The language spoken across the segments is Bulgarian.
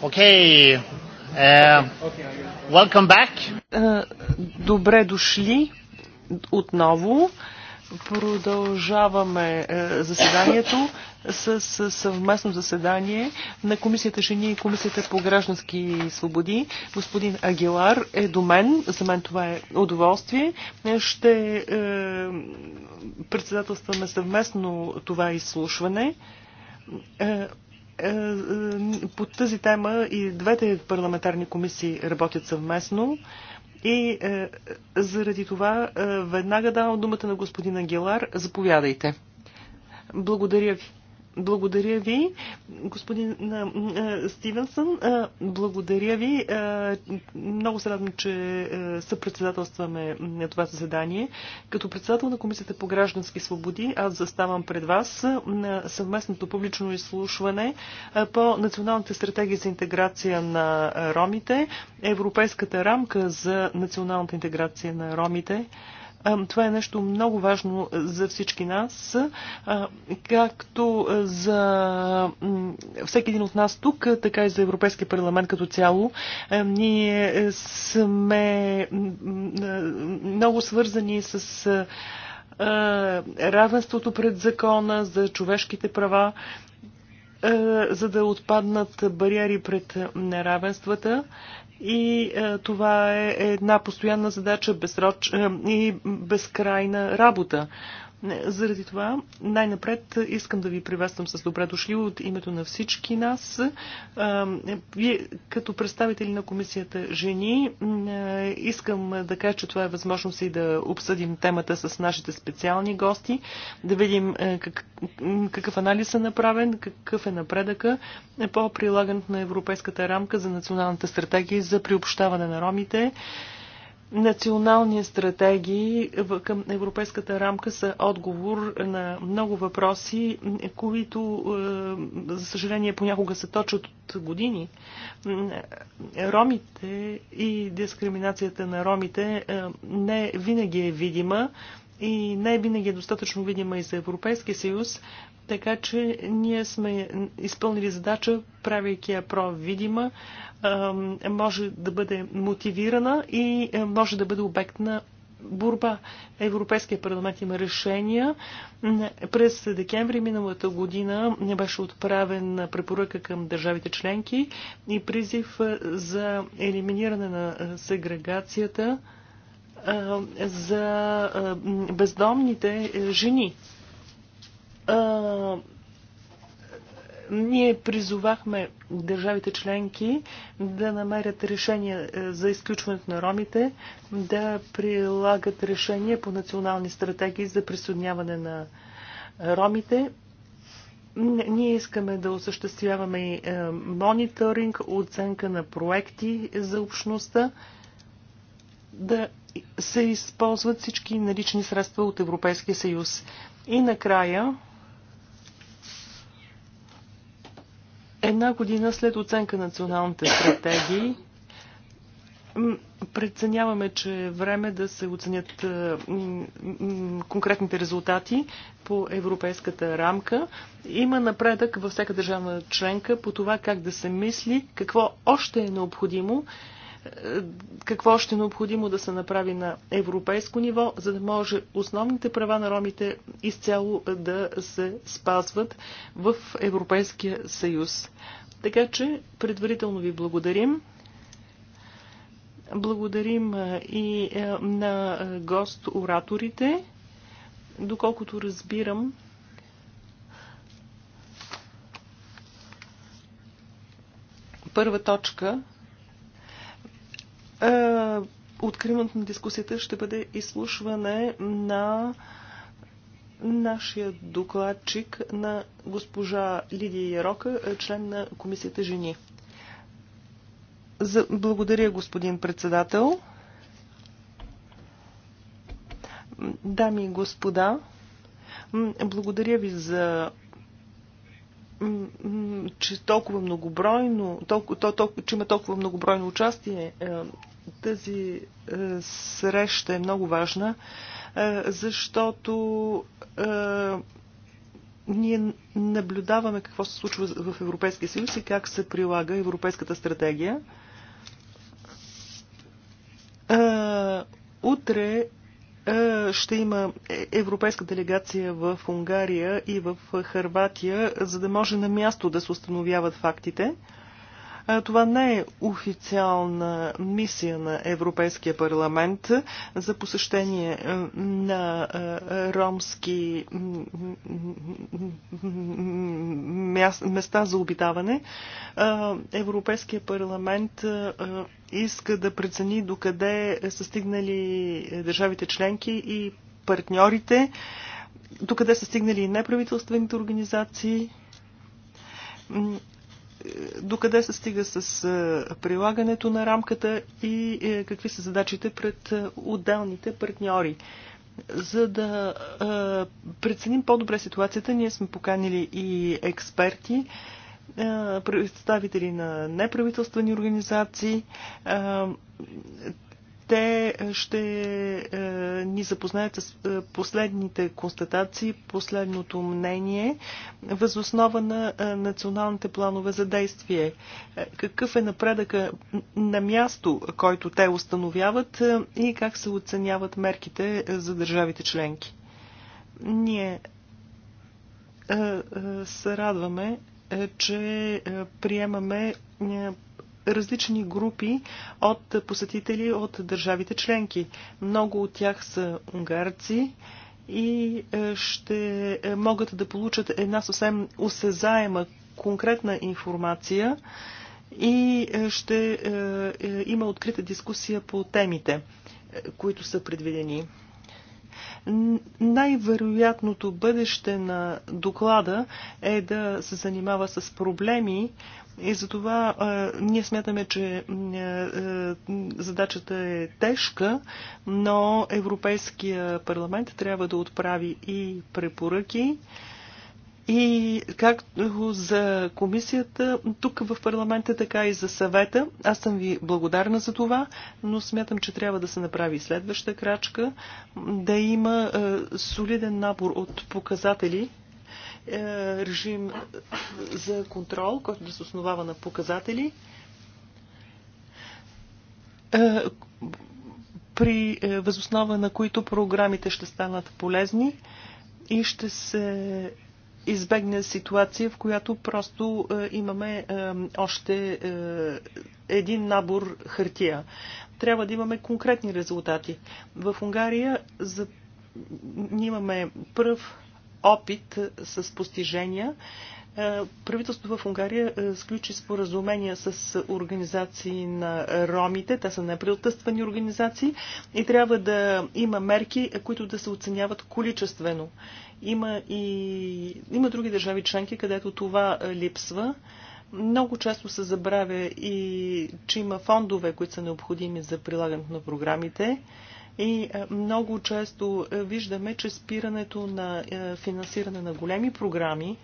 Okay. Uh, welcome back. Uh, добре дошли отново. Продължаваме uh, заседанието с, с съвместно заседание на Комисията Жени и Комисията по граждански свободи. Господин Агилар е до мен. За мен това е удоволствие. Е, ще uh, председателстваме съвместно това изслушване. Uh, е, е, по тази тема и двете парламентарни комисии работят съвместно. И е, заради това е, веднага давам думата на господин Ангелар. Заповядайте. Благодаря ви. Благодаря ви, господин Стивенсън. Благодаря ви. Много се радвам, че съпредседателстваме на това заседание. Като председател на Комисията по граждански свободи, аз заставам пред вас на съвместното публично изслушване по Националната стратегия за интеграция на ромите, Европейската рамка за националната интеграция на ромите. Това е нещо много важно за всички нас, както за всеки един от нас тук, така и за Европейския парламент като цяло. Ние сме много свързани с равенството пред закона, за човешките права, за да отпаднат бариери пред неравенствата и е, това е една постоянна задача безроч, е, и безкрайна работа. Заради това най-напред искам да ви приветствам с добре дошли от името на всички нас. Вие като представители на комисията Жени искам да кажа, че това е възможност и да обсъдим темата с нашите специални гости, да видим как, какъв анализ е направен, какъв е напредъка по прилагането на Европейската рамка за националната стратегия за приобщаване на ромите. Национални стратегии към европейската рамка са отговор на много въпроси, които, е, за съжаление, понякога се точат от години. Ромите и дискриминацията на ромите е, не винаги е видима и не винаги е достатъчно видима и за Европейския съюз, така че ние сме изпълнили задача, правейки я провидима, видима може да бъде мотивирана и е, може да бъде обект на борба. Европейския парламент има решения. През декември миналата година не беше отправен препоръка към държавите членки и призив е, за елиминиране на сегрегацията е, за бездомните жени ние призовахме държавите членки да намерят решения е, за изключването на ромите, да прилагат решения по национални стратегии за присъединяване на ромите ние искаме да осъществяваме и е, мониторинг, оценка на проекти за общността, да се използват всички налични средства от Европейския съюз. И накрая Една година след оценка на националните стратегии, Преценяваме, че е време да се оценят конкретните резултати по европейската рамка. Има напредък във всяка държава членка по това как да се мисли, какво още е необходимо какво ще е необходимо да се направи на европейско ниво, за да може основните права на ромите изцяло да се спазват в Европейския съюз. Така че предварително ви благодарим. Благодарим и на гост-ораторите. Доколкото разбирам, първа точка е, откриването на дискусията ще бъде изслушване на нашия докладчик на госпожа Лидия Ярока, е, член на комисията Жени. За... Благодаря, господин председател. Дами и господа, благодаря ви за че толкова многобройно, толкова, толкова, че има толкова многобройно участие е, тази е, среща е много важна, е, защото е, ние наблюдаваме какво се случва в Европейския съюз и как се прилага Европейската стратегия. Е, утре е, ще има европейска делегация в Унгария и в Харватия, за да може на място да се установяват фактите. Това не е официална мисия на Европейския парламент за посещение на ромски места за обитаване. Европейския парламент иска да прецени докъде са стигнали държавите членки и партньорите, докъде са стигнали и неправителствените организации докъде се стига с прилагането на рамката и е, какви са задачите пред отделните партньори. За да преценим по-добре ситуацията, ние сме поканили и експерти, представители на неправителствени организации. Те е, ще е, ни запознаят с е, последните констатации, последното мнение, възоснова на националните планове за действие. Какъв е напредъка на място, който те установяват и как се оценяват мерките за държавите членки? Ние се радваме, че приемаме различни групи от посетители от държавите членки. Много от тях са унгарци и е, ще е, могат да получат една съвсем осезаема конкретна информация и е, ще има открита дискусия по темите, които са предвидени. Най-вероятното бъдеще на доклада е да се занимава с проблеми, и затова а, ние смятаме, че а, а, задачата е тежка, но Европейския парламент трябва да отправи и препоръки. И както за комисията, тук в парламента, така и за съвета. Аз съм ви благодарна за това, но смятам, че трябва да се направи следваща крачка, да има е, солиден набор от показатели, е, режим за контрол, който да се основава на показатели. Е, при е, възоснова на които програмите ще станат полезни и ще се избегне ситуация, в която просто имаме още един набор хартия. Трябва да имаме конкретни резултати. В Унгария за... имаме пръв опит е, с постижения. Е, правителството в Унгария е, сключи споразумения с организации на ромите. Те са непредотъствани организации и трябва да има мерки, които да се оценяват количествено. Има и има други държави членки, където това липсва. Много често се забравя и, че има фондове, които са необходими за прилагането на програмите. И е, много често е, виждаме, че спирането на е, финансиране на големи програми,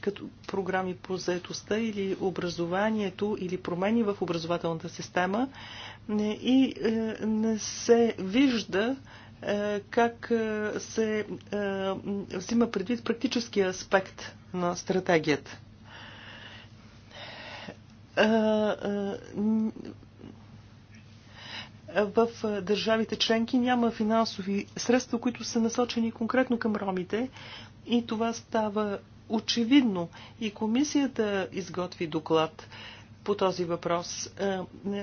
като програми по заетостта или образованието или промени в образователната система и не се вижда как се взима предвид практическия аспект на стратегията в държавите членки няма финансови средства, които са насочени конкретно към ромите и това става очевидно. И комисията изготви доклад по този въпрос.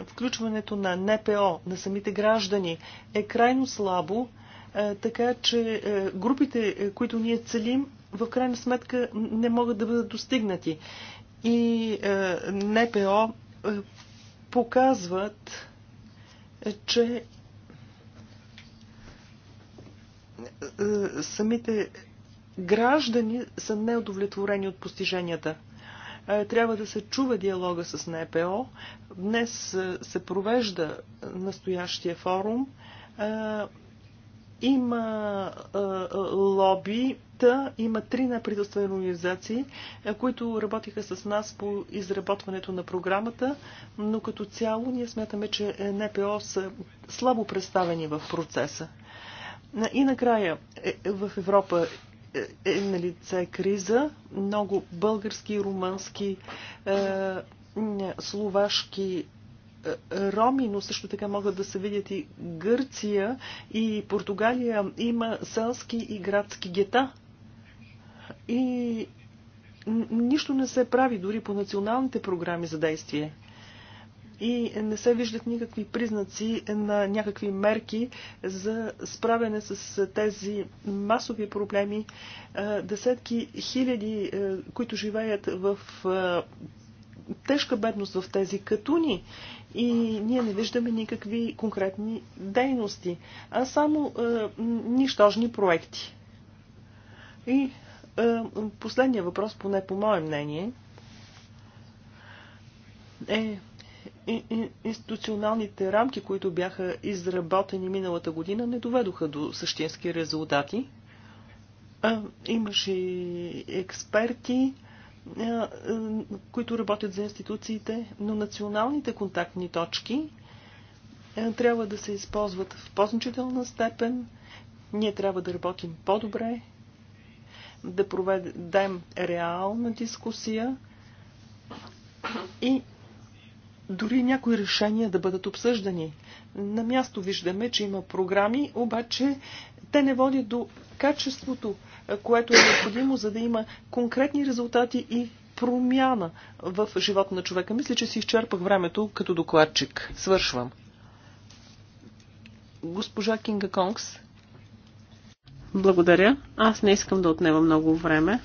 Включването на НПО, на самите граждани е крайно слабо, така че групите, които ние целим, в крайна сметка не могат да бъдат достигнати. И НПО показват е, че е, е, самите граждани са неудовлетворени от постиженията. Трябва да се чува диалога с НПО. Днес се провежда настоящия форум. Има лоби Та има три неправителствени организации, е, които работиха с нас по изработването на програмата, но като цяло ние смятаме, че е, НПО са слабо представени в процеса. Е, и накрая, в Европа е на лице криза. Много български, румънски, словашки роми, но също така могат да се видят и Гърция и Португалия. Има селски и градски гета и нищо не се прави дори по националните програми за действие. И не се виждат никакви признаци на някакви мерки за справяне с тези масови проблеми. Е, десетки хиляди, е, които живеят в е, тежка бедност в тези катуни и ние не виждаме никакви конкретни дейности, а само нищожни проекти. И е, Последния въпрос, поне по мое мнение, е институционалните рамки, които бяха изработени миналата година, не доведоха до същински резултати. Е, имаше експерти, е, които работят за институциите, но националните контактни точки трябва да се използват в по-значителна степен. Ние трябва да работим по-добре да проведем реална дискусия и дори някои решения да бъдат обсъждани. На място виждаме, че има програми, обаче те не водят до качеството, което е необходимо, за да има конкретни резултати и промяна в живота на човека. Мисля, че си изчерпах времето като докладчик. Свършвам. Госпожа Кинга Конгс. Благодаря. Аз не искам да отнема много време,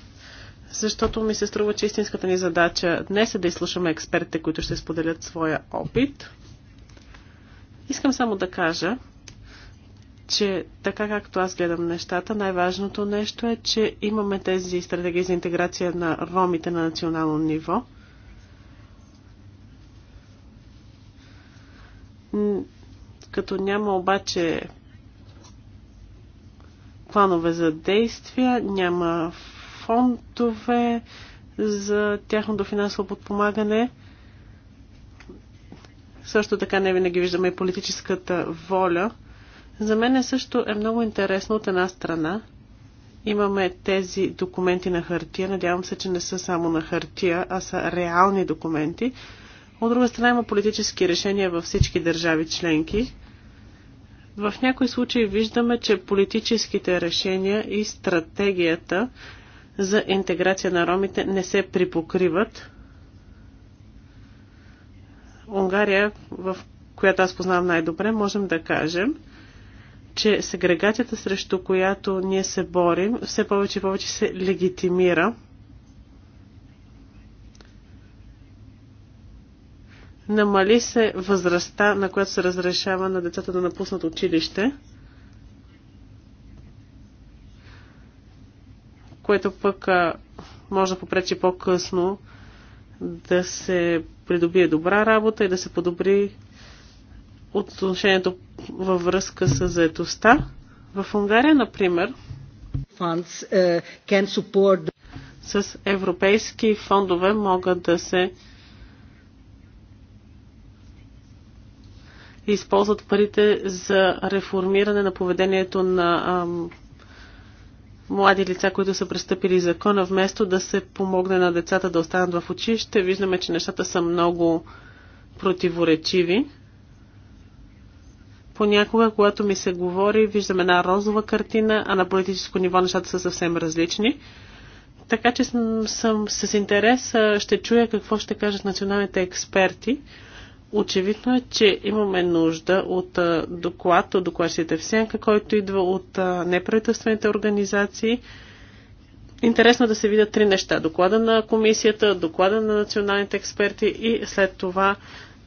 защото ми се струва, че истинската ни задача днес е да изслушаме експертите, които ще споделят своя опит. Искам само да кажа, че така както аз гледам нещата, най-важното нещо е, че имаме тези стратегии за интеграция на ромите на национално ниво. Като няма обаче планове за действия, няма фондове за тяхното финансово подпомагане. Също така не винаги виждаме и политическата воля. За мен е също е много интересно от една страна. Имаме тези документи на хартия. Надявам се, че не са само на хартия, а са реални документи. От друга страна има политически решения във всички държави членки. В някои случаи виждаме, че политическите решения и стратегията за интеграция на ромите не се припокриват. Унгария, в която аз познавам най-добре, можем да кажем, че сегрегацията, срещу която ние се борим, все повече и повече се легитимира – Намали се възрастта, на която се разрешава на децата да напуснат училище, което пък а, може да попречи по-късно да се придобие добра работа и да се подобри отношението във връзка с заедостта. В Унгария, например, funds, uh, can support... с европейски фондове могат да се използват парите за реформиране на поведението на ам, млади лица, които са престъпили закона, вместо да се помогне на децата да останат в училище. Виждаме, че нещата са много противоречиви. Понякога, когато ми се говори, виждам една розова картина, а на политическо ниво нещата са съвсем различни. Така че съм, съм с интерес ще чуя какво ще кажат националните експерти. Очевидно е, че имаме нужда от доклад от докладчите в Сенка, който идва от неправителствените организации. Интересно да се видят три неща. Доклада на комисията, доклада на националните експерти и след това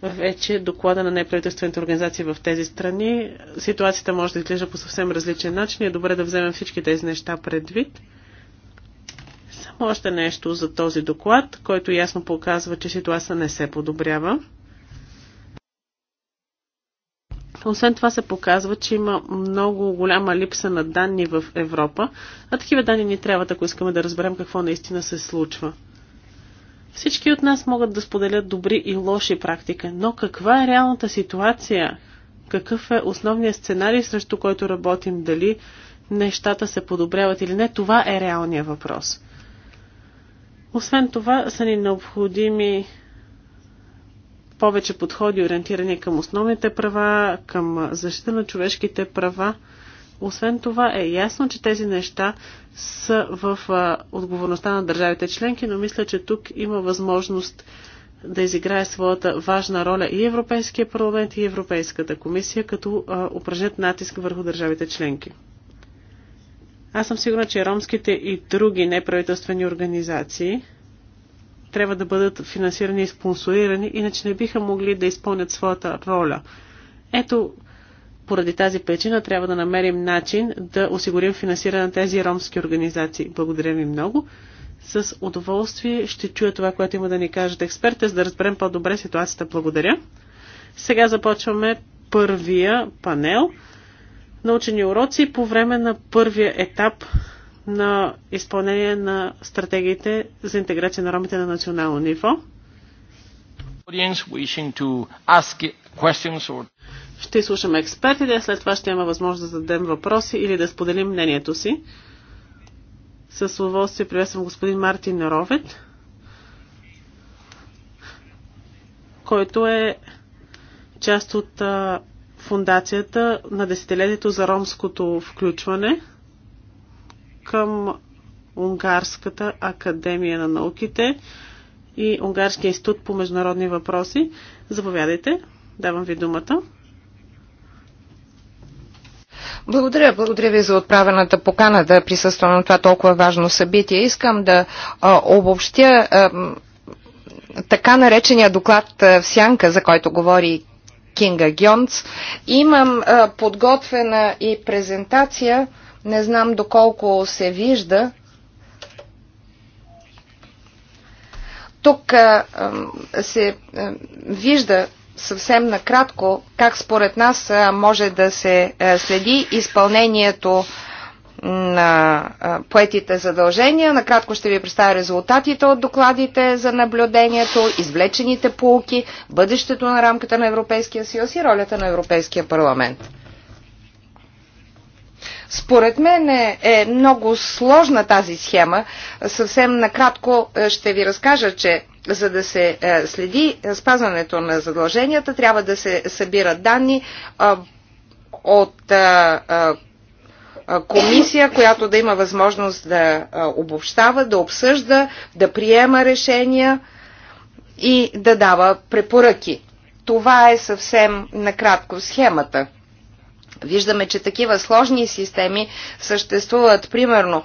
вече доклада на неправителствените организации в тези страни. Ситуацията може да изглежда по съвсем различен начин и е добре да вземем всички тези неща предвид. Само още нещо за този доклад, който ясно показва, че ситуация не се подобрява. Освен това се показва, че има много голяма липса на данни в Европа, а такива данни ни трябват, ако искаме да разберем какво наистина се случва. Всички от нас могат да споделят добри и лоши практики, но каква е реалната ситуация? Какъв е основният сценарий, срещу който работим? Дали нещата се подобряват или не? Това е реалният въпрос. Освен това са ни необходими повече подходи, ориентирани към основните права, към защита на човешките права. Освен това е ясно, че тези неща са в отговорността на държавите членки, но мисля, че тук има възможност да изиграе своята важна роля и Европейския парламент, и Европейската комисия, като упражнят натиск върху държавите членки. Аз съм сигурна, че ромските и други неправителствени организации – трябва да бъдат финансирани и спонсорирани, иначе не биха могли да изпълнят своята роля. Ето, поради тази причина трябва да намерим начин да осигурим финансиране на тези ромски организации. Благодаря ви много. С удоволствие ще чуя това, което има да ни кажат експертите, за да разберем по-добре ситуацията. Благодаря. Сега започваме първия панел. Научени уроци по време на първия етап на изпълнение на стратегиите за интеграция на ромите на национално ниво. Ще слушаме експертите, след това ще има възможност да зададем въпроси или да споделим мнението си. С удоволствие приветствам господин Мартин Ровет, който е част от фундацията на десетилетието за ромското включване – към Унгарската академия на науките и Унгарския институт по международни въпроси. Заповядайте, давам ви думата. Благодаря, благодаря ви за отправената покана да присъствам на това толкова важно събитие. Искам да а, обобщя а, така наречения доклад в сянка, за който говори Кинга Гьонц. Имам а, подготвена и презентация. А, не знам доколко се вижда. Тук а, се а, вижда съвсем накратко как според нас а, може да се а, следи изпълнението на поетите задължения. Накратко ще ви представя резултатите от докладите за наблюдението, извлечените полки, бъдещето на рамката на Европейския съюз и ролята на Европейския парламент. Според мен е, е много сложна тази схема. Съвсем накратко е, ще ви разкажа, че за да се е, следи е, спазването на задълженията, трябва да се събират данни от комисия, която да има възможност да обобщава, да обсъжда, да приема решения и да дава препоръки. Това е съвсем накратко схемата. Виждаме, че такива сложни системи съществуват примерно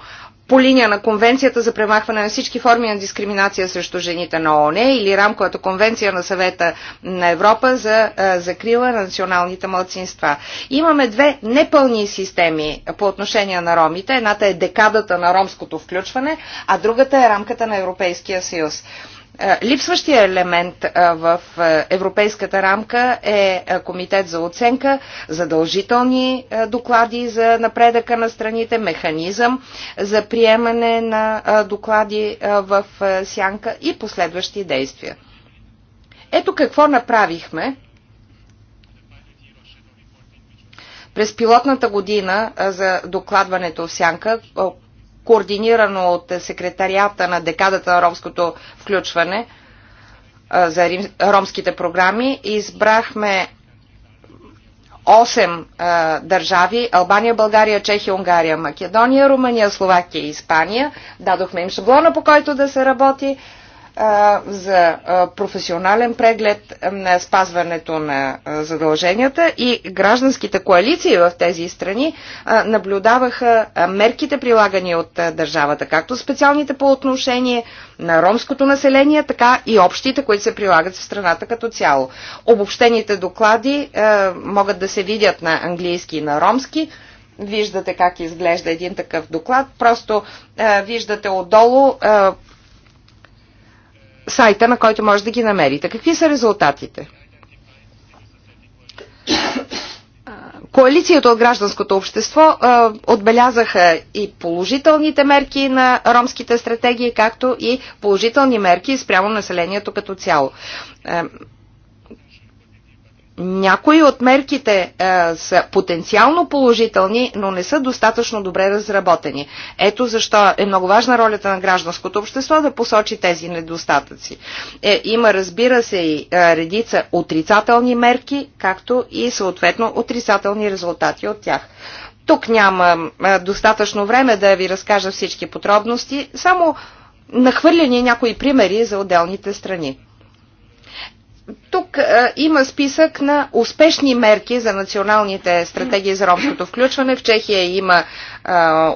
по линия на Конвенцията за премахване на всички форми на дискриминация срещу жените на ООН или рамковата конвенция на съвета на Европа за закрила на националните младсинства. Имаме две непълни системи по отношение на ромите. Едната е декадата на ромското включване, а другата е рамката на Европейския съюз. Е, липсващия елемент е, в е, европейската рамка е комитет за оценка, задължителни доклади за напредъка на страните, механизъм за приемане на доклади в сянка и последващи действия. Ето какво направихме през пилотната година за докладването в сянка, координирано от секретарията на декадата на ромското включване за ромските програми. Избрахме 8 държави Албания, България, Чехия, Унгария, Македония, Румъния, Словакия и Испания. Дадохме им шаблона, по който да се работи за професионален преглед на спазването на задълженията и гражданските коалиции в тези страни наблюдаваха мерките прилагани от държавата, както специалните по отношение на ромското население, така и общите, които се прилагат в страната като цяло. Обобщените доклади могат да се видят на английски и на ромски виждате как изглежда един такъв доклад, просто виждате отдолу сайта, на който може да ги намерите. Какви са резултатите? Коалицията от гражданското общество а, отбелязаха и положителните мерки на ромските стратегии, както и положителни мерки спрямо населението като цяло. А, някои от мерките е, са потенциално положителни, но не са достатъчно добре разработени. Ето защо е много важна ролята на гражданското общество да посочи тези недостатъци. Е, има, разбира се, и е, редица отрицателни мерки, както и съответно отрицателни резултати от тях. Тук няма е, достатъчно време да ви разкажа всички подробности, само нахвърляни някои примери за отделните страни тук а, е, има списък на успешни мерки за националните стратегии за ромското включване. В Чехия има а, е,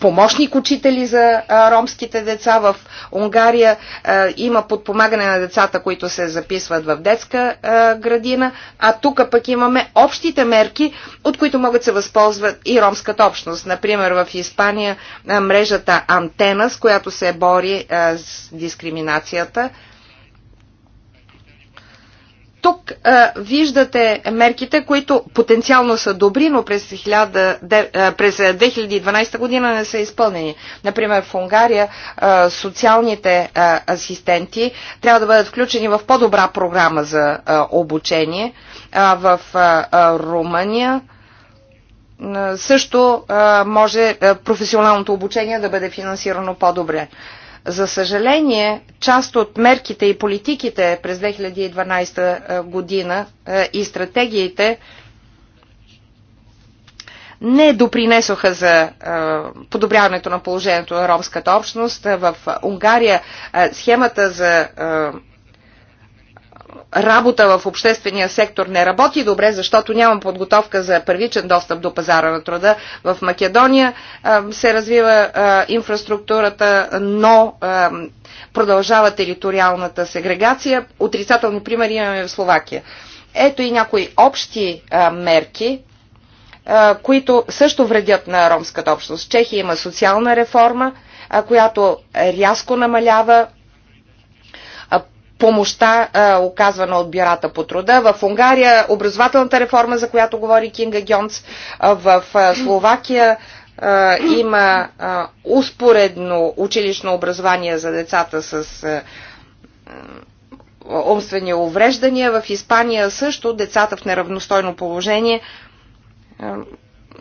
помощник учители за а, е, ромските деца. В Унгария а, има подпомагане на децата, които се записват в детска а, градина. А тук пък имаме общите мерки, от които могат се възползват и ромската общност. Например, в Испания а, мрежата Антена, с която се бори а, с дискриминацията – тук а, е, виждате мерките, които потенциално са добри, но през, 1000, е, през 2012 е, година не са изпълнени. Например, в Унгария а, социалните а, асистенти трябва да бъдат включени в по-добра програма за а, обучение. А, в а, а, Румъния също може професионалното обучение да бъде финансирано по-добре. За съжаление, част от мерките и политиките през 2012 е, година е, и стратегиите не допринесоха за е, подобряването на положението на ромската общност. В Унгария схемата за работа в обществения сектор не работи добре, защото нямам подготовка за първичен достъп до пазара на труда. В Македония се развива инфраструктурата, но продължава териториалната сегрегация. Отрицателни примери имаме в Словакия. Ето и някои общи мерки, които също вредят на ромската общност. Чехия има социална реформа, която рязко намалява помощта, оказвана от бюрата по труда. В Унгария образователната реформа, за която говори Кинга Гьонц, в Словакия има успоредно училищно образование за децата с умствени увреждания. В Испания също децата в неравностойно положение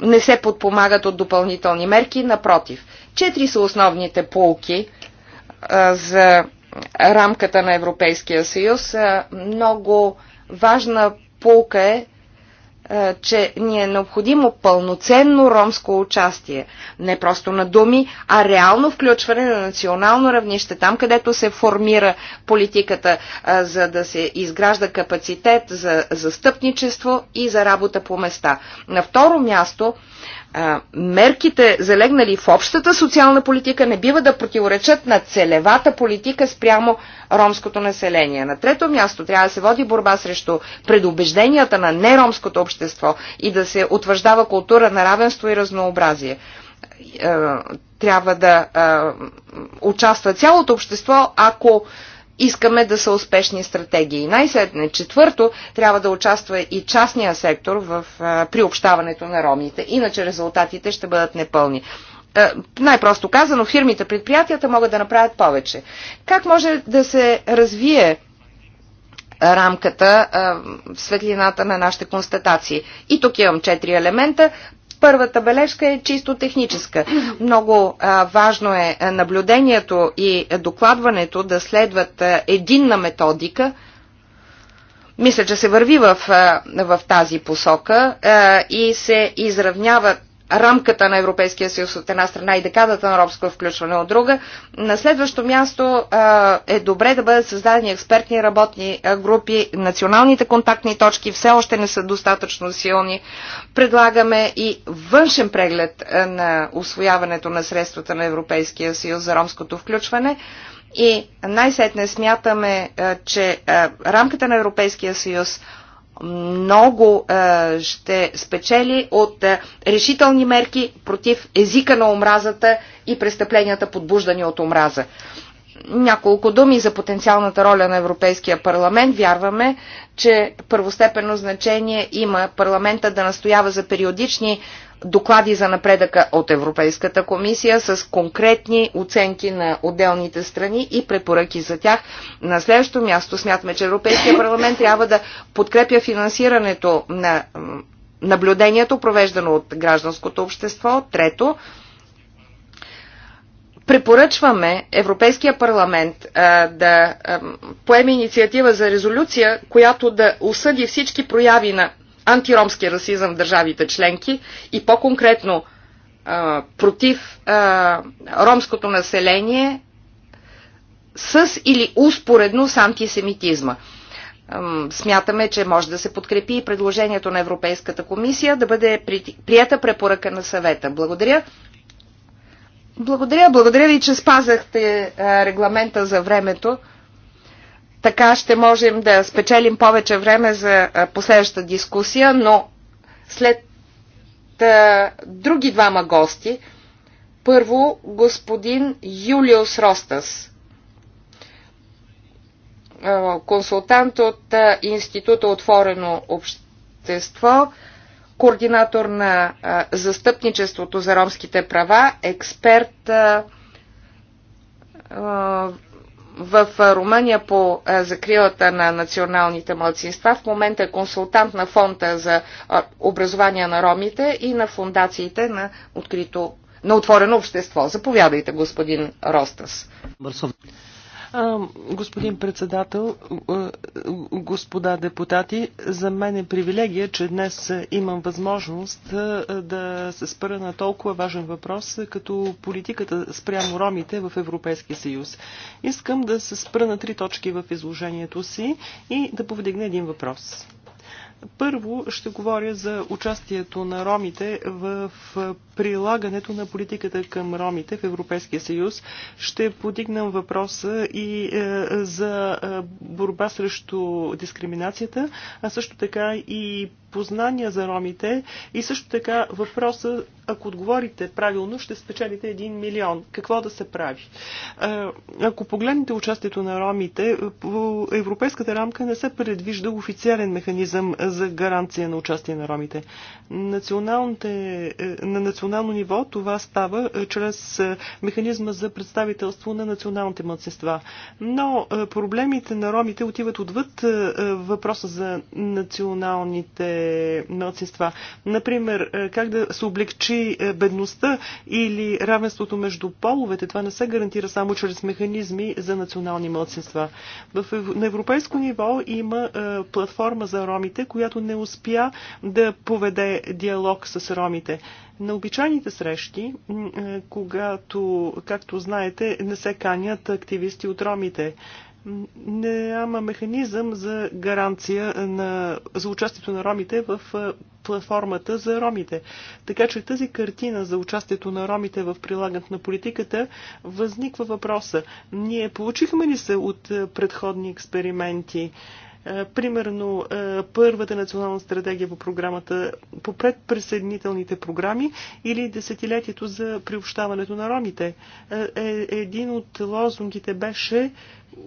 не се подпомагат от допълнителни мерки, напротив. Четири са основните полки за рамката на Европейския съюз. Много важна полка е, че ни е необходимо пълноценно ромско участие. Не просто на думи, а реално включване на национално равнище, там където се формира политиката, за да се изгражда капацитет за застъпничество и за работа по места. На второ място, мерките, залегнали в общата социална политика, не бива да противоречат на целевата политика спрямо ромското население. На трето място трябва да се води борба срещу предубежденията на неромското общество и да се утвърждава култура на равенство и разнообразие. Трябва да участва цялото общество, ако искаме да са успешни стратегии. най-сетне, четвърто, трябва да участва и частния сектор в приобщаването на ромите, иначе резултатите ще бъдат непълни. Най-просто казано, фирмите, предприятията могат да направят повече. Как може да се развие рамката в светлината на нашите констатации. И тук имам четири елемента. Първата бележка е чисто техническа. Много а, важно е наблюдението и докладването да следват а, единна методика. Мисля, че се върви в, а, в тази посока а, и се изравняват рамката на Европейския съюз от една страна и декадата на робско включване от друга. На следващо място е добре да бъдат създадени експертни работни групи. Националните контактни точки все още не са достатъчно силни. Предлагаме и външен преглед на освояването на средствата на Европейския съюз за ромското включване. И най-сетне смятаме, че рамката на Европейския съюз много е, ще спечели от е, решителни мерки против езика на омразата и престъпленията подбуждани от омраза. Няколко думи за потенциалната роля на Европейския парламент. Вярваме, че първостепенно значение има парламента да настоява за периодични доклади за напредъка от Европейската комисия с конкретни оценки на отделните страни и препоръки за тях. На следващото място смятаме, че Европейския парламент трябва да подкрепя финансирането на наблюдението, провеждано от гражданското общество. Трето, препоръчваме Европейския парламент а, да а, поеме инициатива за резолюция, която да осъди всички прояви на антиромски расизъм в държавите членки и по-конкретно против а, ромското население с или успоредно с антисемитизма. Смятаме, че може да се подкрепи и предложението на Европейската комисия да бъде прията препоръка на съвета. Благодаря. Благодаря, благодаря ви, че спазахте регламента за времето. Така ще можем да спечелим повече време за последваща дискусия, но след а, други двама гости, първо господин Юлиус Ростас, консултант от Института Отворено общество, координатор на застъпничеството за ромските права, експерт в Румъния по закрилата на националните младсинства. В момента е консултант на фонда за образование на ромите и на фундациите на, открито, на отворено общество. Заповядайте, господин Ростас. Господин председател, господа депутати, за мен е привилегия, че днес имам възможност да се спра на толкова важен въпрос, като политиката спрямо ромите в Европейския съюз. Искам да се спра на три точки в изложението си и да повдигна един въпрос. Първо ще говоря за участието на ромите в прилагането на политиката към ромите в Европейския съюз. Ще подигнам въпроса и е, за е, борба срещу дискриминацията, а също така и познания за ромите и също така въпроса, ако отговорите правилно, ще спечелите 1 милион. Какво да се прави? Ако погледнете участието на ромите, по европейската рамка не се предвижда официален механизъм за гаранция на участие на ромите. Националните, е, на национално ниво това става е, чрез е, механизма за представителство на националните младсинства. Но проблемите на ромите отиват отвъд въпроса за националните младсинства. Например, е, как да се облегчи е, бедността или равенството между половете, това не се гарантира само чрез механизми за национални младсинства. На европейско ниво има е, платформа за ромите, която не успя да поведе диалог с ромите. На обичайните срещи, когато, както знаете, не се канят активисти от ромите няма механизъм за гаранция на, за участието на ромите в платформата за ромите. Така че тази картина за участието на ромите в прилагането на политиката възниква въпроса. Ние получихме ли се от предходни експерименти? Е, примерно, е, първата национална стратегия по програмата по предпресъединителните програми или десетилетието за приобщаването на ромите. Е, един от лозунгите беше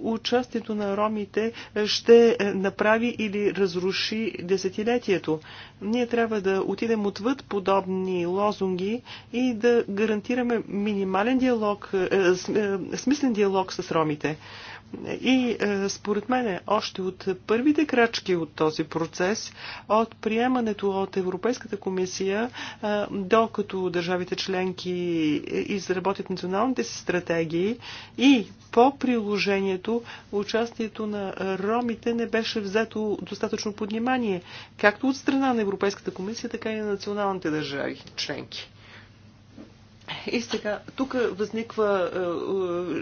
участието на ромите ще направи или разруши десетилетието. Ние трябва да отидем отвъд подобни лозунги и да гарантираме минимален диалог, смислен диалог с ромите. И е, според мен още от първите крачки от този процес, от приемането от Европейската комисия, е, докато държавите членки изработят националните си стратегии и по приложението участието на ромите не беше взето достатъчно поднимание, както от страна на Европейската комисия, така и на националните държави членки. И сега, тук възниква е, е,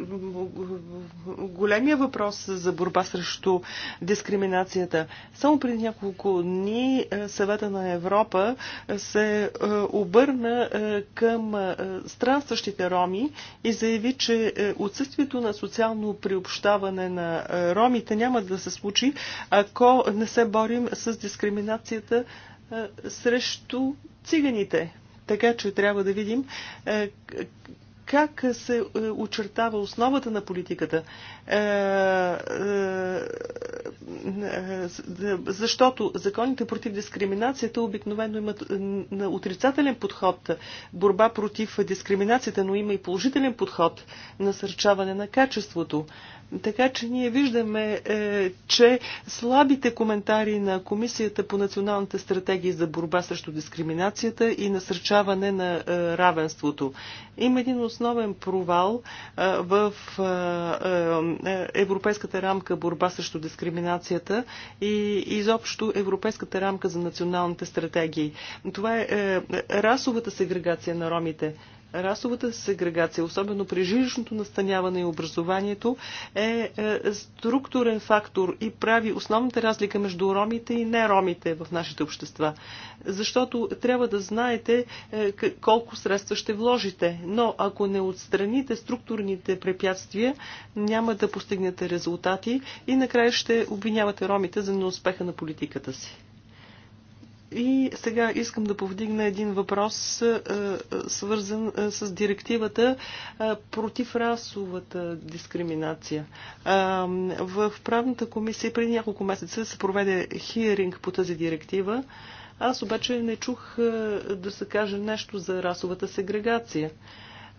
големия въпрос за борба срещу дискриминацията. Само преди няколко дни е, съвета на Европа се обърна към странстващите роми и заяви, че отсъствието на социално приобщаване на ромите няма да се случи, ако не се борим с дискриминацията срещу циганите. Така че трябва да видим е, как се е, очертава основата на политиката. Е, защото законите против дискриминацията обикновено имат отрицателен подход, борба против дискриминацията, но има и положителен подход, насърчаване на качеството. Така че ние виждаме, е, че слабите коментари на Комисията по националните стратегии за борба срещу дискриминацията и насърчаване на е, равенството. Има един основен провал е, в е, е, Европейската рамка борба срещу дискриминацията и изобщо Европейската рамка за националните стратегии. Това е, е расовата сегрегация на ромите расовата сегрегация, особено при жилищното настаняване и образованието, е, е структурен фактор и прави основната разлика между ромите и неромите в нашите общества. Защото трябва да знаете е, колко средства ще вложите, но ако не отстраните структурните препятствия, няма да постигнете резултати и накрая ще обвинявате ромите за неуспеха на политиката си. И сега искам да повдигна един въпрос, е, е, свързан е, с директивата против расовата дискриминация. В правната комисия преди няколко месеца се проведе хиринг по тази директива. Аз обаче не чух да се каже нещо за расовата сегрегация.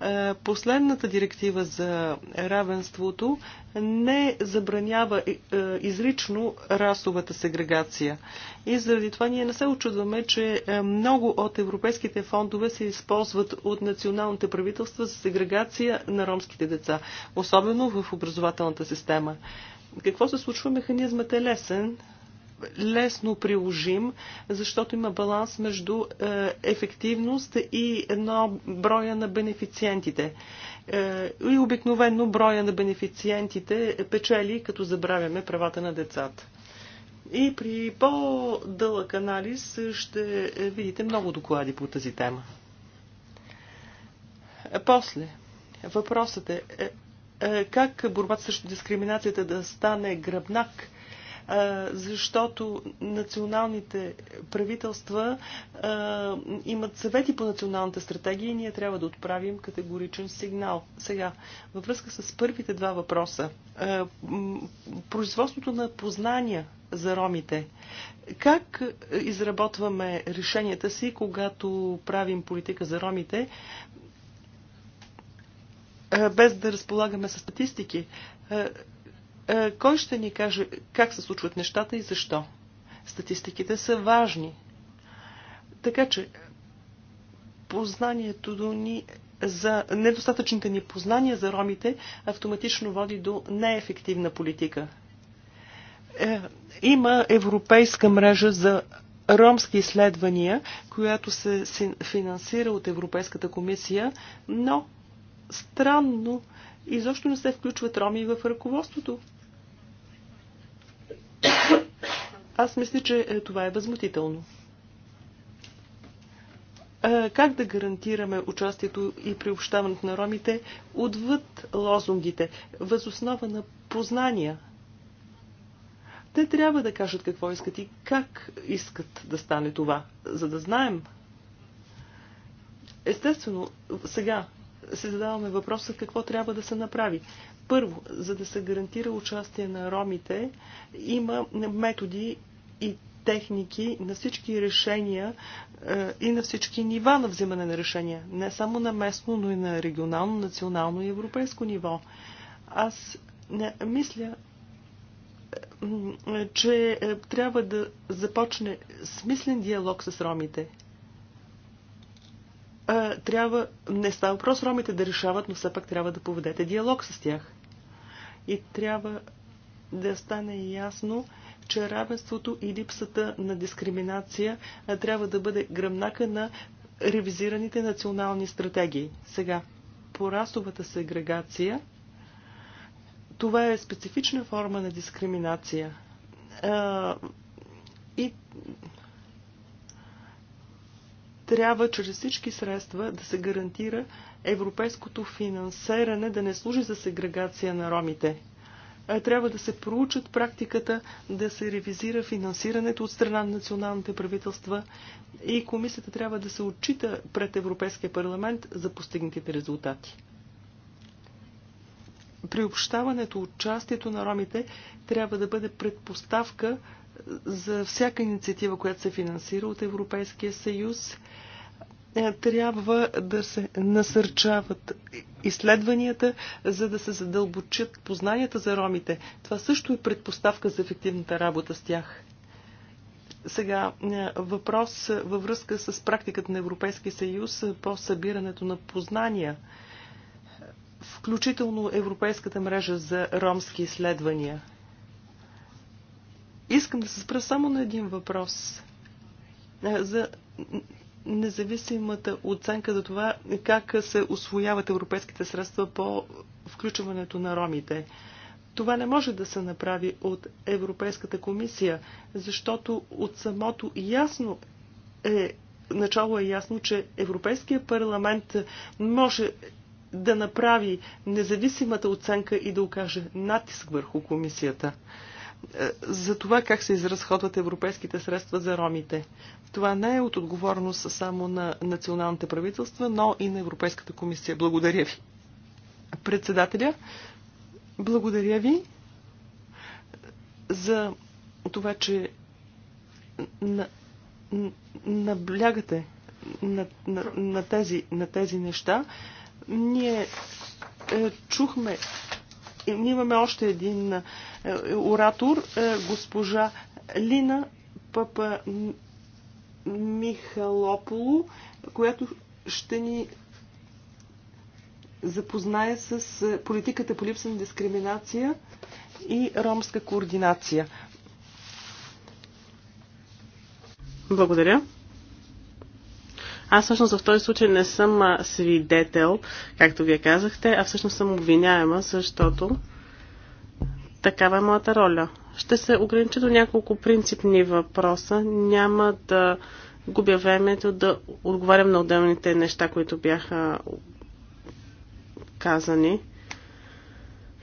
Е, последната директива за равенството не забранява е, е, изрично расовата сегрегация. И заради това ние не се очудваме, че много от европейските фондове се използват от националните правителства за сегрегация на ромските деца, особено в образователната система. Какво се случва? Механизмът е лесен лесно приложим, защото има баланс между е, ефективност и едно броя на бенефициентите. Е, и обикновено броя на бенефициентите печели, като забравяме правата на децата. И при по-дълъг анализ ще видите много доклади по тази тема. После, въпросът е, е как борбата срещу дискриминацията да стане гръбнак – защото националните правителства имат съвети по националната стратегия и ние трябва да отправим категоричен сигнал. Сега, във връзка с първите два въпроса. Производството на познания за ромите. Как изработваме решенията си, когато правим политика за ромите, без да разполагаме с статистики? Е, кой ще ни каже как се случват нещата и защо? Статистиките са важни. Така че познанието ни за недостатъчните ни познания за ромите автоматично води до неефективна политика. Е, има европейска мрежа за ромски изследвания, която се финансира от Европейската комисия, но странно изобщо не се включват роми в ръководството. Аз мисля, че е, това е възмутително. Как да гарантираме участието и приобщаването на ромите отвъд лозунгите, възоснова на познания? Те трябва да кажат какво искат и как искат да стане това, за да знаем. Естествено, сега се задаваме въпроса какво трябва да се направи. Първо, за да се гарантира участие на ромите, има методи и техники на всички решения е, и на всички нива на взимане на решения. Не само на местно, но и на регионално, национално и европейско ниво. Аз не, мисля, че е, трябва да започне смислен диалог с ромите. Е, трябва, не става въпрос ромите да решават, но все пак трябва да поведете диалог с тях. И трябва да стане ясно, че равенството и липсата на дискриминация трябва да бъде гръмнака на ревизираните национални стратегии. Сега, по расовата сегрегация, това е специфична форма на дискриминация. И трябва чрез всички средства да се гарантира европейското финансиране да не служи за сегрегация на ромите – трябва да се проучат практиката, да се ревизира финансирането от страна на националните правителства и комисията трябва да се отчита пред Европейския парламент за постигнатите резултати. Приобщаването, участието на ромите трябва да бъде предпоставка за всяка инициатива, която се финансира от Европейския съюз – е, трябва да се насърчават изследванията, за да се задълбочат познанията за ромите. Това също е предпоставка за ефективната работа с тях. Сега е, въпрос във връзка с практиката на Европейския съюз по събирането на познания, включително Европейската мрежа за ромски изследвания. Искам да се спра само на един въпрос е, за независимата оценка за това как се освояват европейските средства по включването на ромите. Това не може да се направи от Европейската комисия, защото от самото ясно е, начало е ясно, че Европейския парламент може да направи независимата оценка и да окаже натиск върху комисията. Е, за това как се изразходват европейските средства за ромите. Това не е от отговорност само на националните правителства, но и на Европейската комисия. Благодаря ви. Председателя, благодаря ви за това, че наблягате на, на, на, тези, на тези неща. Ние е, чухме имаме още един е, оратор, е, госпожа Лина Папа Михалополо, която ще ни запознае с е, политиката по липса на дискриминация и ромска координация. Благодаря. Аз всъщност в този случай не съм свидетел, както вие казахте, а всъщност съм обвиняема, защото такава е моята роля. Ще се огранича до няколко принципни въпроса. Няма да губя времето да отговарям на отделните неща, които бяха казани.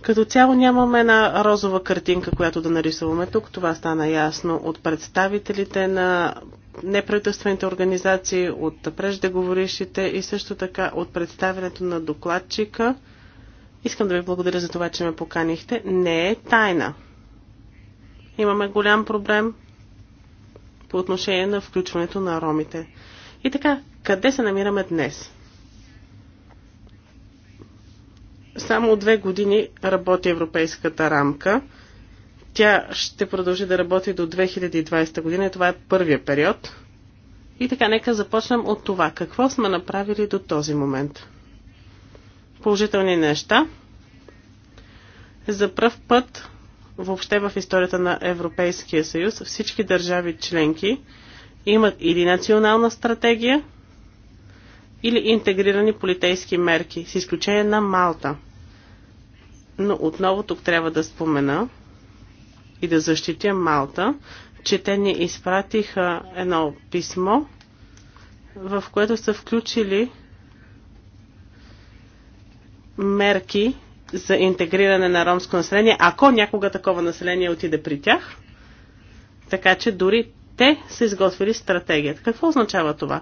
Като цяло нямаме една розова картинка, която да нарисуваме тук. Това стана ясно от представителите на неправителствените организации, от преждеговорившите и също така от представянето на докладчика. Искам да ви благодаря за това, че ме поканихте. Не е тайна. Имаме голям проблем по отношение на включването на ромите. И така, къде се намираме днес? Само от две години работи Европейската рамка – тя ще продължи да работи до 2020 година и това е първия период. И така, нека започнем от това. Какво сме направили до този момент? Положителни неща. За пръв път въобще в историята на Европейския съюз всички държави членки имат или национална стратегия, или интегрирани политейски мерки, с изключение на Малта. Но отново тук трябва да спомена, и да защитя Малта, че те ни изпратиха едно писмо, в което са включили мерки за интегриране на ромско население, ако някога такова население отиде при тях. Така че дори те са изготвили стратегията. Какво означава това?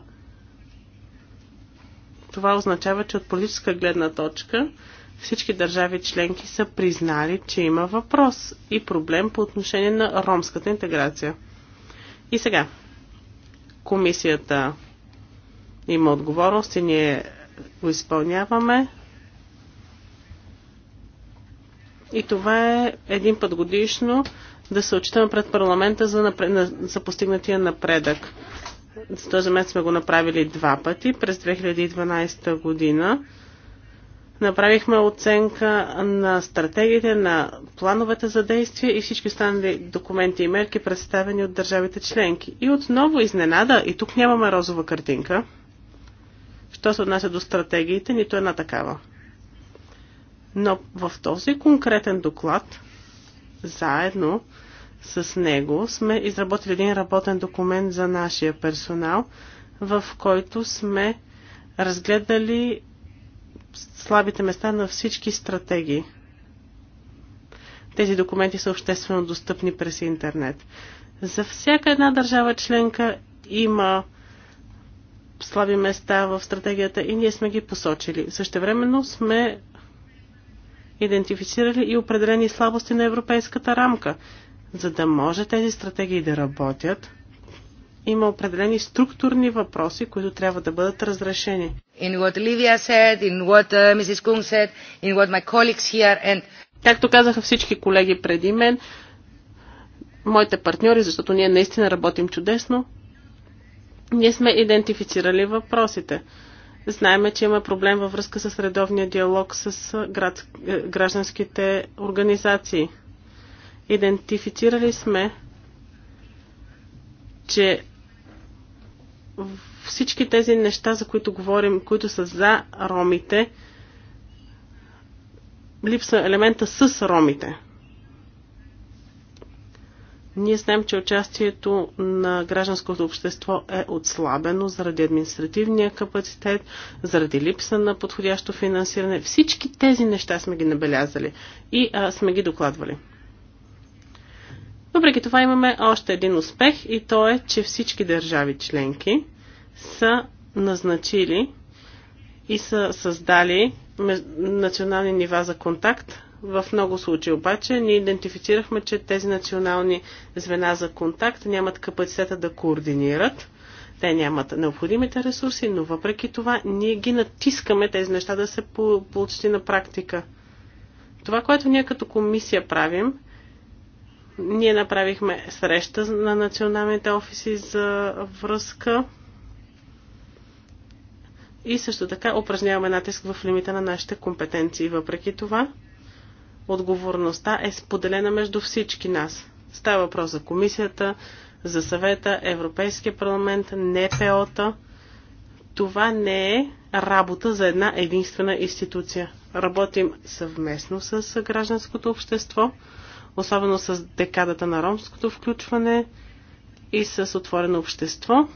Това означава, че от политическа гледна точка всички държави членки са признали, че има въпрос и проблем по отношение на ромската интеграция. И сега, комисията има отговорност и ние го изпълняваме. И това е един път годишно да се отчитаме пред парламента за, напред, за постигнатия напредък. За този месец сме го направили два пъти през 2012 година Направихме оценка на стратегиите, на плановете за действие и всички останали документи и мерки, представени от държавите членки. И отново изненада, и тук нямаме розова картинка, що се отнася до стратегиите, нито една такава. Но в този конкретен доклад, заедно с него, сме изработили един работен документ за нашия персонал, в който сме разгледали слабите места на всички стратегии. Тези документи са обществено достъпни през интернет. За всяка една държава членка има слаби места в стратегията и ние сме ги посочили. Същевременно сме идентифицирали и определени слабости на европейската рамка. За да може тези стратегии да работят, има определени структурни въпроси, които трябва да бъдат разрешени. Uh, Както казаха всички колеги преди мен, моите партньори, защото ние наистина работим чудесно, ние сме идентифицирали въпросите. Знаеме, че има проблем във връзка с редовния диалог с град, е, гражданските организации. Идентифицирали сме, че всички тези неща, за които говорим, които са за ромите, липсва елемента с ромите. Ние знаем, че участието на гражданското общество е отслабено заради административния капацитет, заради липса на подходящо финансиране. Всички тези неща сме ги набелязали и а, сме ги докладвали. Въпреки това имаме още един успех и то е, че всички държави членки са назначили и са създали национални нива за контакт. В много случаи обаче ние идентифицирахме, че тези национални звена за контакт нямат капацитета да координират. Те нямат необходимите ресурси, но въпреки това ние ги натискаме тези неща да се получи на практика. Това, което ние като комисия правим, ние направихме среща на националните офиси за връзка и също така упражняваме натиск в лимита на нашите компетенции. Въпреки това, отговорността е споделена между всички нас. Става въпрос за комисията, за съвета, Европейския парламент, НПО-та. Това не е работа за една единствена институция. Работим съвместно с гражданското общество – особено с декадата на ромското включване и с отворено общество.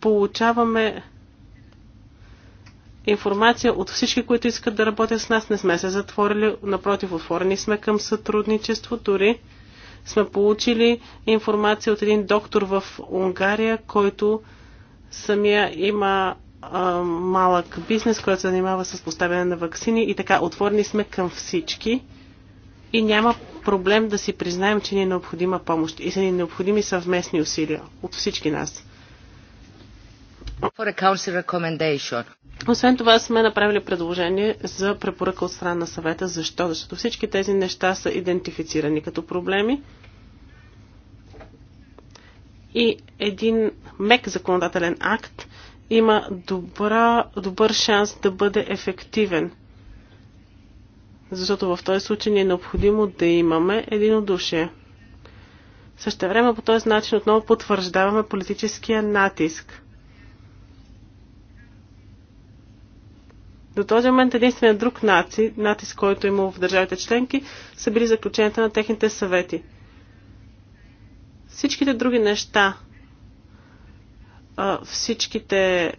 Получаваме информация от всички, които искат да работят с нас. Не сме се затворили, напротив, отворени сме към сътрудничество. Дори сме получили информация от един доктор в Унгария, който самия има а, малък бизнес, който се занимава с поставяне на вакцини и така отворени сме към всички и няма проблем да си признаем, че ни е необходима помощ и са ни необходими съвместни усилия от всички нас. Освен това сме направили предложение за препоръка от страна на съвета. Защо? Защото всички тези неща са идентифицирани като проблеми. И един мек законодателен акт има добра, добър шанс да бъде ефективен. Защото в този случай ни е необходимо да имаме единодушие. Също време по този начин отново потвърждаваме политическия натиск. До този момент единственият друг наци, натиск, който е имал в държавите членки, са били заключенията на техните съвети. Всичките други неща, всичките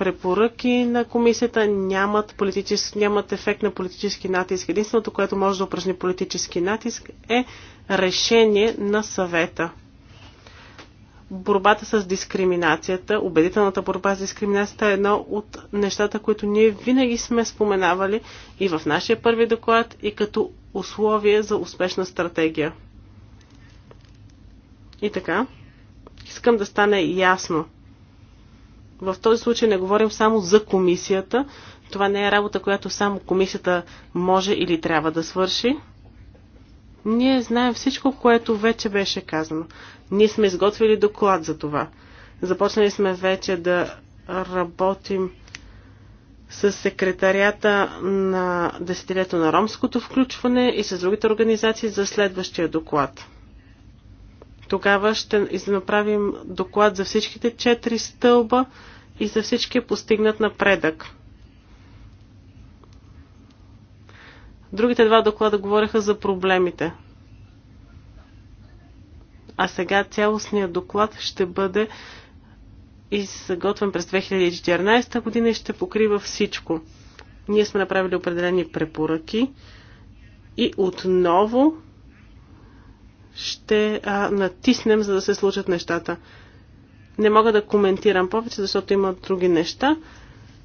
препоръки на комисията нямат, политически, нямат ефект на политически натиск. Единственото, което може да упражни политически натиск е решение на съвета. Борбата с дискриминацията, убедителната борба с дискриминацията е едно от нещата, които ние винаги сме споменавали и в нашия първи доклад, и като условие за успешна стратегия. И така, искам да стане ясно – в този случай не говорим само за комисията. Това не е работа, която само комисията може или трябва да свърши. Ние знаем всичко, което вече беше казано. Ние сме изготвили доклад за това. Започнали сме вече да работим с секретарията на десетилето на ромското включване и с другите организации за следващия доклад. Тогава ще направим доклад за всичките четири стълба и за всички е постигнат напредък. Другите два доклада говореха за проблемите. А сега цялостният доклад ще бъде изготвен през 2014 година и ще покрива всичко. Ние сме направили определени препоръки и отново ще а, натиснем, за да се случат нещата. Не мога да коментирам повече, защото има други неща,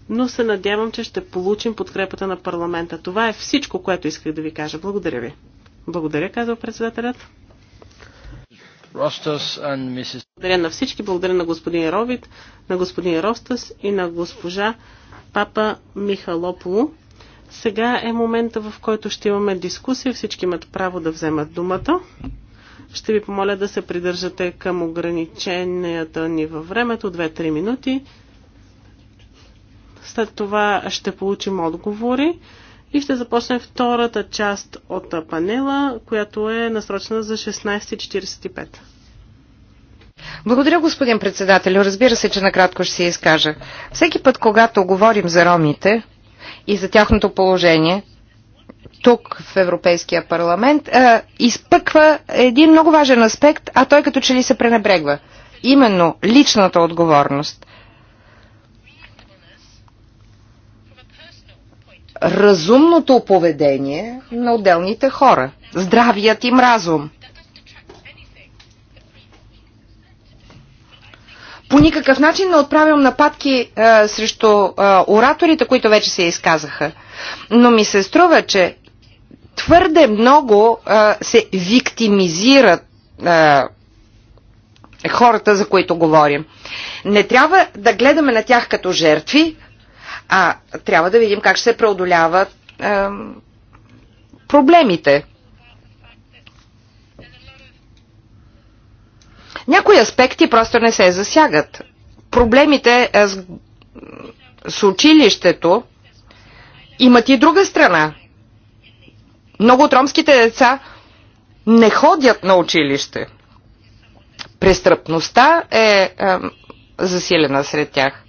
но се надявам, че ще получим подкрепата на парламента. Това е всичко, което исках да ви кажа. Благодаря ви. Благодаря, казва председателят. Благодаря на всички, благодаря на господин Ровит, на господин Ростас и на госпожа Папа Михалопово. Сега е момента, в който ще имаме дискусия. Всички имат право да вземат думата. Ще ви помоля да се придържате към ограниченията ни във времето, 2-3 минути. След това ще получим отговори и ще започнем втората част от панела, която е насрочена за 16.45. Благодаря, господин председател. Разбира се, че накратко ще се изкажа. Всеки път, когато говорим за ромите и за тяхното положение, тук в Европейския парламент, а, изпъква един много важен аспект, а той като че ли се пренебрегва. Именно личната отговорност. Разумното поведение на отделните хора. Здравият им разум. по никакъв начин не отправям нападки а, срещу а, ораторите, които вече се изказаха. Но ми се струва, че твърде много а, се виктимизират а, хората, за които говорим. Не трябва да гледаме на тях като жертви, а трябва да видим как ще се преодоляват а, проблемите. Някои аспекти просто не се засягат. Проблемите с, с училището имат и друга страна много от ромските деца не ходят на училище. Престъпността е, е засилена сред тях.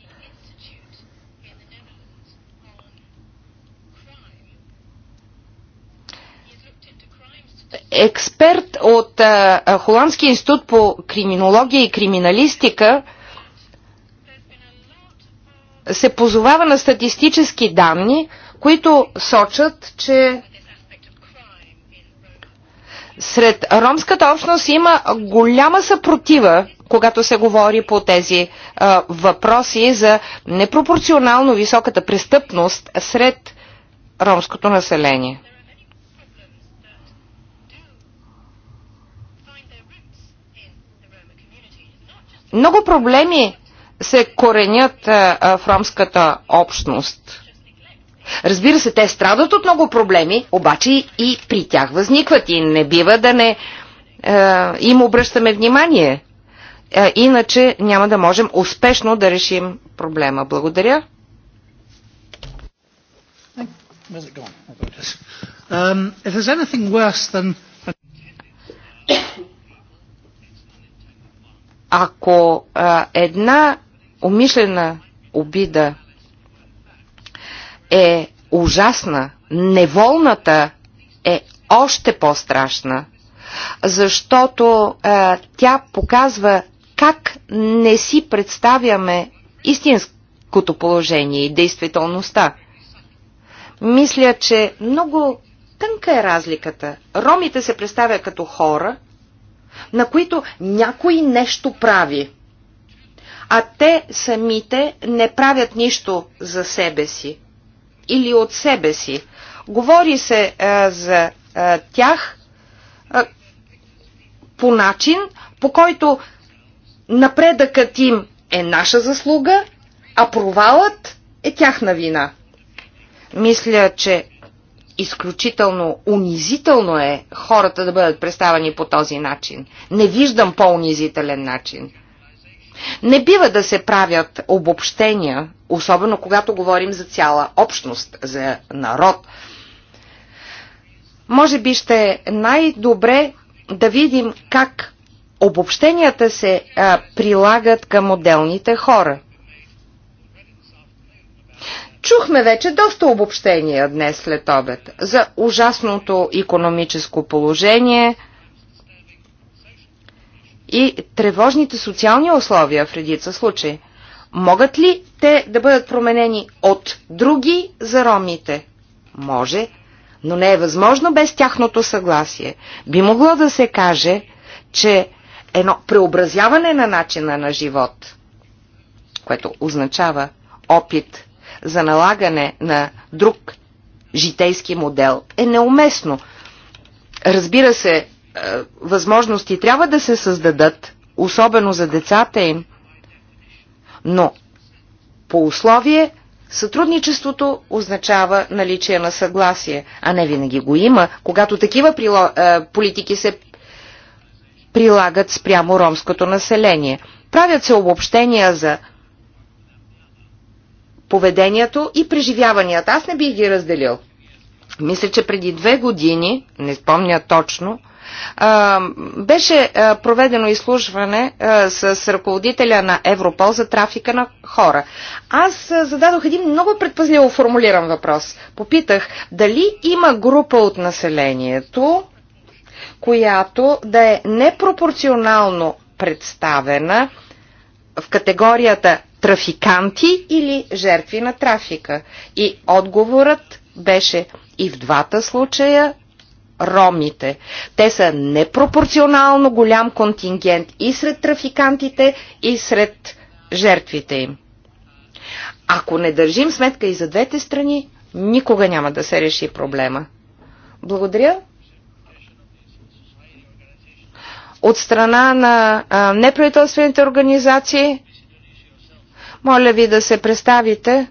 Експерт от а, е, Холандския институт по криминология и криминалистика се позовава на статистически данни, които сочат, че сред ромската общност има голяма съпротива, когато се говори по тези а, въпроси за непропорционално високата престъпност сред ромското население. Много проблеми се коренят а, в ромската общност. Разбира се, те страдат от много проблеми, обаче и при тях възникват и не бива да не е, им обръщаме внимание. Е, иначе няма да можем успешно да решим проблема. Благодаря. Oh, um, Ако е, една умишлена обида е ужасна, неволната е още по-страшна, защото е, тя показва как не си представяме истинското положение и действителността. Мисля, че много тънка е разликата. Ромите се представя като хора, на които някой нещо прави, а те самите не правят нищо за себе си или от себе си. Говори се а, е, за а, е, тях а, е, по начин, по който напредъкът им е наша заслуга, а провалът е тяхна вина. Мисля, че изключително унизително е хората да бъдат представени по този начин. Не виждам по-унизителен начин. Не бива да се правят обобщения, особено когато говорим за цяла общност, за народ. Може би ще е най-добре да видим как обобщенията се а, прилагат към отделните хора. Чухме вече доста обобщения днес след обед за ужасното економическо положение – и тревожните социални условия в редица случаи. Могат ли те да бъдат променени от други за ромите? Може, но не е възможно без тяхното съгласие. Би могло да се каже, че едно преобразяване на начина на живот, което означава опит за налагане на друг житейски модел, е неуместно. Разбира се, е, възможности трябва да се създадат, особено за децата им, но по условие сътрудничеството означава наличие на съгласие, а не винаги го има, когато такива е, политики се прилагат спрямо ромското население. Правят се обобщения за поведението и преживяванията. Аз не бих ги разделил. Мисля, че преди две години, не спомня точно, беше проведено изслужване с ръководителя на Европол за трафика на хора. Аз зададох един много предпазливо формулиран въпрос. Попитах дали има група от населението, която да е непропорционално представена в категорията трафиканти или жертви на трафика. И отговорът беше и в двата случая ромите. Те са непропорционално голям контингент и сред трафикантите, и сред жертвите им. Ако не държим сметка и за двете страни, никога няма да се реши проблема. Благодаря. От страна на неправителствените организации, моля ви да се представите.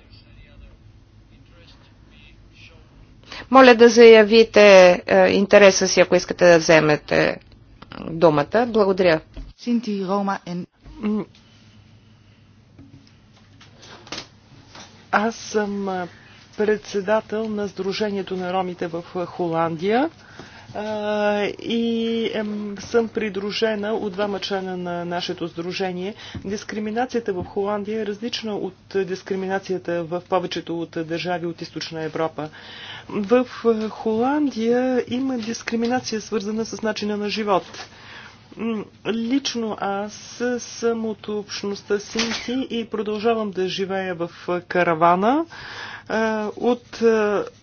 Моля да заявите е, интереса си, ако искате да вземете думата. Благодаря. Синти, Рома Аз съм председател на Сдружението на ромите в Холандия и съм придружена от двама члена на нашето сдружение. Дискриминацията в Холандия е различна от дискриминацията в повечето от държави от Източна Европа. В е, Холандия има дискриминация, свързана с начина на живот. Лично аз съм от общността Синти и продължавам да живея в е, каравана. Е, от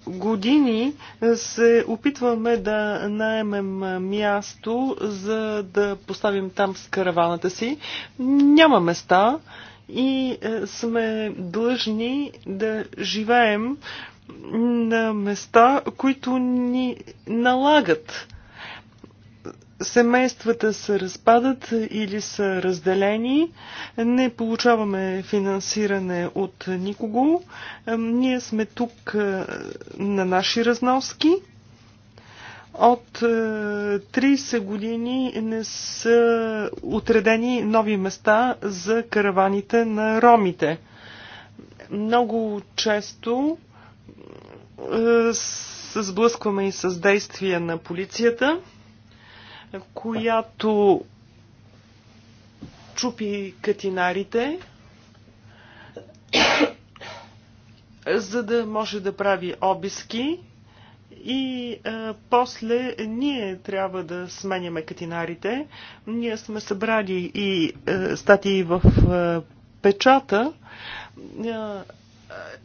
години се опитваме да найемем място, за да поставим там с караваната си. Няма места и сме длъжни да живеем на места, които ни налагат. Семействата се разпадат или са разделени, не получаваме финансиране от никого, ние сме тук на наши разноски. От 30 години не са отредени нови места за караваните на ромите. Много често се сблъскваме и с действия на полицията, която чупи катинарите, за да може да прави обиски и а, е, после ние трябва да сменяме катинарите. Ние сме събрали и а, е, статии в а, е, печата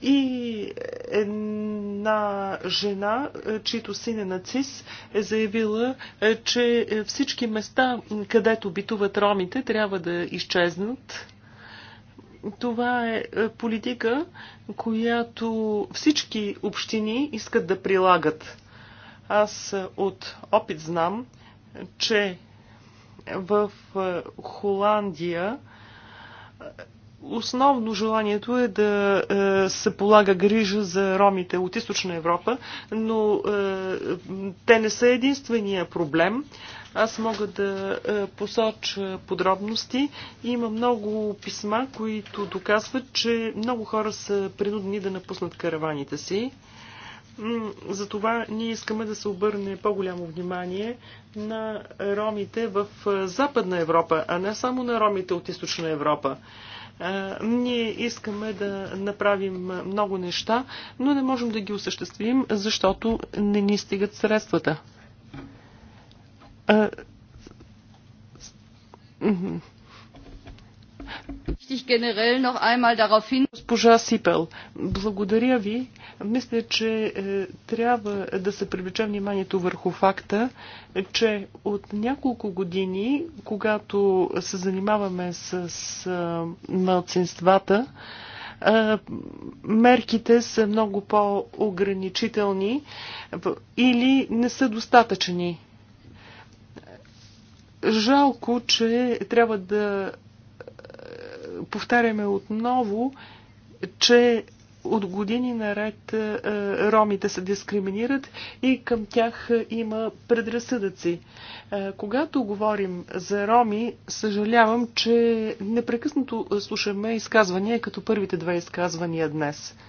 и една жена, чието син е нацис, е заявила, че всички места, където битуват ромите, трябва да изчезнат. Това е политика, която всички общини искат да прилагат. Аз от опит знам, че в Холандия Основно желанието е да е, се полага грижа за ромите от източна Европа, но е, те не са единствения проблем. Аз мога да е, посоча подробности. Има много писма, които доказват, че много хора са принудени да напуснат караваните си. Затова ние искаме да се обърне по-голямо внимание на ромите в Западна Европа, а не само на ромите от Източна Европа. Е, ние искаме да направим много неща, но не можем да ги осъществим, защото не ни стигат средствата. Е, Госпожа Сипел, благодаря ви. Мисля, че е, трябва да се привлече вниманието върху факта, че от няколко години, когато се занимаваме с, с е, мълцинствата, е, мерките са много по-ограничителни или не са достатъчни. Жалко, че трябва да повтаряме отново, че от години наред е, ромите се дискриминират и към тях е, има предразсъдъци. Е, когато говорим за роми, съжалявам, че непрекъснато слушаме изказвания, като първите две изказвания днес –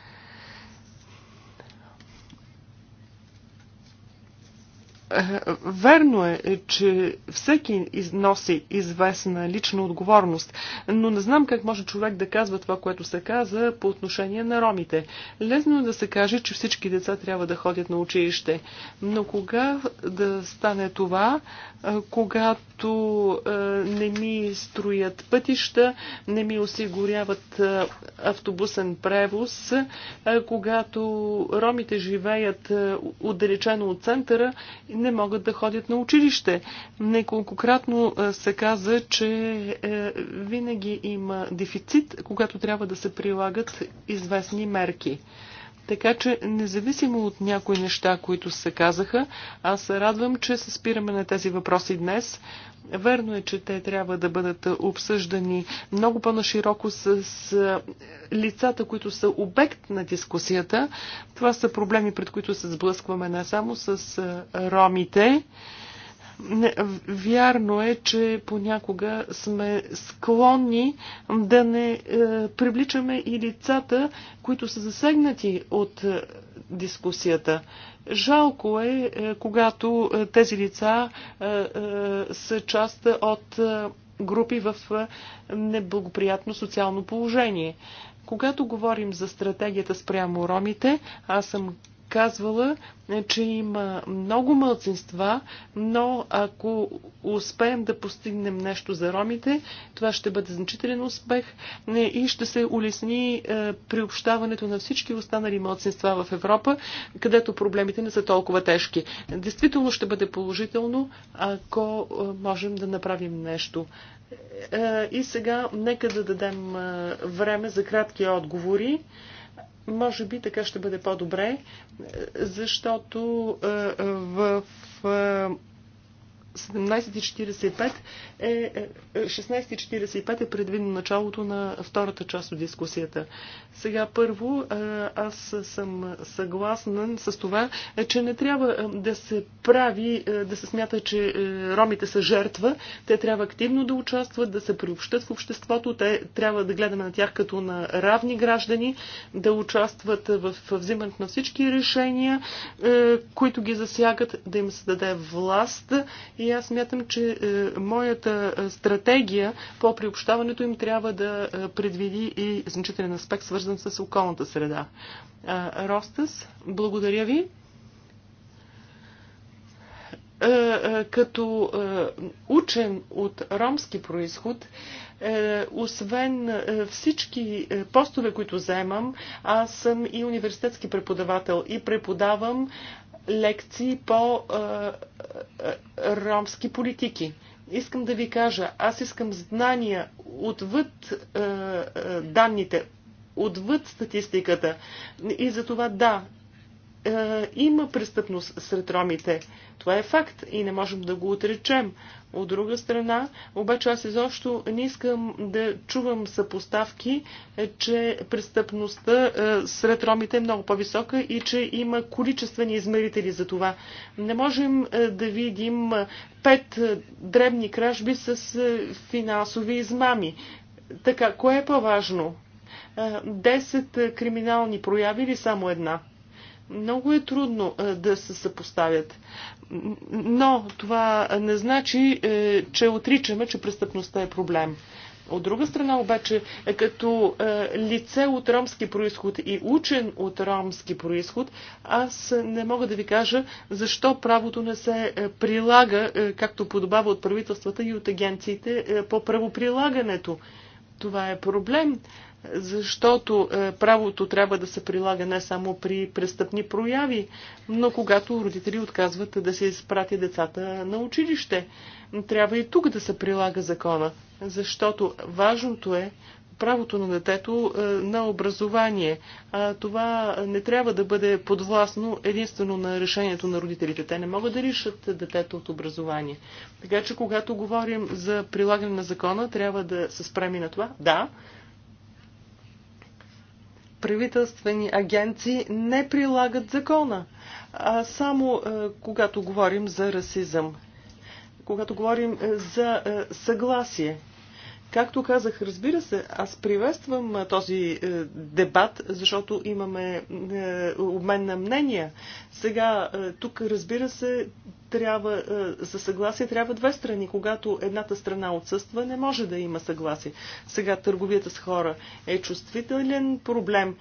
Верно е, че всеки носи известна лична отговорност, но не знам как може човек да казва това, което се каза по отношение на ромите. Лесно е да се каже, че всички деца трябва да ходят на училище, но кога да стане това, когато не ми строят пътища, не ми осигуряват автобусен превоз, когато ромите живеят отдалечено от центъра, не могат да ходят на училище. Неколкократно е, се каза, че е, винаги има дефицит, когато трябва да се прилагат известни мерки. Така че, независимо от някои неща, които се казаха, аз се радвам, че се спираме на тези въпроси днес. Верно е, че те трябва да бъдат обсъждани много по-нашироко с, с лицата, които са обект на дискусията. Това са проблеми, пред които се сблъскваме не само с ромите, Вярно е, че понякога сме склонни да не е, привличаме и лицата, които са засегнати от е, дискусията. Жалко е, е когато тези лица са част от групи в неблагоприятно социално положение. Когато говорим за стратегията спрямо ромите, аз съм казвала, че има много мълцинства, но ако успеем да постигнем нещо за ромите, това ще бъде значителен успех е, и ще се улесни е, приобщаването на всички останали мълцинства в Европа, където проблемите не са толкова тежки. Действително ще бъде положително, ако е, можем да направим нещо. И сега нека да дадем време за кратки отговори. Може би така ще бъде по-добре, защото е, в 17.45 е, 16.45 е, е, е предвидено началото на втората част от дискусията. Сега първо, аз съм съгласна с това, че не трябва да се прави, да се смята, че ромите са жертва. Те трябва активно да участват, да се приобщат в обществото. Те трябва да гледаме на тях като на равни граждани, да участват в взимането на всички решения, които ги засягат, да им се даде власт. И аз мятам, че моята стратегия по приобщаването им трябва да предвиди и значителен аспект, свързан свързан с околната среда. Ростас, благодаря ви. Като учен от ромски происход, освен всички постове, които заемам, аз съм и университетски преподавател и преподавам лекции по ромски политики искам да ви кажа, аз искам знания отвъд данните, отвъд статистиката. И за това да, е, има престъпност сред ромите. Това е факт и не можем да го отречем. От друга страна, обаче аз изобщо не искам да чувам съпоставки, е, че престъпността е, сред ромите е много по-висока и че има количествени измерители за това. Не можем е, да видим пет дребни кражби с финансови измами. Така, кое е по-важно? Десет криминални прояви или само една. Много е трудно да се съпоставят. Но това не значи, е, че отричаме, че престъпността е проблем. От друга страна обаче, е, като е, лице от ромски происход и учен от ромски происход, аз не мога да ви кажа защо правото не се прилага, както подобава от правителствата и от агенциите по правоприлагането. Това е проблем защото е, правото трябва да се прилага не само при престъпни прояви, но когато родители отказват да се изпрати децата на училище. Трябва и тук да се прилага закона, защото важното е правото на детето е, на образование. А това не трябва да бъде подвластно единствено на решението на родителите. Те не могат да решат детето от образование. Така че, когато говорим за прилагане на закона, трябва да се спреми на това. Да, правителствени агенции не прилагат закона, а само е, когато говорим за расизъм, когато говорим е, за е, съгласие. Както казах, разбира се, аз приветствам този е, дебат, защото имаме е, обмен на мнения. Сега, е, тук, разбира се, трябва, е, за съгласие трябва две страни. Когато едната страна отсъства, не може да има съгласие. Сега търговията с хора е чувствителен проблем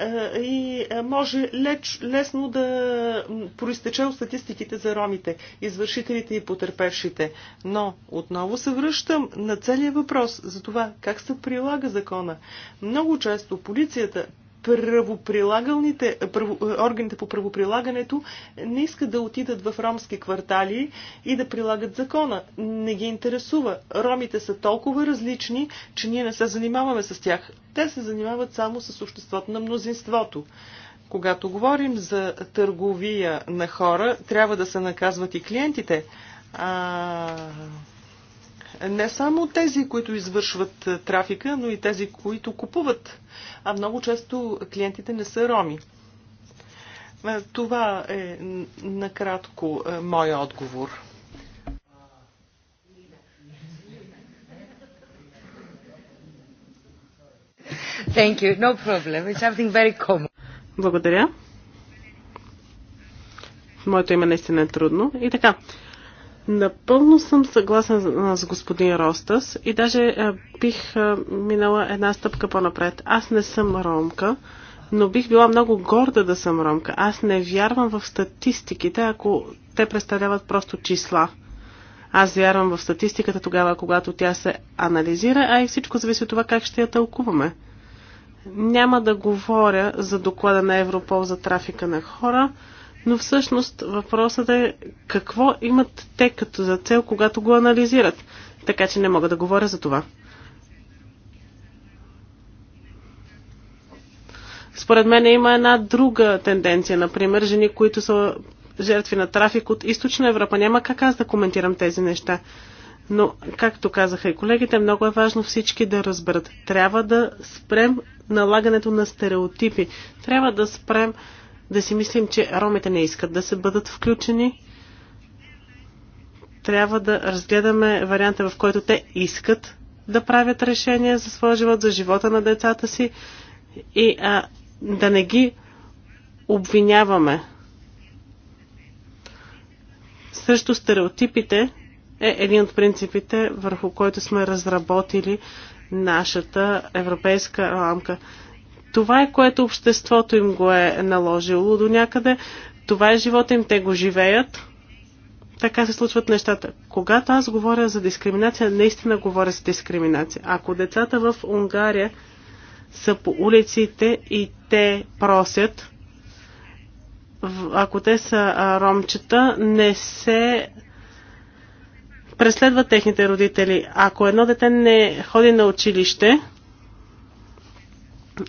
е, и е, може леч, лесно да проистече от статистиките за ромите, извършителите и потерпевшите. Но отново се връщам на целият въпрос за това как се прилага закона. Много често полицията правоприлагалните, право, е, органите по правоприлагането не искат да отидат в ромски квартали и да прилагат закона. Не ги интересува. Ромите са толкова различни, че ние не се занимаваме с тях. Те се занимават само с обществото на мнозинството. Когато говорим за търговия на хора, трябва да се наказват и клиентите. А не само тези, които извършват е, трафика, но и тези, които купуват. А много често клиентите не са роми. Е, това е накратко е, моя отговор. Thank you. No problem. It's something very common. Благодаря. Моето име наистина е трудно. И така, Напълно съм съгласен с господин Ростас и даже бих минала една стъпка по-напред. Аз не съм ромка, но бих била много горда да съм ромка. Аз не вярвам в статистиките, ако те представляват просто числа. Аз вярвам в статистиката тогава, когато тя се анализира, а и всичко зависи от това как ще я тълкуваме. Няма да говоря за доклада на Европол за трафика на хора но всъщност въпросът е какво имат те като за цел, когато го анализират. Така че не мога да говоря за това. Според мен има една друга тенденция, например, жени, които са жертви на трафик от източна Европа. Няма как аз да коментирам тези неща. Но, както казаха и колегите, много е важно всички да разберат. Трябва да спрем налагането на стереотипи. Трябва да спрем да си мислим, че ромите не искат да се бъдат включени. Трябва да разгледаме варианта, в който те искат да правят решения за своя живот, за живота на децата си и а, да не ги обвиняваме. Също стереотипите е един от принципите, върху който сме разработили нашата европейска рамка. Това е което обществото им го е наложило до някъде. Това е живота им, те го живеят. Така се случват нещата. Когато аз говоря за дискриминация, наистина говоря за дискриминация. Ако децата в Унгария са по улиците и те просят, ако те са ромчета, не се преследват техните родители. Ако едно дете не ходи на училище,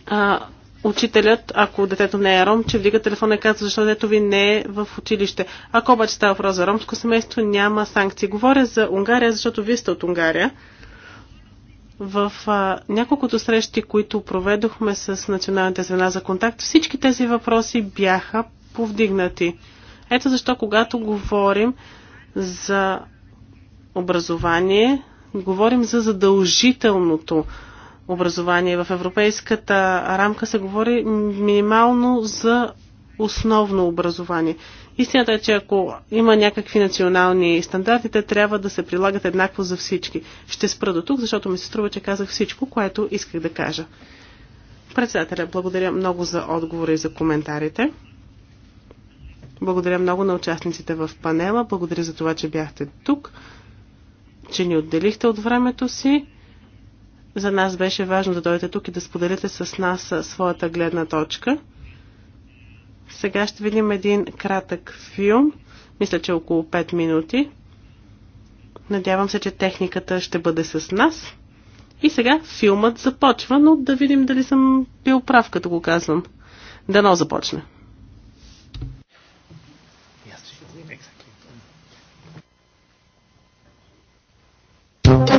а, учителят, ако детето не е ром, че вдига телефона и казва, защо детето ви не е в училище. Ако обаче става въпрос за ромско семейство, няма санкции. Говоря за Унгария, защото вие сте от Унгария. В а, няколкото срещи, които проведохме с националните звена за контакт, всички тези въпроси бяха повдигнати. Ето защо, когато говорим за образование, говорим за задължителното образование. В европейската рамка се говори минимално за основно образование. Истината е, че ако има някакви национални стандарти, те трябва да се прилагат еднакво за всички. Ще спра до тук, защото ми се струва, че казах всичко, което исках да кажа. Председателя, благодаря много за отговора и за коментарите. Благодаря много на участниците в панела. Благодаря за това, че бяхте тук, че ни отделихте от времето си. За нас беше важно да дойдете тук и да споделите с нас своята гледна точка. Сега ще видим един кратък филм, мисля, че около 5 минути. Надявам се, че техниката ще бъде с нас. И сега филмът започва, но да видим дали съм бил прав, като го казвам. Дано започне. Thank you.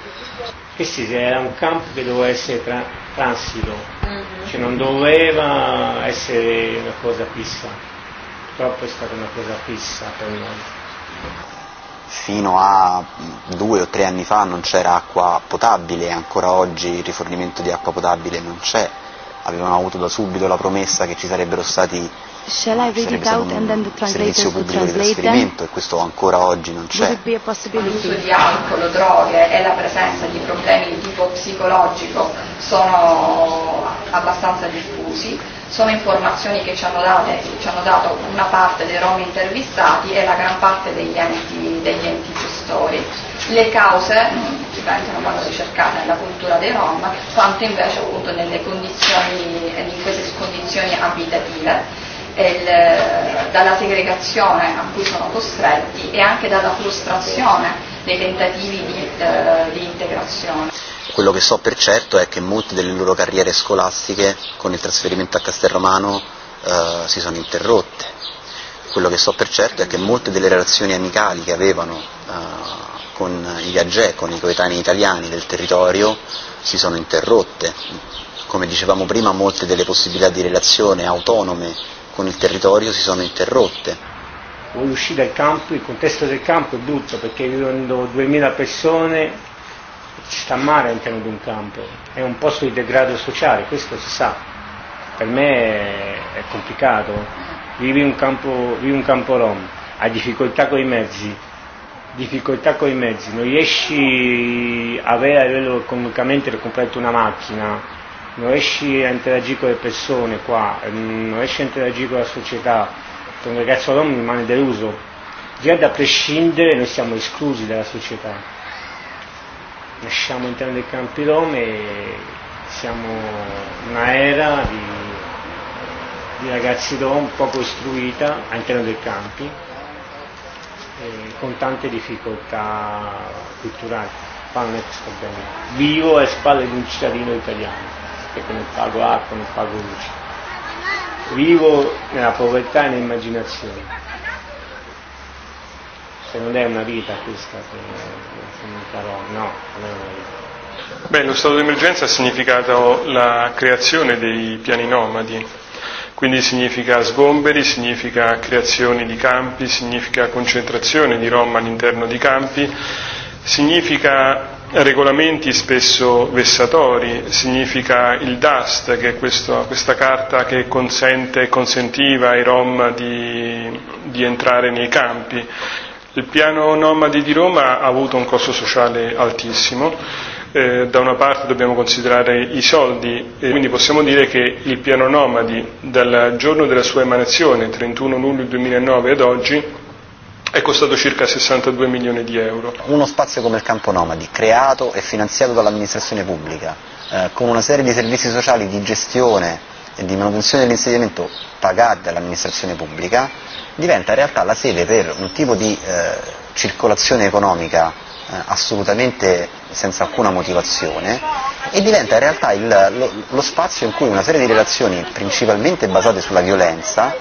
che si, era un campo che doveva essere tra, transito, mm-hmm. cioè non doveva essere una cosa fissa, purtroppo è stata una cosa fissa per noi. Fino a due o tre anni fa non c'era acqua potabile, ancora oggi il rifornimento di acqua potabile non c'è avevano avuto da subito la promessa che ci sarebbero stati Shall I sarebbe stato un servizio pubblico di trasferimento e questo ancora oggi non c'è. L'uso di alcol, droghe e la presenza di problemi di tipo psicologico sono abbastanza diffusi, sono informazioni che ci hanno, date, ci hanno dato una parte dei rom intervistati e la gran parte degli enti, degli enti gestori. Le cause dipende quando ricercate nella cultura dei Rom, quanto invece appunto nelle condizioni, in queste condizioni abitative il, dalla segregazione a cui sono costretti e anche dalla frustrazione dei tentativi di, di integrazione. Quello che so per certo è che molte delle loro carriere scolastiche con il trasferimento a Castelromano eh, si sono interrotte. Quello che so per certo è che molte delle relazioni amicali che avevano eh, con i Gagè, con i coetanei italiani del territorio, si sono interrotte. Come dicevamo prima, molte delle possibilità di relazione autonome con il territorio si sono interrotte. Vuoi uscire dal campo, il contesto del campo è brutto perché vivendo 2000 persone si sta male all'interno di un campo, è un posto di degrado sociale, questo si sa. Per me è complicato, vivi un campo, vivi un campo rom, hai difficoltà con i mezzi, difficoltà con i mezzi, non riesci a avere a livello economicamente per comprarti una macchina, non riesci a interagire con le persone qua, non riesci a interagire con la società, per un ragazzo Roma rimane deluso. Già da prescindere noi siamo esclusi dalla società. Nasciamo all'interno dei campi rom e siamo una era di, di ragazzi rom poco istruita all'interno dei campi eh, con tante difficoltà culturali, qua non è che sto bene, vivo alle spalle di un cittadino italiano, perché non pago acqua, non pago luce, vivo nella povertà e nell'immaginazione, se non è una vita questa che farò, no, non è una vita. Beh, lo stato d'emergenza ha significato la creazione dei piani nomadi, Quindi significa sgomberi, significa creazione di campi, significa concentrazione di Rom all'interno di campi, significa regolamenti spesso vessatori, significa il DAST, che è questo, questa carta che consente e consentiva ai Rom di, di entrare nei campi. Il piano nomadi di Roma ha avuto un costo sociale altissimo eh, da una parte dobbiamo considerare i soldi e quindi possiamo dire che il piano Nomadi dal giorno della sua emanazione, 31 luglio 2009 ad oggi, è costato circa 62 milioni di euro. Uno spazio come il campo Nomadi, creato e finanziato dall'amministrazione pubblica, eh, con una serie di servizi sociali di gestione e di manutenzione dell'insediamento pagati dall'amministrazione pubblica, diventa in realtà la sede per un tipo di eh, circolazione economica eh, assolutamente senza alcuna motivazione e diventa in realtà il, lo, lo spazio in cui una serie di relazioni principalmente basate sulla violenza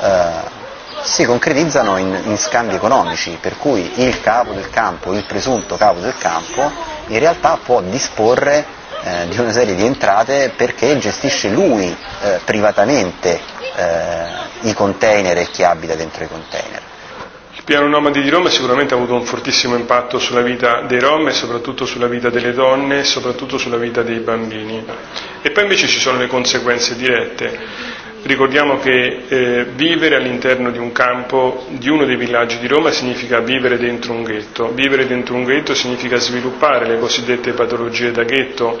eh, si concretizzano in, in scambi economici, per cui il capo del campo, il presunto capo del campo, in realtà può disporre eh, di una serie di entrate perché gestisce lui eh, privatamente eh, i container e chi abita dentro i container. Piano Nomadi di Roma sicuramente ha avuto un fortissimo impatto sulla vita dei Rom e soprattutto sulla vita delle donne e soprattutto sulla vita dei bambini. E poi invece ci sono le conseguenze dirette. Ricordiamo che eh, vivere all'interno di un campo, di uno dei villaggi di Roma, significa vivere dentro un ghetto. Vivere dentro un ghetto significa sviluppare le cosiddette patologie da ghetto,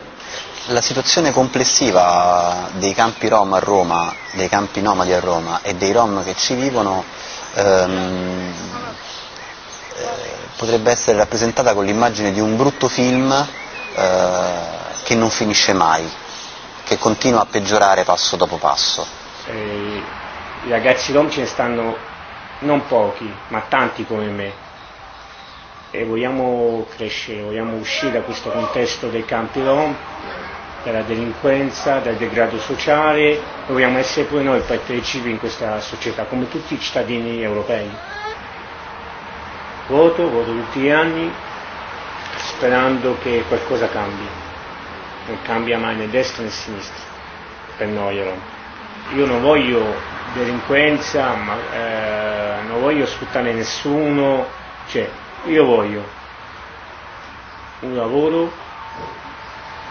la situazione complessiva dei campi Rom a Roma, dei campi nomadi a Roma e dei Rom che ci vivono ehm, eh, potrebbe essere rappresentata con l'immagine di un brutto film eh, che non finisce mai, che continua a peggiorare passo dopo passo. Eh, I ragazzi Rom ce ne stanno non pochi, ma tanti come me. E vogliamo crescere, vogliamo uscire da questo contesto dei campi Rom dalla delinquenza, dal degrado sociale, dobbiamo essere pure noi partecipi in questa società, come tutti i cittadini europei. Voto, voto tutti gli anni, sperando che qualcosa cambi. Non cambia mai né destra né sinistra, per noi allora. Io non voglio delinquenza, ma, eh, non voglio sfruttare nessuno, cioè io voglio un lavoro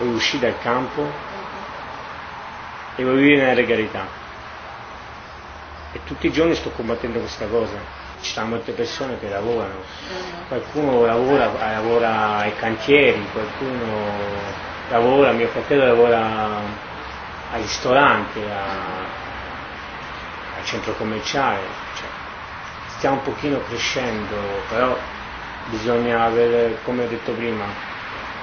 vuoi uscire dal campo e vuoi vivere nella regalità. E tutti i giorni sto combattendo questa cosa. Ci sono molte persone che lavorano, qualcuno lavora, lavora ai cantieri, qualcuno lavora, mio fratello lavora al ristorante, a, al centro commerciale. Cioè, stiamo un pochino crescendo, però bisogna avere, come ho detto prima,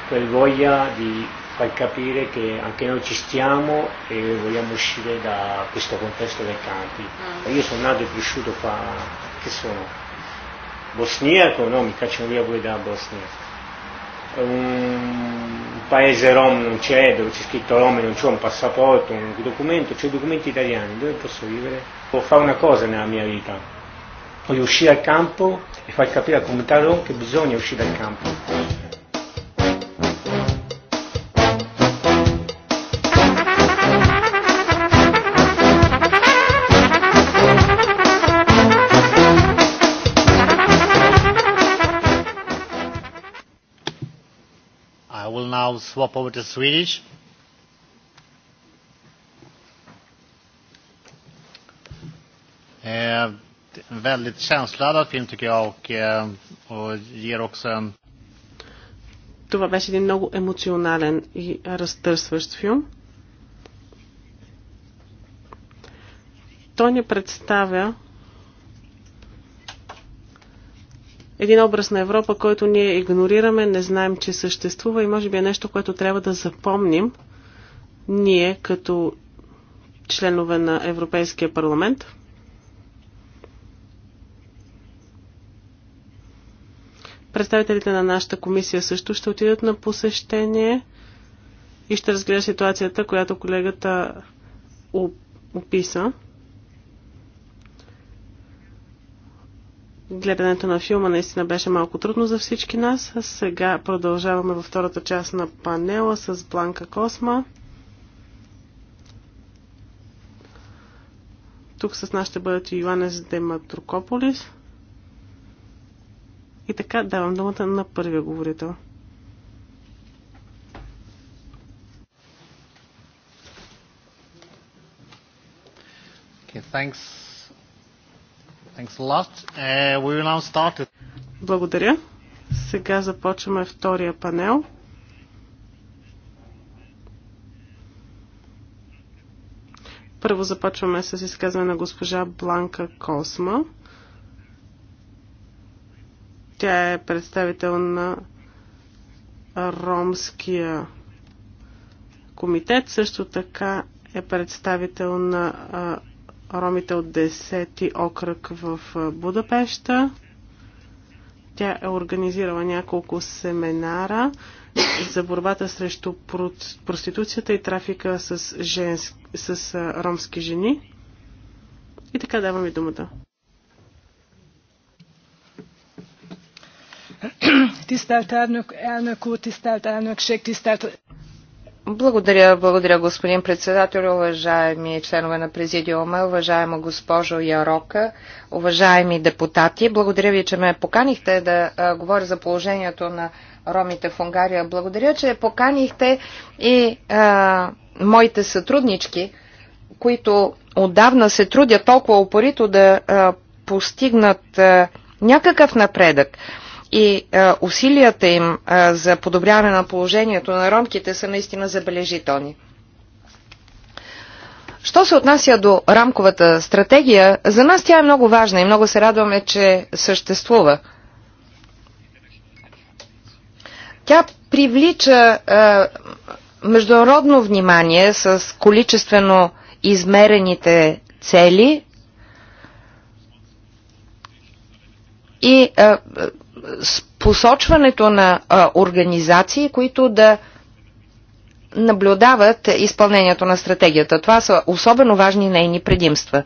quel voglia di far capire che anche noi ci stiamo e vogliamo uscire da questo contesto dei campi. Mm. Io sono nato e cresciuto qua, che sono? Bosniaco? No, mi cacciano via pure da Bosnia. Un paese rom non c'è, dove c'è scritto rom non c'è un passaporto, un documento, c'è documenti italiani, dove posso vivere? Devo fare una cosa nella mia vita, voglio uscire al campo e far capire alla comunità rom che bisogna uscire dal campo. now swap over to Swedish. Eh, väldigt känsloladdad film tycker jag och, eh, och ger också en... Det var väldigt много емоционален и разтърсващ филм. Той ни представя един образ на Европа, който ние игнорираме, не знаем, че съществува и може би е нещо, което трябва да запомним ние като членове на Европейския парламент. Представителите на нашата комисия също ще отидат на посещение и ще разгледа ситуацията, която колегата описа. Гледането на филма наистина беше малко трудно за всички нас. Сега продължаваме във втората част на панела с Бланка Косма. Тук с нас ще бъдат Йоанес Дематрокополис. И така давам думата на първия говорител. Okay, thanks Uh, Благодаря. Сега започваме втория панел. Първо започваме с изказване на госпожа Бланка Косма. Тя е представител на Ромския комитет, също така е представител на ромите от 10-ти окръг в Будапешта. Тя е организирала няколко семинара за борбата срещу проституцията и трафика с, женск, с ромски жени. И така давам ви думата. Tisztelt elnök, elnök úr, tisztelt elnökség, tisztelt благодаря, благодаря господин председател, уважаеми членове на президиума, уважаема госпожо Ярока, уважаеми депутати. Благодаря ви, че ме поканихте да говоря за положението на ромите в Унгария. Благодаря, че поканихте и а, моите сътруднички, които отдавна се трудят толкова опорито да а, постигнат а, някакъв напредък и а, е, усилията им а, е, за подобряване на положението на ромките са наистина забележителни. Що се отнася до рамковата стратегия, за нас тя е много важна и много се радваме, че съществува. Тя привлича а, е, международно внимание с количествено измерените цели и а, с посочването на а, организации, които да наблюдават изпълнението на стратегията. Това са особено важни нейни предимства.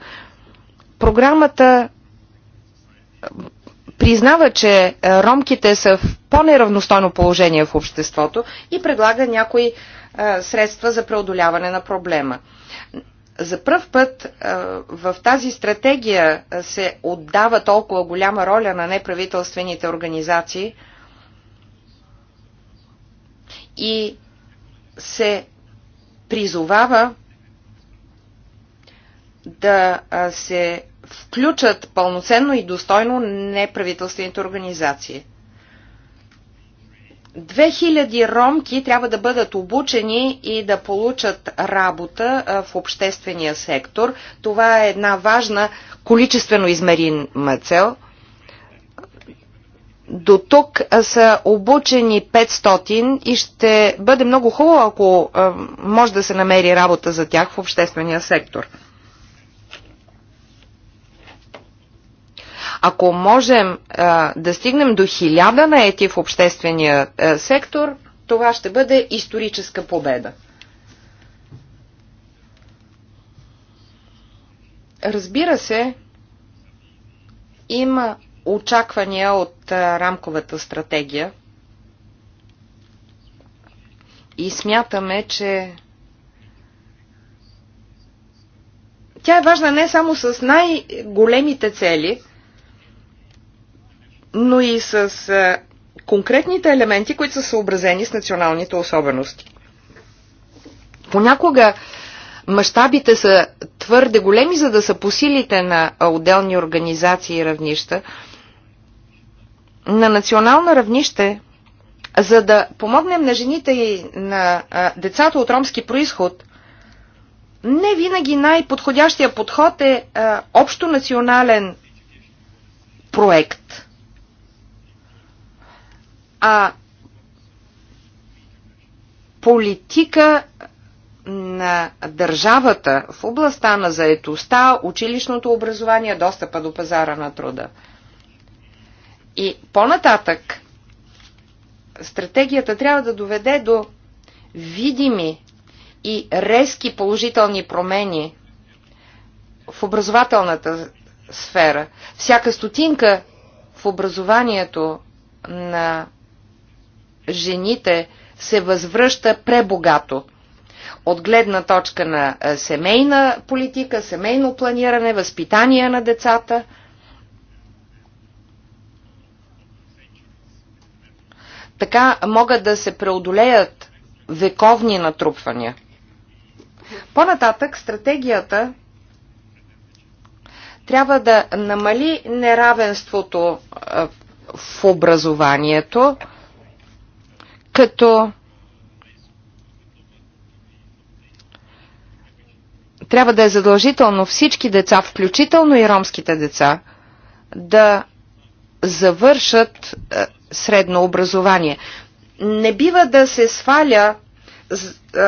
Програмата признава, че ромките са в по-неравностойно положение в обществото и предлага някои а, средства за преодоляване на проблема за пръв път в тази стратегия се отдава толкова голяма роля на неправителствените организации и се призовава да се включат пълноценно и достойно неправителствените организации – 2000 ромки трябва да бъдат обучени и да получат работа в обществения сектор. Това е една важна количествено измерима цел. До тук са обучени 500 и ще бъде много хубаво, ако може да се намери работа за тях в обществения сектор. Ако можем а, да стигнем до хиляда наети в обществения а, сектор, това ще бъде историческа победа. Разбира се, има очаквания от а, рамковата стратегия и смятаме, че тя е важна не само с най-големите цели, но и с конкретните елементи, които са съобразени с националните особености. Понякога мащабите са твърде големи, за да са по силите на отделни организации и равнища. На национално равнище, за да помогнем на жените и на децата от ромски происход, не винаги най-подходящия подход е общо национален проект – а политика на държавата в областта на заетостта, училищното образование, достъпа до пазара на труда. И по-нататък стратегията трябва да доведе до видими и резки положителни промени в образователната сфера. Всяка стотинка в образованието на жените се възвръща пребогато от гледна точка на семейна политика, семейно планиране, възпитание на децата. Така могат да се преодолеят вековни натрупвания. По-нататък стратегията трябва да намали неравенството в образованието, като трябва да е задължително всички деца, включително и ромските деца, да завършат е, средно образование. Не бива да се сваля е,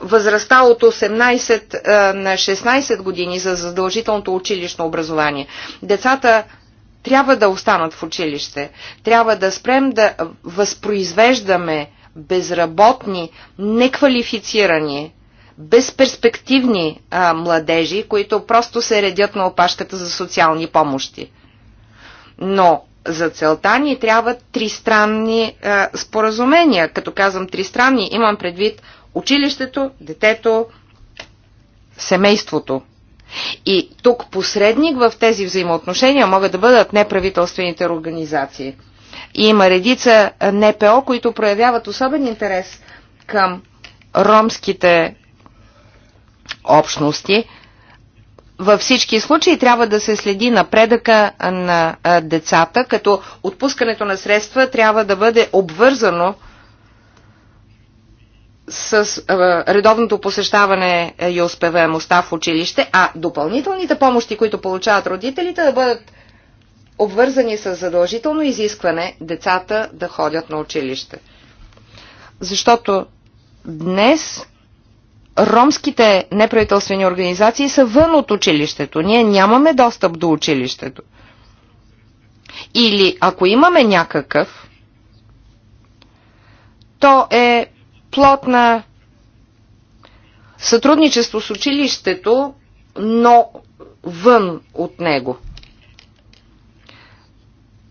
възрастта от 18 е, на 16 години за задължителното училищно образование. Децата трябва да останат в училище. Трябва да спрем да възпроизвеждаме безработни, неквалифицирани, безперспективни а, младежи, които просто се редят на опашката за социални помощи. Но за целта ни трябват тристранни а, споразумения. Като казвам тристранни, имам предвид училището, детето, семейството. И тук посредник в тези взаимоотношения могат да бъдат неправителствените организации. И има редица НПО, които проявяват особен интерес към ромските общности. Във всички случаи трябва да се следи напредъка на децата, като отпускането на средства трябва да бъде обвързано с редовното посещаване е, и успеваемостта в училище, а допълнителните помощи, които получават родителите, да бъдат обвързани с задължително изискване децата да ходят на училище. Защото днес ромските неправителствени организации са вън от училището. Ние нямаме достъп до училището. Или ако имаме някакъв, то е плод на сътрудничество с училището, но вън от него.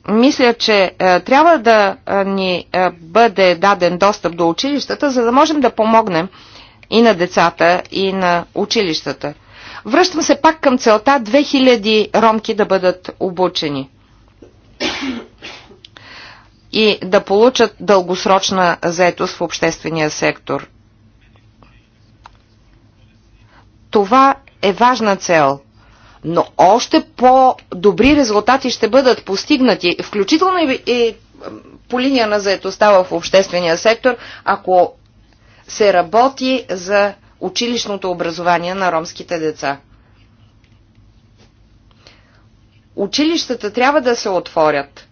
Мисля, че е, трябва да е, ни е, бъде даден достъп до училищата, за да можем да помогнем и на децата, и на училищата. Връщам се пак към целта 2000 ромки да бъдат обучени и да получат дългосрочна заетост в обществения сектор. Това е важна цел, но още по-добри резултати ще бъдат постигнати, включително и по линия на заетостта в обществения сектор, ако се работи за училищното образование на ромските деца. Училищата трябва да се отворят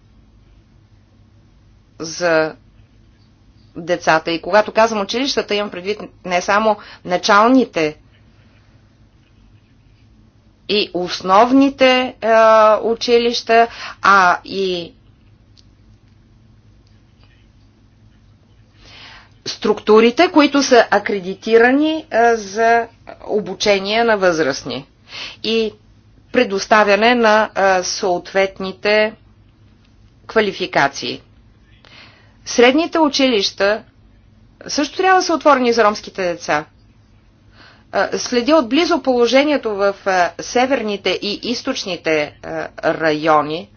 за децата. И когато казвам училищата, имам предвид не само началните и основните е, училища, а и структурите, които са акредитирани е, за обучение на възрастни и предоставяне на е, съответните квалификации. Средните училища също трябва да са отворени за ромските деца. Следя отблизо положението в северните и източните райони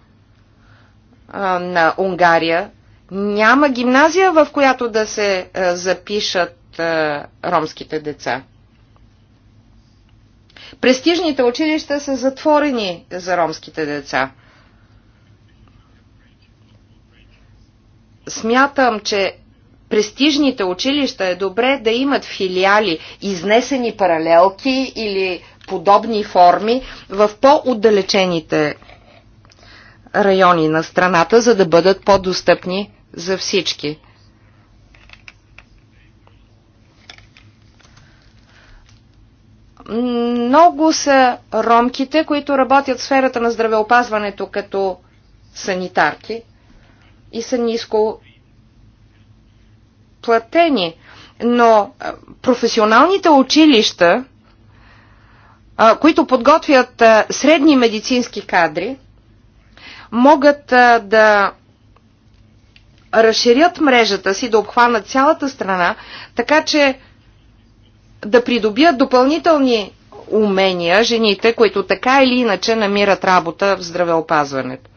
на Унгария. Няма гимназия, в която да се запишат ромските деца. Престижните училища са затворени за ромските деца. смятам, че престижните училища е добре да имат филиали, изнесени паралелки или подобни форми в по-отдалечените райони на страната, за да бъдат по-достъпни за всички. Много са ромките, които работят в сферата на здравеопазването като санитарки – и са ниско платени. Но професионалните училища, които подготвят средни медицински кадри, могат да разширят мрежата си, да обхванат цялата страна, така че да придобият допълнителни умения жените, които така или иначе намират работа в здравеопазването.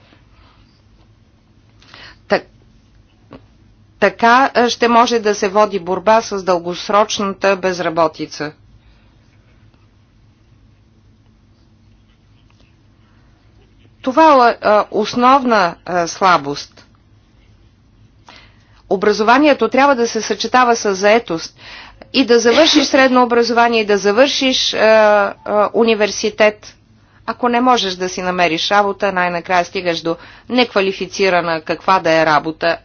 Така ще може да се води борба с дългосрочната безработица. Това е основна слабост. Образованието трябва да се съчетава с заетост. И да завършиш средно образование, и да завършиш е, е, университет. Ако не можеш да си намериш работа, най-накрая стигаш до неквалифицирана каква да е работа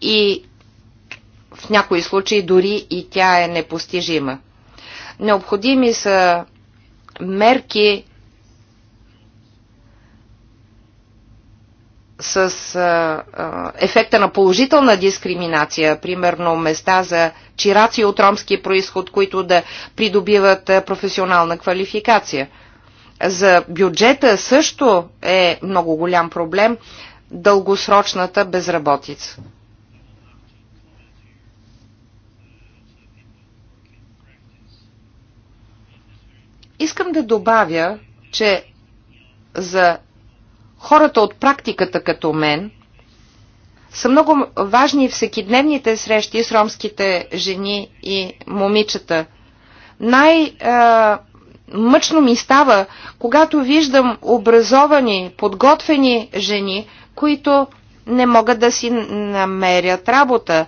и в някои случаи дори и тя е непостижима. Необходими са мерки с а, а, ефекта на положителна дискриминация, примерно места за чираци от ромски происход, които да придобиват професионална квалификация. За бюджета също е много голям проблем дългосрочната безработица. Искам да добавя, че за хората от практиката като мен са много важни всекидневните срещи с ромските жени и момичета. Най- мъчно ми става, когато виждам образовани, подготвени жени, които не могат да си намерят работа.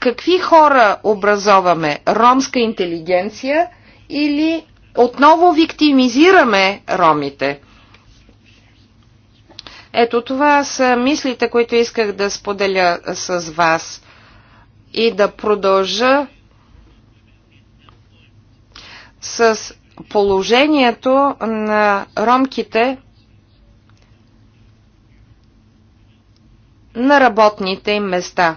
Какви хора образоваме? Ромска интелигенция или отново виктимизираме ромите. Ето това са мислите, които исках да споделя с вас и да продължа с положението на ромките на работните им места.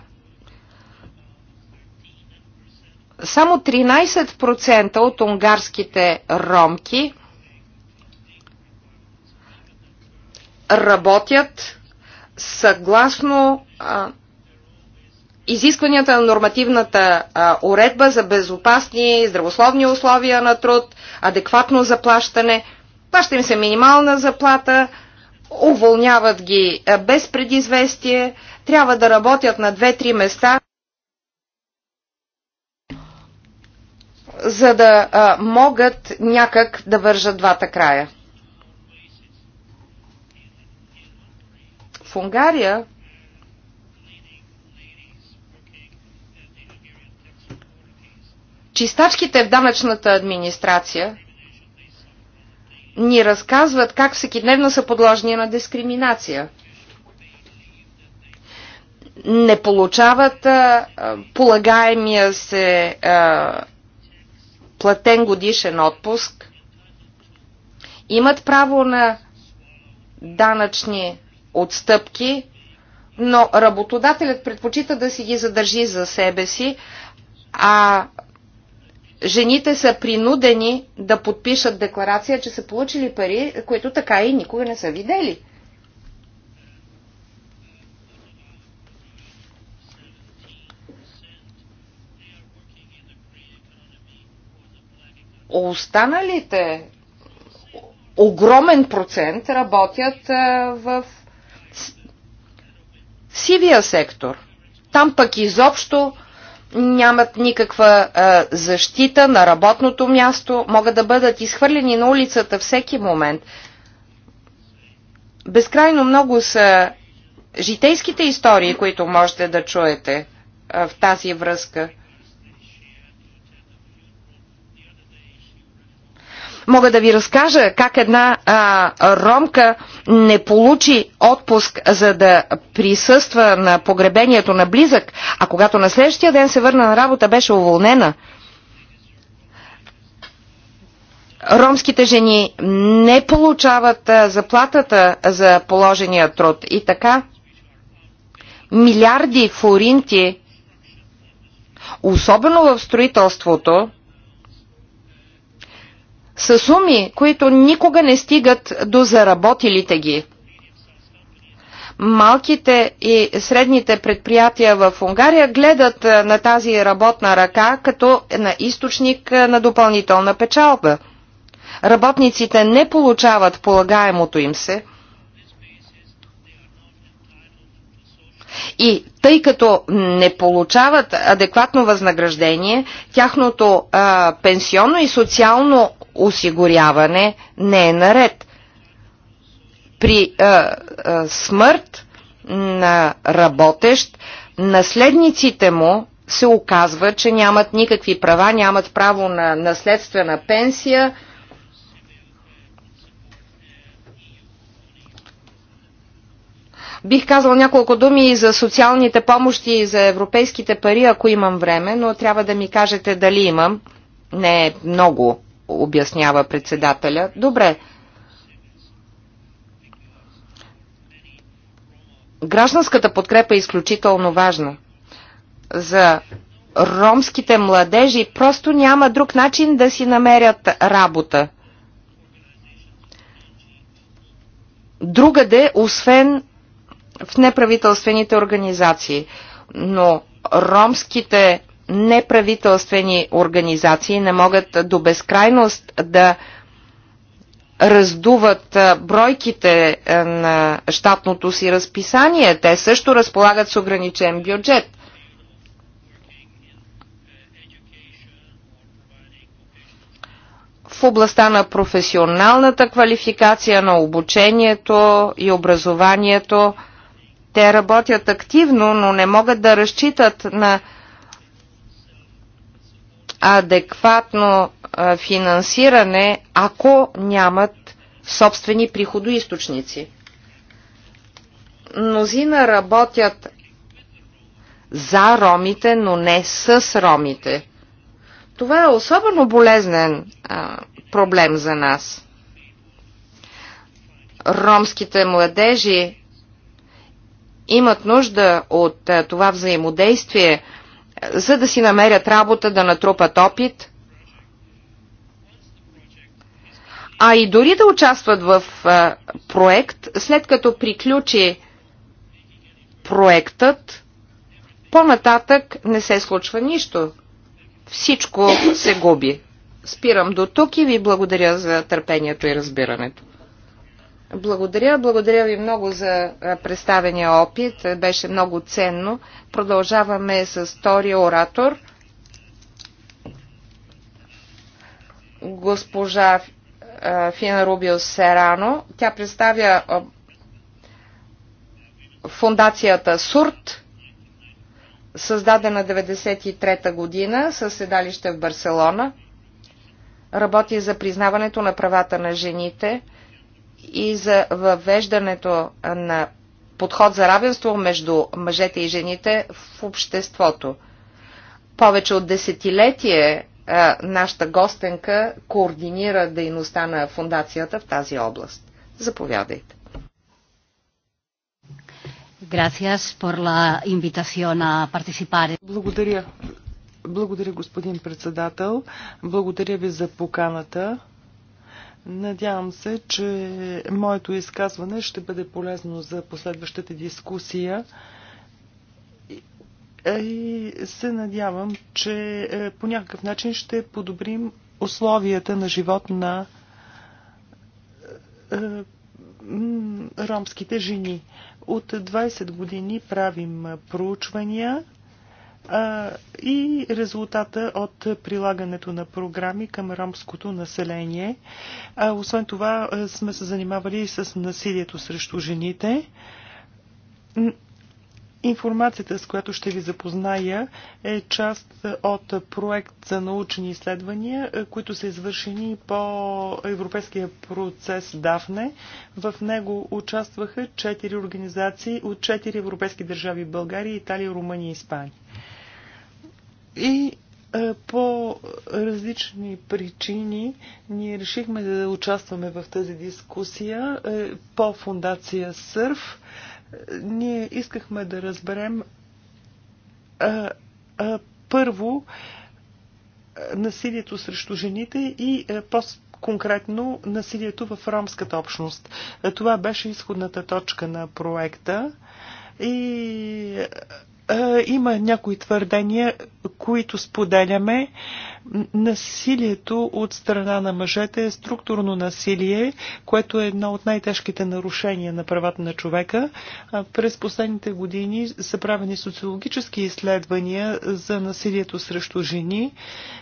само 13% от унгарските ромки работят съгласно а, изискванията на нормативната а, уредба за безопасни и здравословни условия на труд, адекватно заплащане. Плаща им се минимална заплата, уволняват ги без предизвестие, трябва да работят на 2-3 места. за да а, могат някак да вържат двата края. В Унгария чистачките в данъчната администрация ни разказват как всекидневно са подложни на дискриминация. Не получават а, полагаемия се а, платен годишен отпуск, имат право на данъчни отстъпки, но работодателят предпочита да си ги задържи за себе си, а жените са принудени да подпишат декларация, че са получили пари, които така и никога не са видели. останалите огромен процент работят в сивия сектор. Там пък изобщо нямат никаква защита на работното място, могат да бъдат изхвърлени на улицата всеки момент. Безкрайно много са житейските истории, които можете да чуете в тази връзка – Мога да ви разкажа как една а, ромка не получи отпуск за да присъства на погребението на близък, а когато на следващия ден се върна на работа, беше уволнена. Ромските жени не получават а, заплатата за положения труд и така милиарди форинти, особено в строителството, са суми, които никога не стигат до заработилите ги. Малките и средните предприятия в Унгария гледат е, на тази работна ръка като на източник е, на допълнителна печалба. Работниците не получават полагаемото им се. И тъй като не получават адекватно възнаграждение, тяхното а, пенсионно и социално осигуряване не е наред. При а, е, а, е, смърт на работещ, наследниците му се оказва, че нямат никакви права, нямат право на наследствена пенсия. Бих казал няколко думи и за социалните помощи и за европейските пари, ако имам време, но трябва да ми кажете дали имам. Не е много обяснява председателя. Добре. Гражданската подкрепа е изключително важна. За ромските младежи просто няма друг начин да си намерят работа. Другаде, освен в неправителствените организации. Но ромските неправителствени организации не могат до безкрайност да раздуват бройките на щатното си разписание. Те също разполагат с ограничен бюджет. в областта на професионалната квалификация, на обучението и образованието. Те работят активно, но не могат да разчитат на адекватно финансиране, ако нямат собствени приходоисточници. Мнозина работят за ромите, но не с ромите. Това е особено болезнен а, проблем за нас. Ромските младежи имат нужда от а, това взаимодействие за да си намерят работа, да натрупат опит, а и дори да участват в проект, след като приключи проектът, по-нататък не се случва нищо. Всичко се губи. Спирам до тук и ви благодаря за търпението и разбирането. Благодаря. Благодаря ви много за представения опит. Беше много ценно. Продължаваме с втория оратор. Госпожа Фина Рубио Серано. Тя представя фундацията СУРТ, създадена 1993 година със седалище в Барселона. Работи за признаването на правата на жените – и за въвеждането на подход за равенство между мъжете и жените в обществото. Повече от десетилетие нашата гостенка координира дейността на фундацията в тази област. Заповядайте. Благодаря. Благодаря, господин председател. Благодаря ви за поканата. Надявам се, че моето изказване ще бъде полезно за последващата дискусия и е, се надявам, че е, по някакъв начин ще подобрим условията на живот на е, ромските жени. От 20 години правим проучвания и резултата от прилагането на програми към ромското население. Освен това сме се занимавали и с насилието срещу жените. Информацията, с която ще ви запозная, е част от проект за научни изследвания, които са извършени по европейския процес ДАФНЕ. В него участваха четири организации от четири европейски държави – България, Италия, Румъния и Испания. И е, по различни причини ние решихме да участваме в тази дискусия е, по фундация Сърф. Ние искахме да разберем е, е, първо е, насилието срещу жените и по-конкретно насилието в ромската общност. Това беше изходната точка на проекта и е, има някои твърдения, които споделяме. Насилието от страна на мъжете е структурно насилие, което е едно от най-тежките нарушения на правата на човека. През последните години са правени социологически изследвания за насилието срещу жени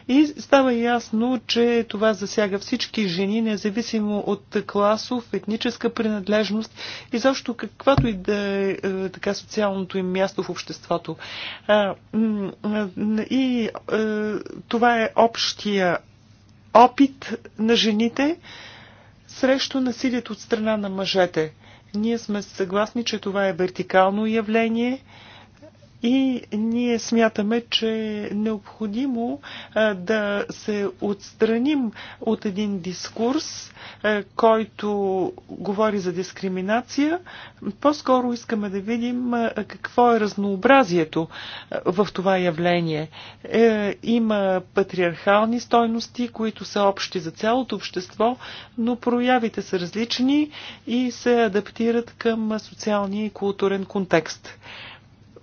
и става ясно, че това засяга всички жени, независимо от класов, етническа принадлежност и защо каквато и да е, е така социалното им място в обществото. И е, това е общия опит на жените срещу насилието от страна на мъжете. Ние сме съгласни, че това е вертикално явление – и ние смятаме, че е необходимо да се отстраним от един дискурс, който говори за дискриминация. По-скоро искаме да видим какво е разнообразието в това явление. Е, има патриархални стойности, които са общи за цялото общество, но проявите са различни и се адаптират към социалния и културен контекст.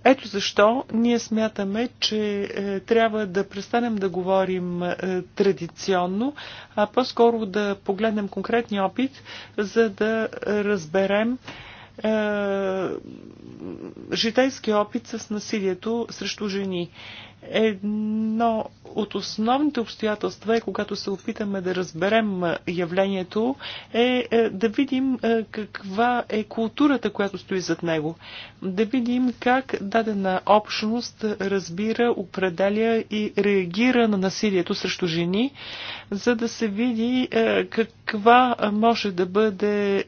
Ето защо ние смятаме, че е, трябва да престанем да говорим е, традиционно, а по-скоро да погледнем конкретния опит, за да разберем е, житейски опит с насилието срещу жени. Едно от основните обстоятелства е, когато се опитаме да разберем явлението, е, е да видим каква е културата, която стои зад него. Да видим как дадена общност разбира, определя и реагира на насилието срещу жени, за да се види каква може да бъде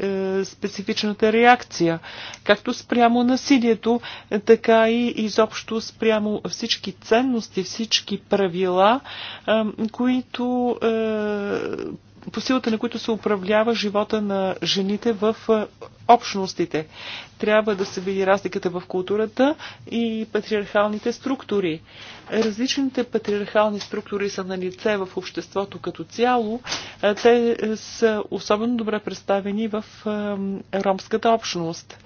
специфичната реакция, както спрямо насилието, така и изобщо спрямо всички цен ценности, всички правила, които е, по силата на които се управлява живота на жените в общностите. Трябва да се види разликата в културата и патриархалните структури. Различните патриархални структури са на лице в обществото като цяло. Те е, са особено добре представени в ромската общност.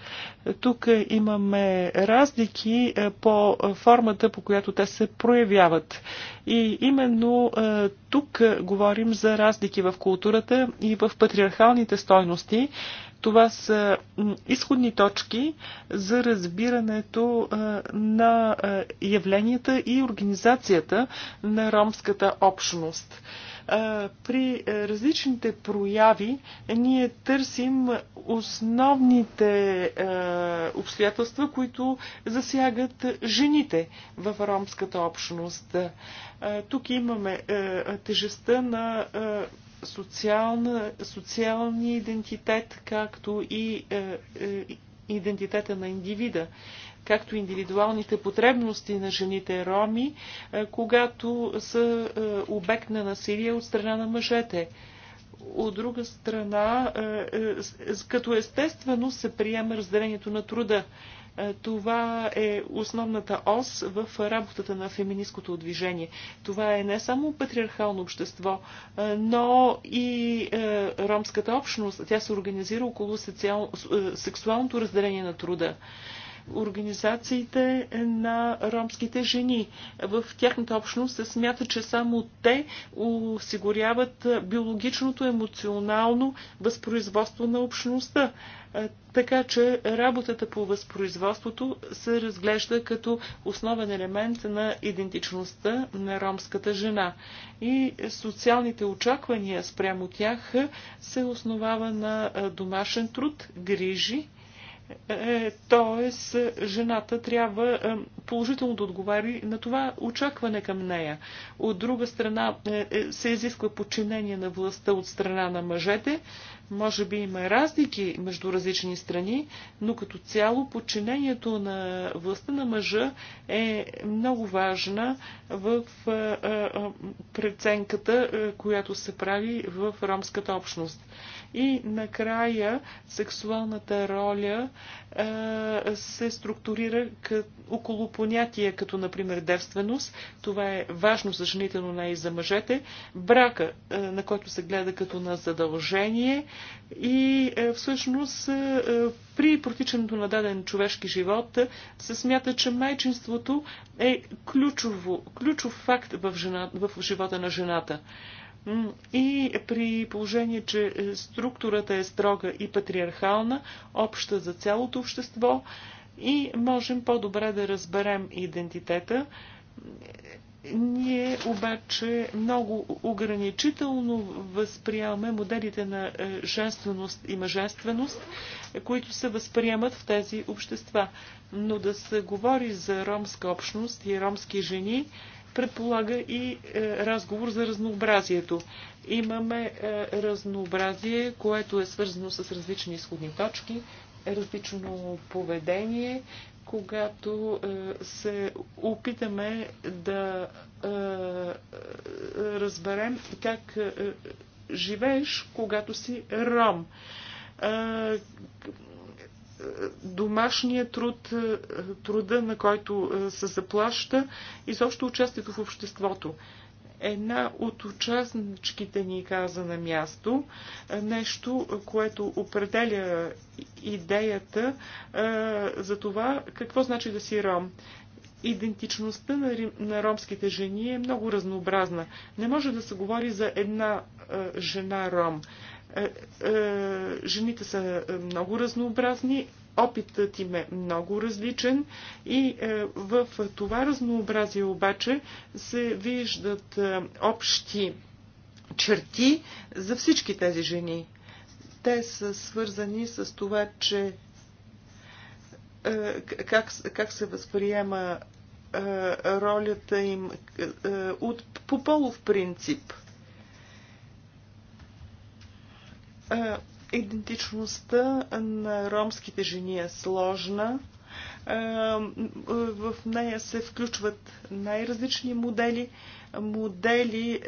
Тук имаме разлики е, по формата, по която те се проявяват. И именно е, тук е, говорим за разлики в културата и в патриархалните стойности. Това са изходни точки за разбирането е, на е, явленията и организацията на ромската общност. При различните прояви ние търсим основните обстоятелства, които засягат жените в ромската общност. Тук имаме тежестта на социална, социалния идентитет, както и идентитета на индивида както индивидуалните потребности на жените роми, е, когато са е, обект на насилие от страна на мъжете от друга страна, е, като естествено се приема разделението на труда. Това е основната ос в работата на феминистското движение. Това е не само патриархално общество, но и ромската общност. Тя се организира около сексуалното разделение на труда организациите на ромските жени. В тяхната общност се смята, че само те осигуряват биологичното, емоционално възпроизводство на общността. Така че работата по възпроизводството се разглежда като основен елемент на идентичността на ромската жена. И социалните очаквания спрямо тях се основава на домашен труд, грижи, е, е, тоест, е, жената трябва положително да отговаря на това очакване към нея. От друга страна се изисква подчинение на властта от страна на мъжете, може би има разлики между различни страни, но като цяло подчинението на властта на мъжа е много важна в преценката, която се прави в ромската общност. И накрая сексуалната роля се структурира като около понятия като, например, девственост. Това е важно за жените, но не и за мъжете. Брака, е, на който се гледа като на задължение и е, всъщност е, при протичането на даден човешки живот се смята, че майчинството е ключово, ключов факт в, жена, в живота на жената. И при положение, че структурата е строга и патриархална, обща за цялото общество, и можем по-добре да разберем идентитета. Ние обаче много ограничително възприемаме моделите на е, женственост и мъжественост, които се възприемат в тези общества. Но да се говори за ромска общност и ромски жени предполага и е, разговор за разнообразието. Имаме е, разнообразие, което е свързано с различни изходни точки, различно поведение, когато е, се опитаме да е, разберем как е, живееш, когато си ром. Домашният труд, труда, на който се заплаща, изобщо участието в обществото. Една от участничките ни каза на място е, нещо, което определя идеята е, за това какво значи да си ром. Идентичността на, на ромските жени е много разнообразна. Не може да се говори за една е, жена ром. Жените са много разнообразни, Опитът им е много различен и е, в това разнообразие обаче се виждат е, общи черти за всички тези жени. Те са свързани с това, че е, как, как се възприема ролята им от, по полов принцип. Идентичността на ромските жени е сложна. В нея се включват най-различни модели, модели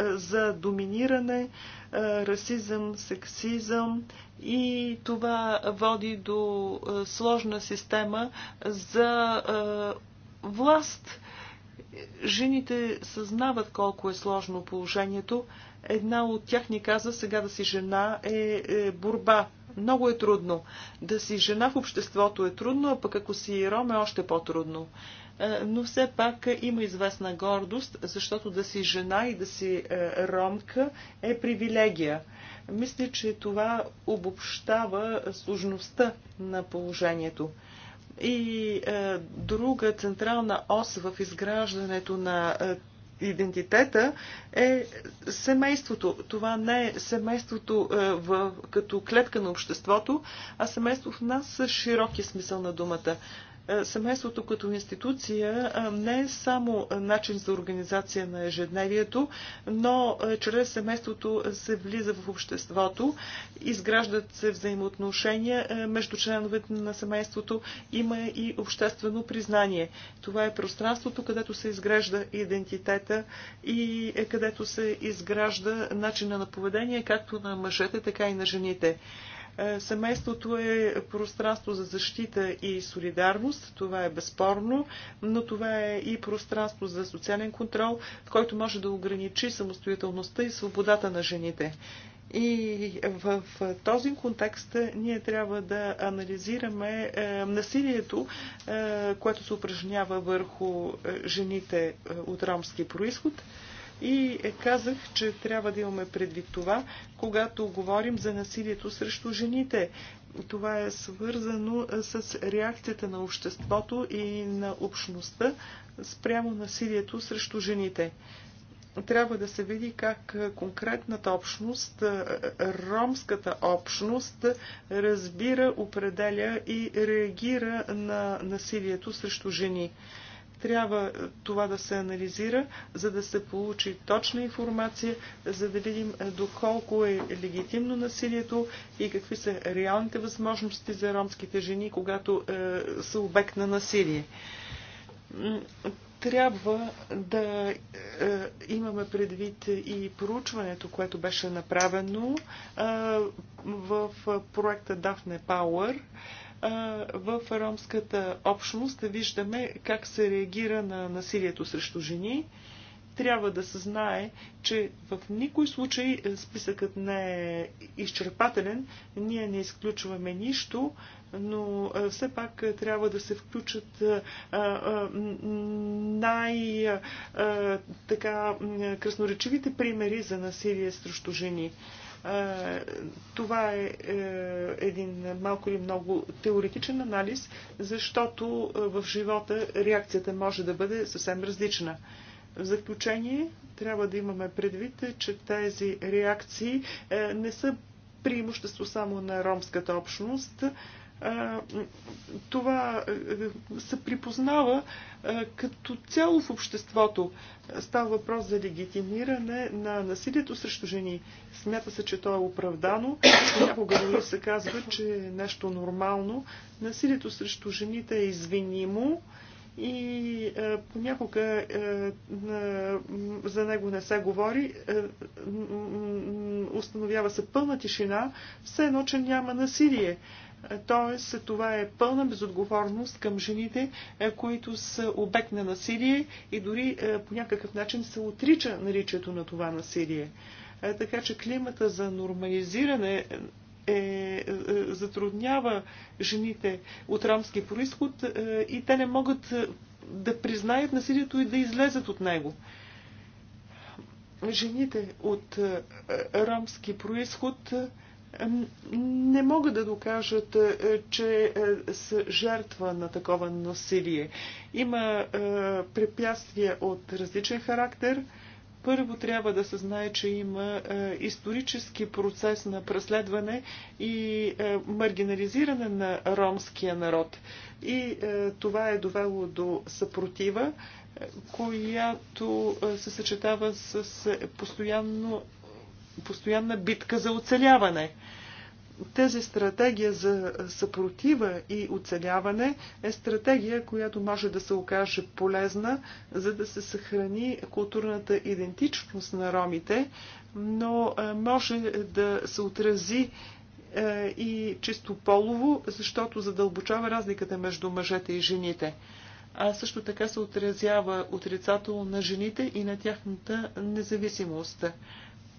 за доминиране, расизъм, сексизъм и това води до сложна система за власт. Жените съзнават колко е сложно положението, Една от тях ни каза, сега да си жена е, е борба. Много е трудно. Да си жена в обществото е трудно, а пък ако си ром е още по-трудно. Е, но все пак има известна гордост, защото да си жена и да си е, ромка е привилегия. Мисля, че това обобщава сложността на положението. И е, друга централна ос в изграждането на е, идентитета е семейството. Това не е семейството е, в, като клетка на обществото, а семейство в нас с широкия смисъл на думата. Е, семейството като институция е, не е само начин за организация на ежедневието, но е, чрез семейството се влиза в обществото, изграждат се взаимоотношения между членовете на семейството, има и обществено признание. Това е пространството, където се изгражда идентитета и където се изгражда начина на поведение, както на мъжете, така и на жените. Е, семейството е пространство за защита и солидарност, това е безспорно, но това е и пространство за социален контрол, който може да ограничи самостоятелността и свободата на жените. И в този контекст ние трябва да анализираме е, насилието, е, което се упражнява върху жените от ромски происход. И е, казах, че трябва да имаме предвид това, когато говорим за насилието срещу жените. Това е свързано с реакцията на обществото и на общността спрямо насилието срещу жените трябва да се види как конкретната общност, ромската общност, разбира, определя и реагира на насилието срещу жени. Трябва е, това да се анализира, за да се получи точна информация, за да видим е, доколко е легитимно насилието и какви са реалните възможности за ромските жени, когато е, са обект на насилие трябва да е, имаме предвид и проучването, което беше направено е, в проекта Daphne Power. Е, в ромската общност виждаме как се реагира на насилието срещу жени. Трябва да се знае, че в никой случай е, списъкът не е изчерпателен, ние не изключваме нищо, но е, все пак е, трябва да се включат най-красноречивите примери за насилие срещу жени. Това е, е един малко или много теоретичен анализ, защото в живота реакцията може да бъде съвсем различна. В заключение трябва да имаме предвид, че тези реакции е, не са преимущество само на ромската общност, това е, се припознава е, като цяло в обществото. Става въпрос за легитимиране на насилието срещу жени. Смята се, че то е оправдано. Някога дори се казва, че е нещо нормално. Насилието срещу жените е извинимо и е, понякога за него не се говори, установява се пълна тишина, все едно, че няма насилие. Тоест, това е пълна безотговорност към жените, е, които са обект на насилие и дори е, по някакъв начин се отрича наличието на това насилие. Е, така че климата за нормализиране е, затруднява жените от рамски происход и те не могат да признаят насилието и да излезат от него. Жените от рамски происход не могат да докажат, е, че е, са жертва на такова насилие. Има е, препятствия от различен характер. Първо трябва да се знае, че има исторически процес на преследване и маргинализиране на ромския народ. И това е довело до съпротива, която се съчетава с постоянно постоянна битка за оцеляване. Тази стратегия за съпротива и оцеляване е стратегия, която може да се окаже полезна, за да се съхрани културната идентичност на ромите, но може да се отрази и чисто полово, защото задълбочава разликата между мъжете и жените. А също така се отразява отрицателно на жените и на тяхната независимост.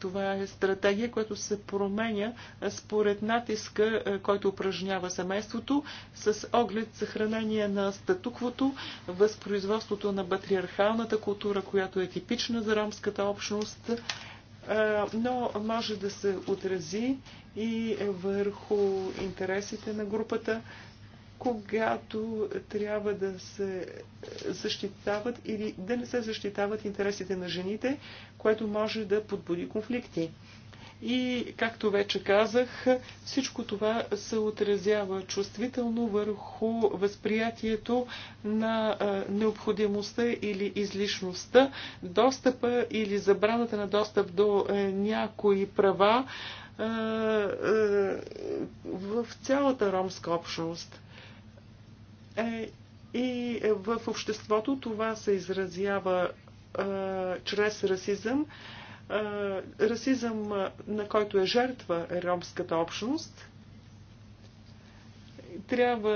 Това е стратегия, която се променя според натиска, който упражнява семейството, с оглед съхранение на статуквото, възпроизводството на патриархалната култура, която е типична за ромската общност, но може да се отрази и върху интересите на групата, когато трябва да се защитават или да не се защитават интересите на жените, което може да подбуди конфликти. И, както вече казах, всичко това се отразява чувствително върху възприятието на необходимостта или излишността, достъпа или забраната на достъп до е, някои права в цялата ромска общност. Е, и в обществото това се изразява е, чрез расизъм. Е, расизъм, на който е жертва ромската общност. Трябва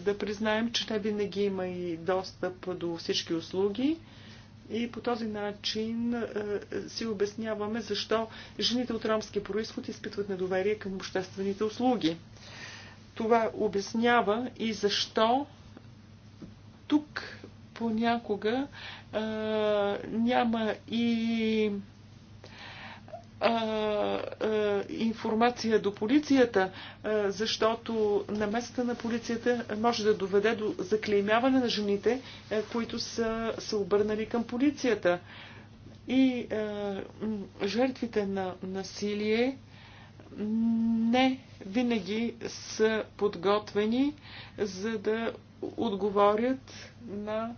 да признаем, че те винаги има и достъп до всички услуги. И по този начин е, си обясняваме защо жените от ромски происход изпитват недоверие към обществените услуги. Това обяснява и защо тук понякога а, няма и информация до полицията, защото намесата на полицията може да доведе до заклеймяване на жените, които са се обърнали към полицията. И жертвите на насилие не винаги са подготвени за да отговорят на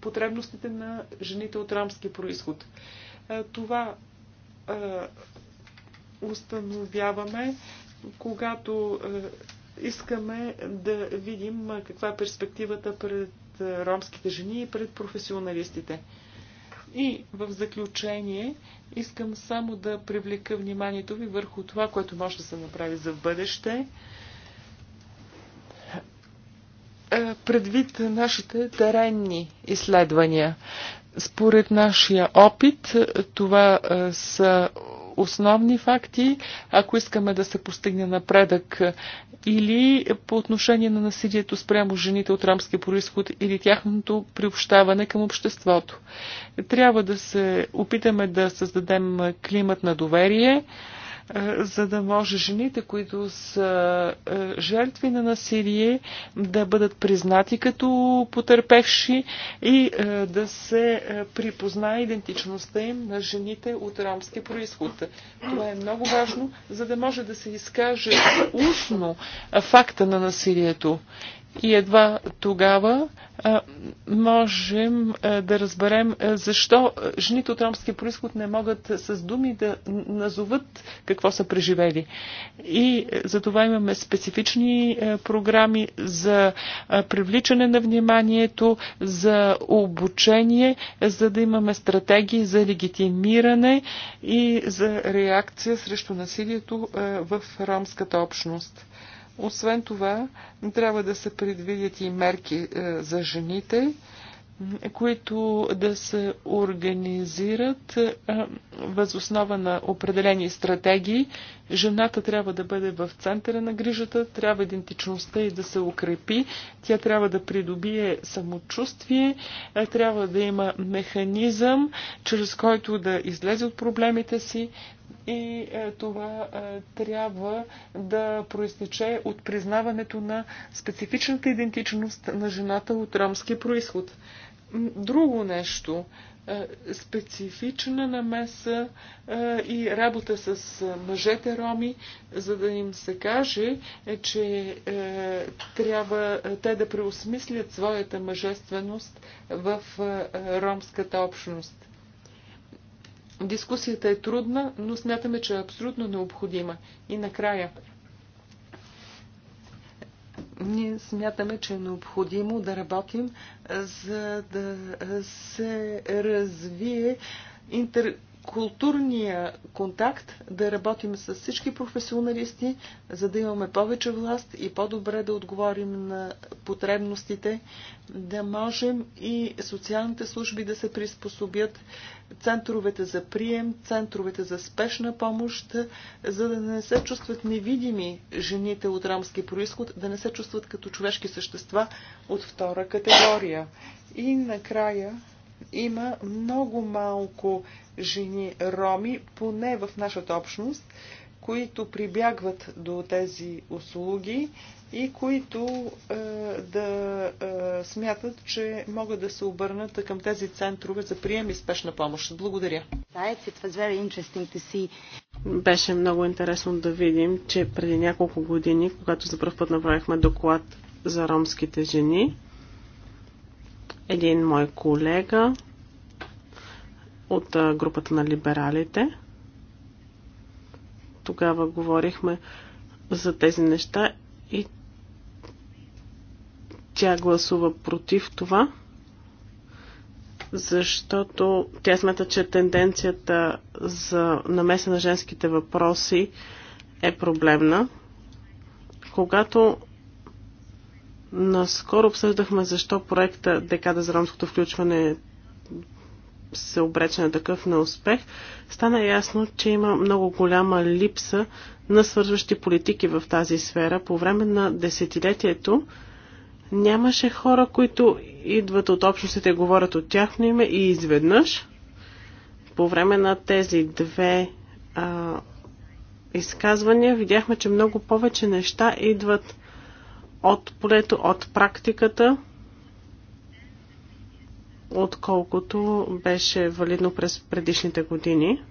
потребностите на жените от рамски происход. Това установяваме, когато искаме да видим каква е перспективата пред ромските жени и пред професионалистите. И в заключение искам само да привлека вниманието ви върху това, което може да се направи за бъдеще. Е, предвид нашите теренни изследвания. Според нашия опит, това е, са основни факти, ако искаме да се постигне напредък или по отношение на насилието спрямо жените от рамски происход или тяхното приобщаване към обществото. Трябва да се опитаме да създадем климат на доверие, е, за да може жените, които са е, жертви на насилие, да бъдат признати като потерпевши и е, да се припознае идентичността им на жените от рамски происход. Това е много важно, за да може да се изкаже устно факта на насилието и едва тогава можем да разберем защо жените от ромски происход не могат с думи да назоват какво са преживели. И за това имаме специфични програми за привличане на вниманието, за обучение, за да имаме стратегии за легитимиране и за реакция срещу насилието в ромската общност. Освен това, трябва да се предвидят и мерки е, за жените, които да се организират е, възоснова на определени стратегии. Жената трябва да бъде в центъра на грижата, трябва идентичността и да се укрепи, тя трябва да придобие самочувствие, е, трябва да има механизъм, чрез който да излезе от проблемите си, и е, това е, трябва да проистече от признаването на специфичната идентичност на жената от ромски происход. Друго нещо е, специфична намеса е, и работа с е, мъжете роми, за да им се каже, е, че е, трябва е, те да преосмислят своята мъжественост в е, ромската общност Дискусията е трудна, но смятаме, че е абсолютно необходима. И накрая. Ние смятаме, че е необходимо да работим, за да се развие интер културния контакт, да работим с всички професионалисти, за да имаме повече власт и по-добре да отговорим на потребностите, да можем и социалните служби да се приспособят, центровете за прием, центровете за спешна помощ, за да не се чувстват невидими жените от рамски происход, да не се чувстват като човешки същества от втора категория. И накрая има много малко жени роми, поне в нашата общност, които прибягват до тези услуги и които е, да е, смятат, че могат да се обърнат към тези центрове за прием и спешна помощ. Благодаря. Беше много интересно да видим, че преди няколко години, когато за първ път направихме доклад за ромските жени, един мой колега от групата на либералите. Тогава говорихме за тези неща и тя гласува против това, защото тя смята, че тенденцията за намеса на женските въпроси е проблемна. Когато Наскоро обсъждахме защо проекта Декада за ромското включване се обрече на такъв неуспех. Стана ясно, че има много голяма липса на свързващи политики в тази сфера. По време на десетилетието нямаше хора, които идват от общностите и говорят от тяхно име и изведнъж по време на тези две а, изказвания видяхме, че много повече неща идват от полето, от практиката, отколкото беше валидно през предишните години.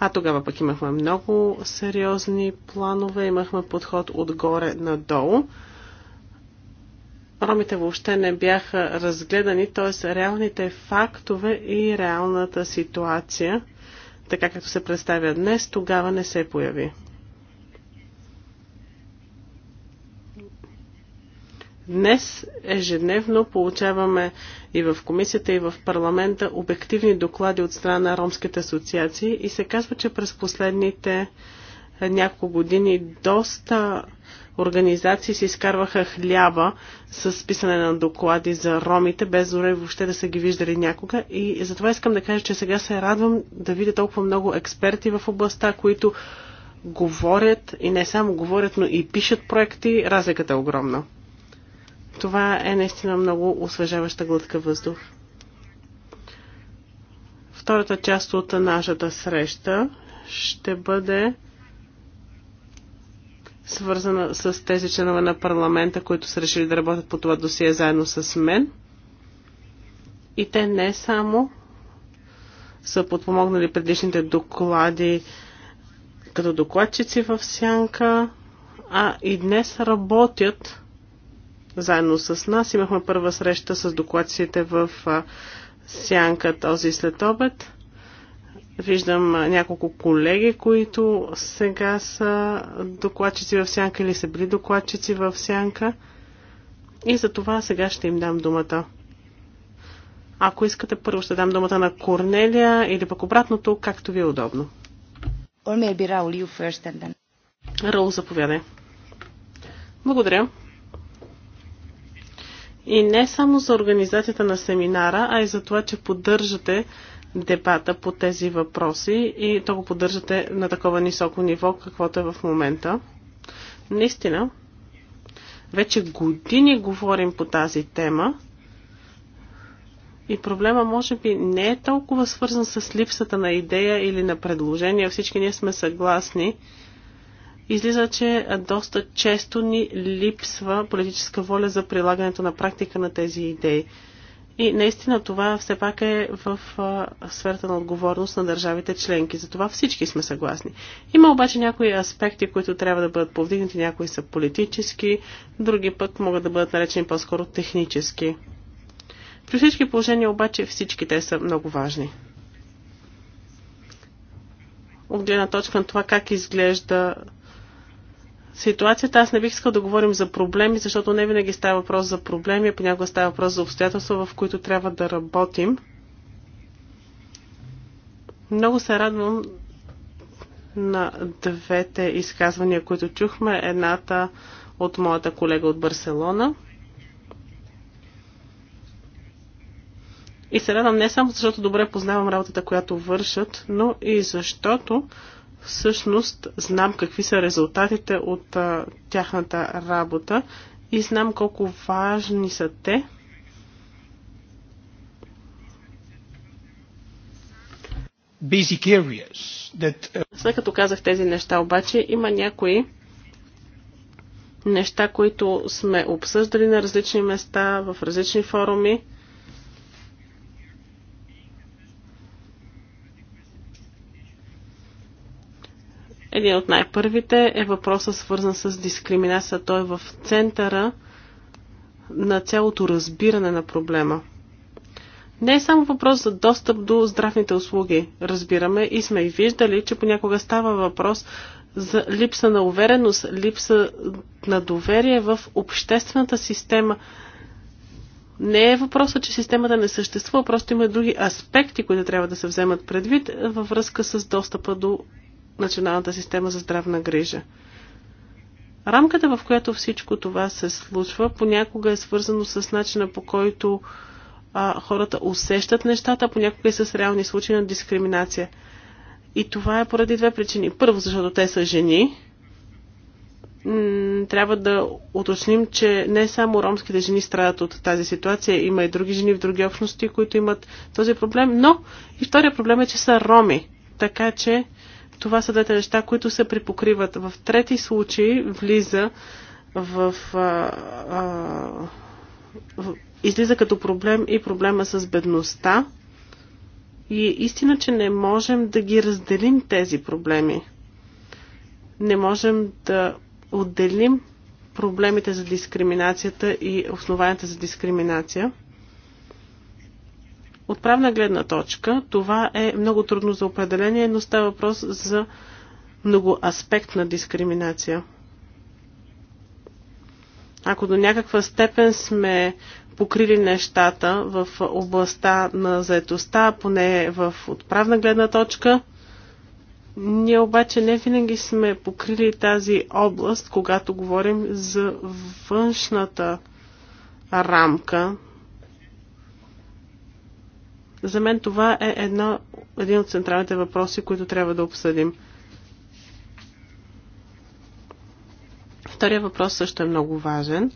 А тогава пък имахме много сериозни планове, имахме подход отгоре надолу. Ромите въобще не бяха разгледани, т.е. реалните фактове и реалната ситуация, така както се представя днес, тогава не се появи. Днес ежедневно получаваме и в комисията, и в парламента обективни доклади от страна на ромските асоциации и се казва, че през последните е, няколко години доста организации си изкарваха хляба с писане на доклади за ромите, без дори въобще да са ги виждали някога. И затова искам да кажа, че сега се радвам да видя толкова много експерти в областта, които говорят и не само говорят, но и пишат проекти. Разликата е огромна. Това е наистина много освежаваща глътка въздух. Втората част от нашата среща ще бъде свързана с тези членове на парламента, които са решили да работят по това досие заедно с мен. И те не само са подпомогнали предишните доклади като докладчици в сянка, а и днес работят заедно с нас. Имахме първа среща с докладците в Сянка този след обед. Виждам няколко колеги, които сега са докладчици в Сянка или са били докладчици в Сянка. И за това сега ще им дам думата. Ако искате, първо ще дам думата на Корнелия или пък обратното, както ви е удобно. Раул, заповядай. Благодаря. И не само за организацията на семинара, а и за това, че поддържате дебата по тези въпроси и то го поддържате на такова нисоко ниво, каквото е в момента. Наистина, вече години говорим по тази тема и проблема може би не е толкова свързан с липсата на идея или на предложение. Всички ние сме съгласни, излиза, че доста често ни липсва политическа воля за прилагането на практика на тези идеи. И наистина това все пак е в сферата на отговорност на държавите членки. За това всички сме съгласни. Има обаче някои аспекти, които трябва да бъдат повдигнати. Някои са политически, други пък могат да бъдат наречени по-скоро технически. При всички положения обаче всички те са много важни. От гледна точка на това как изглежда ситуацията, аз не бих искал да говорим за проблеми, защото не винаги става въпрос за проблеми, а понякога става въпрос за обстоятелства, в които трябва да работим. Много се радвам на двете изказвания, които чухме. Едната от моята колега от Барселона. И се радвам не само защото добре познавам работата, която вършат, но и защото всъщност знам какви са резултатите от а, тяхната работа и знам колко важни са те. Basic areas that... Uh, След като казах тези неща, обаче има някои неща, които сме обсъждали на различни места, в различни форуми Един от най-първите е въпроса свързан с дискриминация. Той е в центъра на цялото разбиране на проблема. Не е само въпрос за достъп до здравните услуги. Разбираме и сме и виждали, че понякога става въпрос за липса на увереност, липса на доверие в обществената система. Не е въпроса, че системата не съществува, просто има други аспекти, които трябва да се вземат предвид във връзка с достъпа до националната система за здравна грижа. Рамката, в която всичко това се случва, понякога е свързано с начина по който а, хората усещат нещата, понякога и с реални случаи на дискриминация. И това е поради две причини. Първо, защото те са жени. Трябва да уточним, че не само ромските жени страдат от тази ситуация, има и други жени в други общности, които имат този проблем, но и втория проблем е, че са роми. Така че това са двете неща, които се припокриват. В трети случай влиза в, а, а, в излиза като проблем и проблема с бедността. И е истина, че не можем да ги разделим тези проблеми. Не можем да отделим проблемите за дискриминацията и основанията за дискриминация. От правна гледна точка това е много трудно за определение, но става въпрос за многоаспектна дискриминация. Ако до някаква степен сме покрили нещата в областта на заетостта, поне в отправна гледна точка, ние обаче не винаги сме покрили тази област, когато говорим за външната рамка за мен това е едно, един от централните въпроси, които трябва да обсъдим. Втория въпрос също е много важен.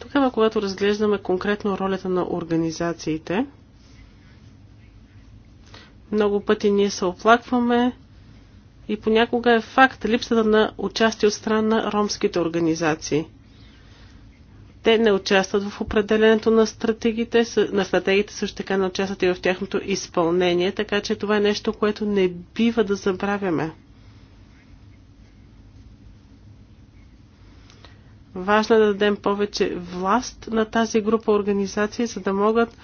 Тогава, когато разглеждаме конкретно ролята на организациите, много пъти ние се оплакваме и понякога е факт липсата на участие от страна на ромските организации – те не участват в определенето на стратегиите. на стратегите също така не участват и в тяхното изпълнение, така че това е нещо, което не бива да забравяме. Важно е да дадем повече власт на тази група организации, за да могат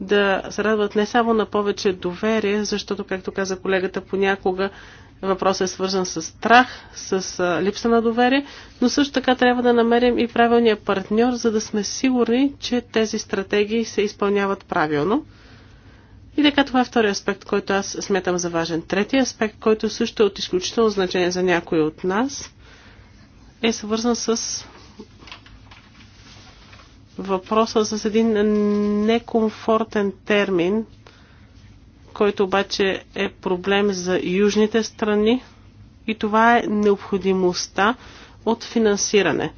да се радват не само на повече доверие, защото, както каза колегата, понякога въпросът е свързан с страх, с липса на доверие, но също така трябва да намерим и правилния партньор, за да сме сигурни, че тези стратегии се изпълняват правилно. И така това е втори аспект, който аз смятам за важен. Третият аспект, който също е от изключително значение за някой от нас, е свързан с въпроса с един некомфортен термин, който обаче е проблем за южните страни и това е необходимостта от финансиране.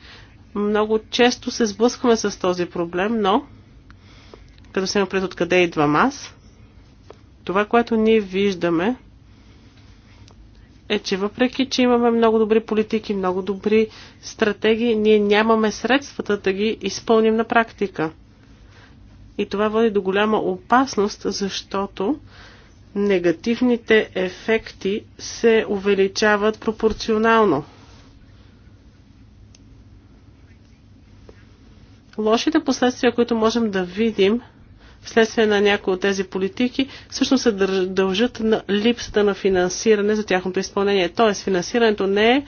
Много често се сблъскваме с този проблем, но като се пред откъде идвам аз, това, което ние виждаме е, че въпреки, че имаме много добри политики, много добри стратегии, ние нямаме средствата да ги изпълним на практика. И това води до голяма опасност, защото негативните ефекти се увеличават пропорционално. Лошите последствия, които можем да видим – вследствие на някои от тези политики, всъщност се дължат на липсата на финансиране за тяхното изпълнение. Тоест, финансирането не е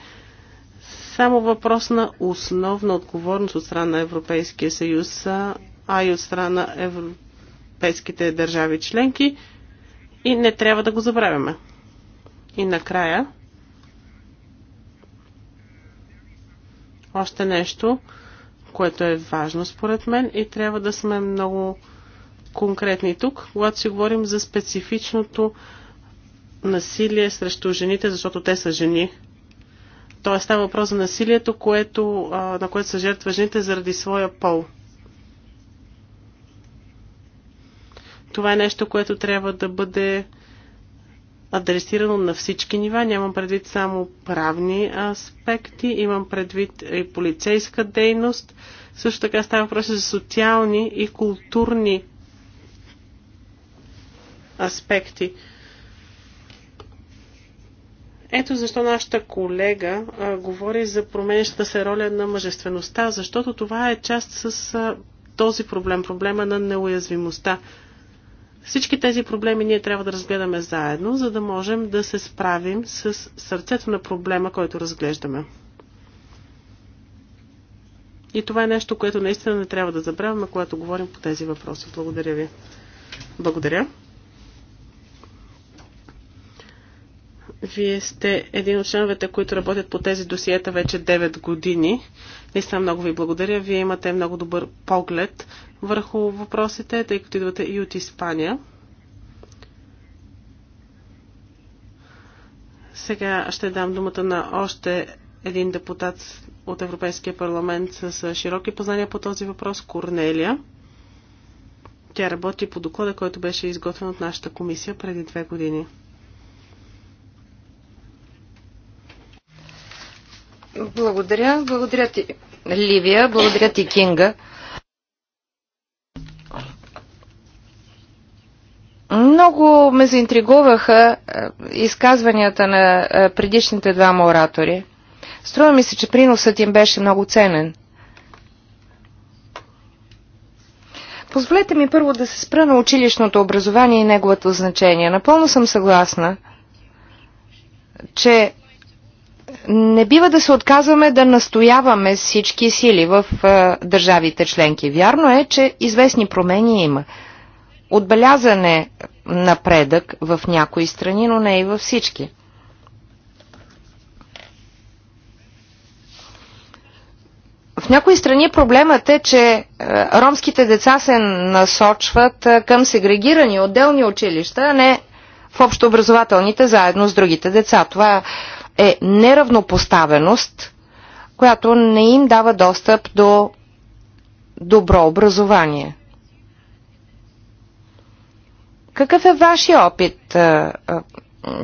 само въпрос на основна отговорност от страна на Европейския съюз, а и от страна на европейските държави членки и не трябва да го забравяме. И накрая, още нещо, което е важно според мен и трябва да сме много конкретни тук, когато си говорим за специфичното насилие срещу жените, защото те са жени. Тоест става въпрос за насилието, което, на което са жертва жените заради своя пол. Това е нещо, което трябва да бъде адресирано на всички нива. Нямам предвид само правни аспекти, имам предвид и полицейска дейност. Също така става въпрос за социални и културни аспекти. Ето защо нашата колега а, говори за променещата се роля на мъжествеността, защото това е част с а, този проблем, проблема на неуязвимостта. Всички тези проблеми ние трябва да разгледаме заедно, за да можем да се справим с сърцето на проблема, който разглеждаме. И това е нещо, което наистина не трябва да забравяме, когато говорим по тези въпроси. Благодаря ви. Благодаря. Вие сте един от членовете, които работят по тези досиета вече 9 години. Наистина много ви благодаря. Вие имате много добър поглед върху въпросите, тъй като идвате и от Испания. Сега ще дам думата на още един депутат от Европейския парламент с широки познания по този въпрос, Корнелия. Тя работи по доклада, който беше изготвен от нашата комисия преди две години. Благодаря. Благодаря ти, Ливия. Благодаря ти, Кинга. Много ме заинтригуваха е, изказванията на е, предишните двама оратори. Струва ми се, че приносът им беше много ценен. Позволете ми първо да се спра на училищното образование и неговото значение. Напълно съм съгласна, че не бива да се отказваме да настояваме с всички сили в е, държавите членки. Вярно е, че известни промени има. Отбелязане напредък в някои страни, но не и във всички. В някои страни проблемът е, че е, ромските деца се насочват е, към сегрегирани отделни училища, а не в общообразователните заедно с другите деца. Това е неравнопоставеност, която не им дава достъп до добро образование. Какъв е вашия опит а, а,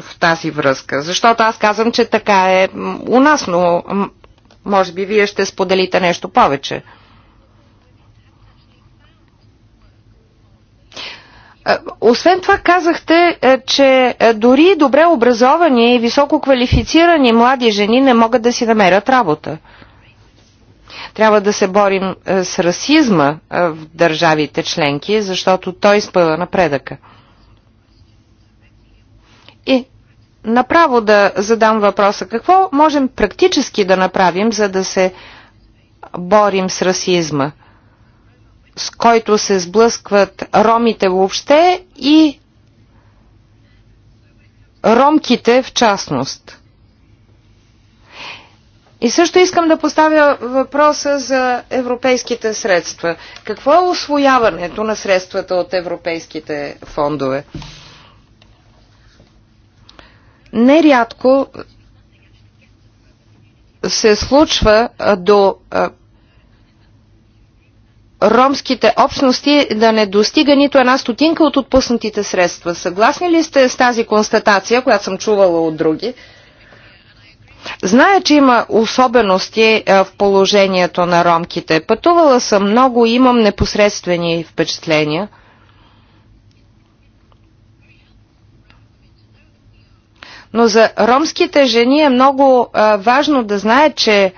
в тази връзка? Защото аз казвам, че така е у нас, но може би вие ще споделите нещо повече. Е, освен това казахте, е, че е, дори добре образовани и високо квалифицирани млади жени не могат да си намерят работа. Трябва да се борим с расизма в държавите членки, защото той спъва напредъка. И направо да задам въпроса, какво можем практически да направим, за да се борим с расизма – с който се сблъскват ромите въобще и ромките в частност. И също искам да поставя въпроса за европейските средства. Какво е освояването на средствата от европейските фондове? Нерядко се случва до ромските общности да не достига нито една стотинка от отпуснатите средства. Съгласни ли сте с тази констатация, която съм чувала от други? Зная, че има особености е, в положението на ромките. Пътувала съм много и имам непосредствени впечатления. Но за ромските жени е много е, важно да знаят, че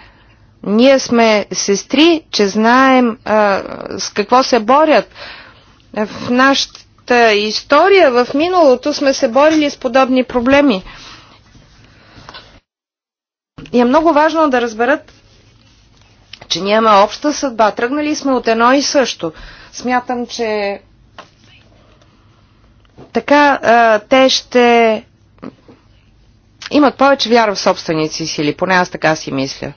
ние сме сестри, че знаем а, с какво се борят. В нашата история, в миналото сме се борили с подобни проблеми. И е много важно да разберат, че ние имаме обща съдба. Тръгнали сме от едно и също. Смятам, че така а, те ще имат повече вяра в собственици си, сили. поне аз така си мисля.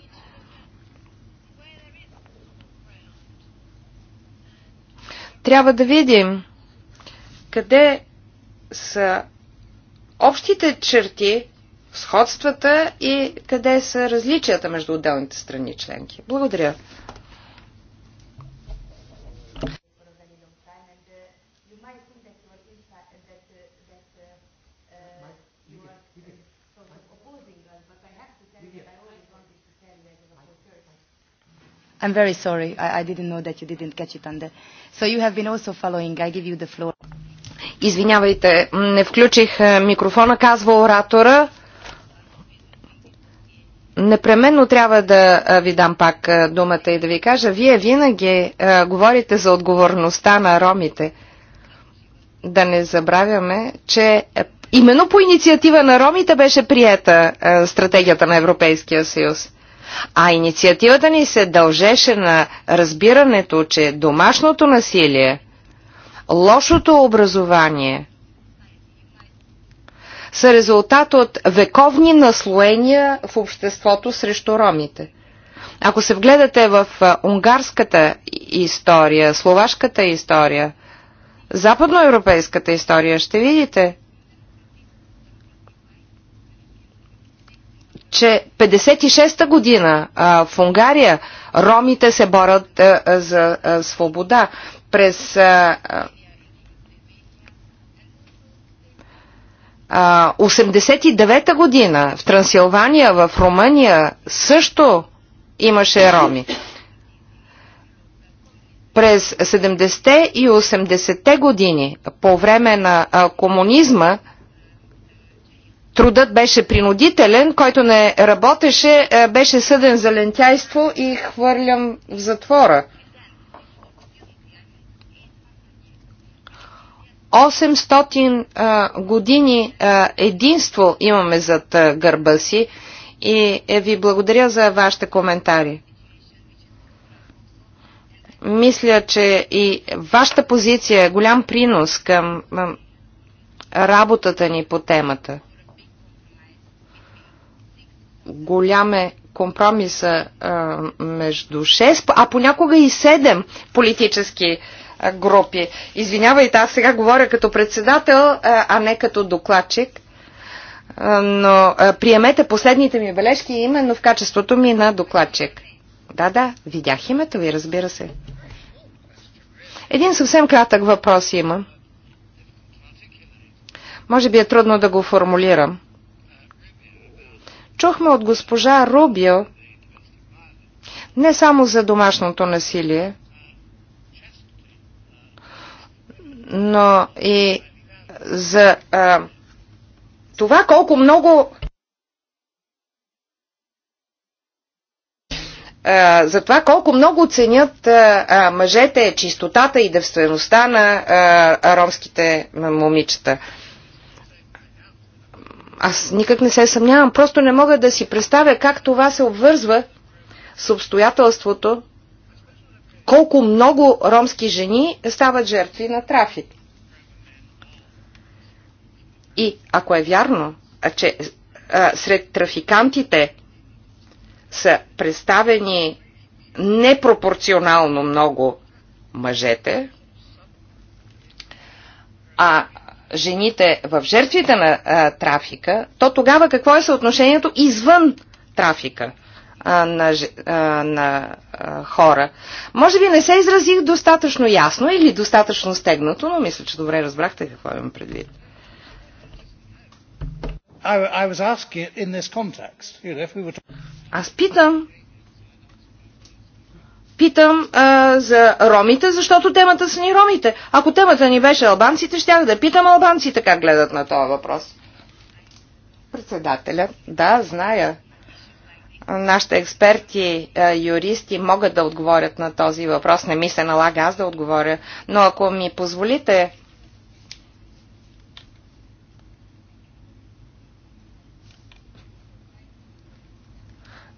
Трябва да видим къде са общите черти, сходствата и къде са различията между отделните страни членки. Благодаря. I'm very sorry. I, I didn't know that you didn't catch it on the Uh, So you have been also following. I give you the floor. Извинявайте, не включих е, микрофона, казва оратора. Непременно трябва да е, ви дам пак е, думата и да ви кажа. Вие винаги а, говорите за отговорността на ромите. Да не забравяме, че именно по инициатива на ромите беше приета а, стратегията на Европейския съюз. А инициативата ни се дължеше на разбирането, че домашното насилие, лошото образование са резултат от вековни наслоения в обществото срещу ромите. Ако се вгледате в унгарската история, словашката история, западноевропейската история, ще видите – че 56-та година а, в Унгария ромите се борят а, а, за а, свобода. През а, а, 89-та година в Трансилвания, в Румъния също имаше роми. През 70-те и 80-те години по време на а, комунизма трудът беше принудителен, който не работеше, е, беше съден за лентяйство и хвърлям в затвора. 800 години единство имаме зад гърба си и е, ви благодаря за вашите коментари. Мисля, че и вашата позиция е голям принос към работата ни по темата голям е компромиса а, е, между 6, а понякога и 7 политически а, е, групи. Извинявайте, аз сега говоря като председател, е, а, не като докладчик, но а, приемете последните ми бележки именно в качеството ми на докладчик. Да, да, видях името ви, разбира се. Един съвсем кратък въпрос има. Може би е трудно да го формулирам. Чухме от госпожа Рубио не само за домашното насилие, но и за а, това колко много а, за това колко много ценят а, мъжете чистотата и девствеността на а, ромските момичета. Аз никак не се съмнявам. Просто не мога да си представя как това се обвързва с обстоятелството, колко много ромски жени стават жертви на трафик. И ако е вярно, че а, сред трафикантите са представени непропорционално много мъжете, а жените в жертвите на а, трафика, то тогава какво е съотношението извън трафика а, на, а, на а, хора? Може би не се изразих достатъчно ясно или достатъчно стегнато, но мисля, че добре разбрахте какво имам предвид. Аз питам питам а, за ромите, защото темата са ни ромите. Ако темата ни беше албанците, щях да питам албанците как гледат на този въпрос. Председателя, да, зная. Нашите експерти, юристи могат да отговорят на този въпрос. Не ми се налага аз да отговоря. Но ако ми позволите,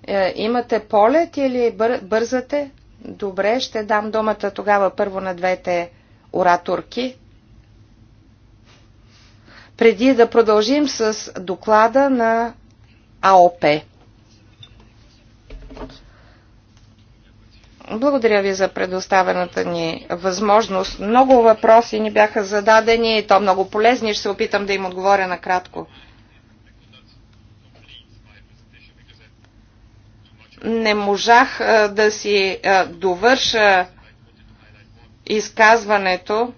е, имате полет или бър, бързате? Добре, ще дам думата тогава първо на двете ораторки. Преди да продължим с доклада на АОП. Благодаря ви за предоставената ни възможност. Много въпроси ни бяха зададени и то много полезни. Ще се опитам да им отговоря накратко. не можах да си довърша изказването.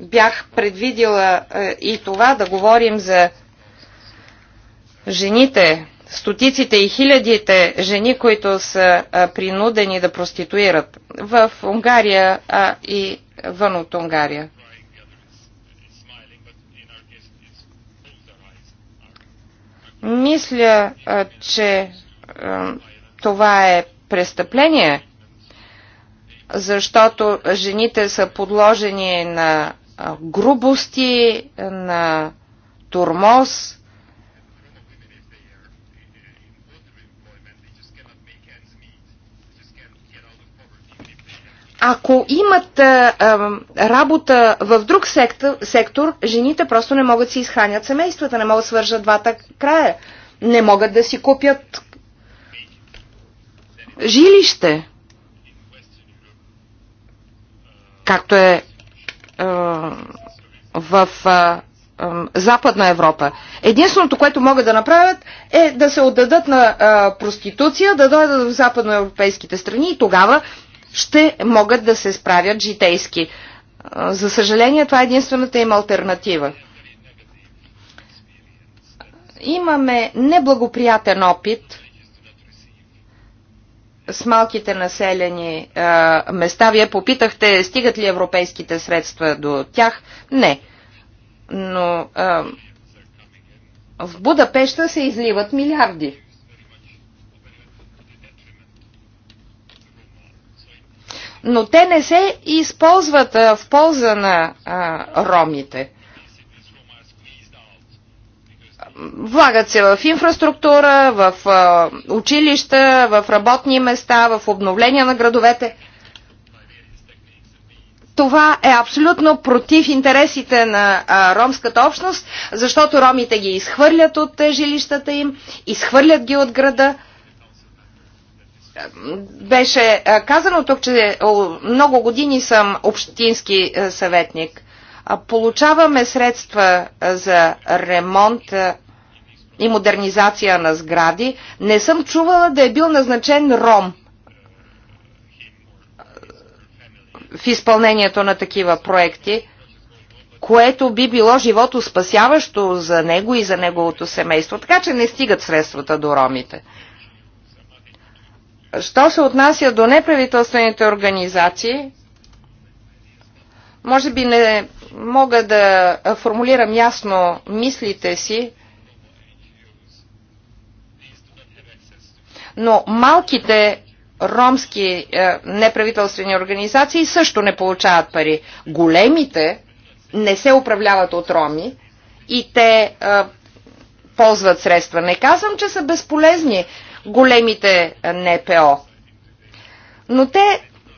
Бях предвидила и това да говорим за жените, стотиците и хилядите жени, които са принудени да проституират в Унгария а и вън от Унгария. Мисля, че това е престъпление, защото жените са подложени на грубости, на турмоз. Ако имат а, работа в друг сектор, сектор, жените просто не могат да си изхранят семействата, не могат да свържат двата края, не могат да си купят жилище, както е, е в е, е, Западна Европа. Единственото, което могат да направят е да се отдадат на е, проституция, да дойдат в западноевропейските страни и тогава ще могат да се справят житейски. Е, за съжаление, това е единствената им альтернатива. Имаме неблагоприятен опит – с малките населени а, места. Вие попитахте, стигат ли европейските средства до тях? Не. Но а, в Будапешта се изливат милиарди. Но те не се използват а, в полза на а, ромите. Влагат се в инфраструктура, в училища, в работни места, в обновления на градовете. Това е абсолютно против интересите на а, ромската общност, защото ромите ги изхвърлят от жилищата им, изхвърлят ги от града. Беше казано тук, че много години съм общински съветник. Получаваме средства за ремонт и модернизация на сгради, не съм чувала да е бил назначен ром в изпълнението на такива проекти, което би било живото спасяващо за него и за неговото семейство. Така че не стигат средствата до ромите. Що се отнася до неправителствените организации, може би не мога да формулирам ясно мислите си, но малките ромски е, неправителствени организации също не получават пари. Големите не се управляват от роми и те е, ползват средства. Не казвам, че са безполезни големите е, НПО, но те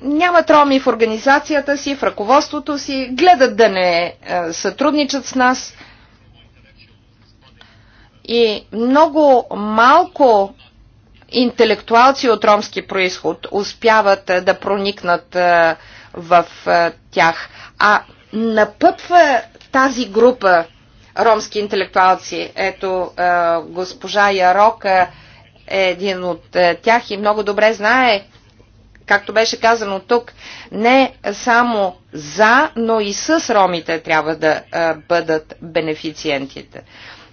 нямат роми в организацията си, в ръководството си, гледат да не е, сътрудничат с нас. И много малко интелектуалци от ромски происход успяват да проникнат в тях. А напъпва тази група ромски интелектуалци. Ето, госпожа Ярока е един от тях и много добре знае, както беше казано тук, не само за, но и с ромите трябва да бъдат бенефициентите.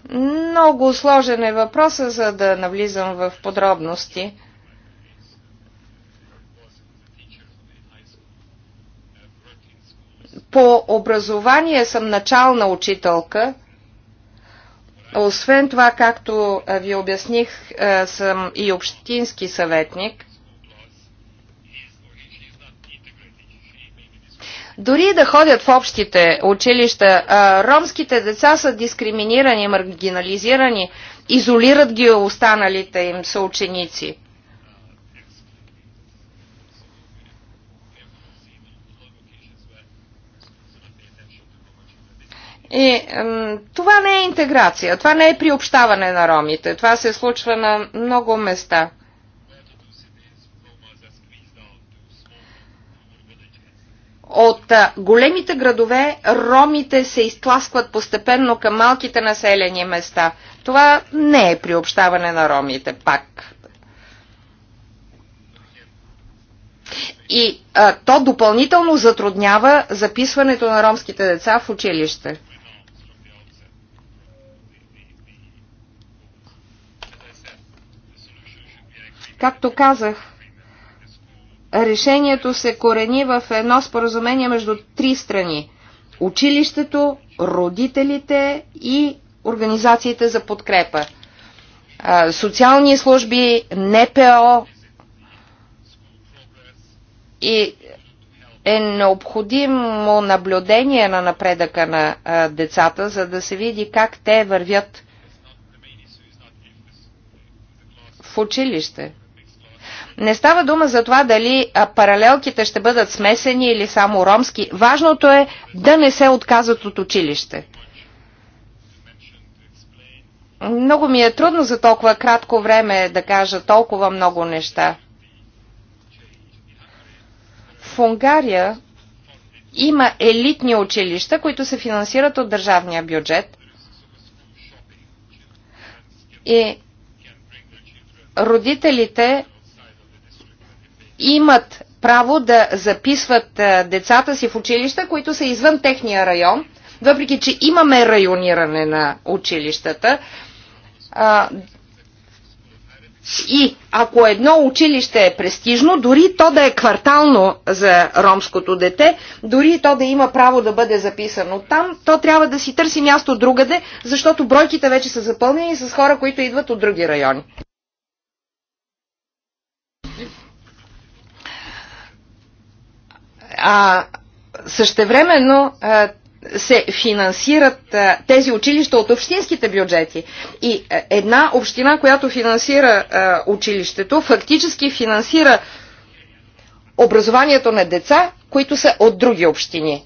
Много сложен е въпроса, за да навлизам в подробности. По образование съм начална учителка. Освен това, както ви обясних, е, съм и общински съветник – Дори да ходят в общите училища, ромските деца са дискриминирани, маргинализирани, изолират ги останалите им съученици. И това не е интеграция, това не е приобщаване на ромите, това се случва на много места – От големите градове ромите се изтласкват постепенно към малките населени места. Това не е приобщаване на ромите, пак. И а, то допълнително затруднява записването на ромските деца в училище. Както казах, решението се корени в едно споразумение между три страни – училището, родителите и организациите за подкрепа. Социални служби, НПО и е необходимо наблюдение на напредъка на децата, за да се види как те вървят в училище. Не става дума за това дали паралелките ще бъдат смесени или само ромски. Важното е да не се отказват от училище. Много ми е трудно за толкова кратко време да кажа толкова много неща. В Унгария има елитни училища, които се финансират от държавния бюджет. И родителите имат право да записват децата си в училища, които са извън техния район, въпреки че имаме райониране на училищата. И ако едно училище е престижно, дори то да е квартално за ромското дете, дори то да има право да бъде записано там, то трябва да си търси място другаде, защото бройките вече са запълнени с хора, които идват от други райони. А същевременно се финансират тези училища от общинските бюджети. И една община, която финансира училището, фактически финансира образованието на деца, които са от други общини.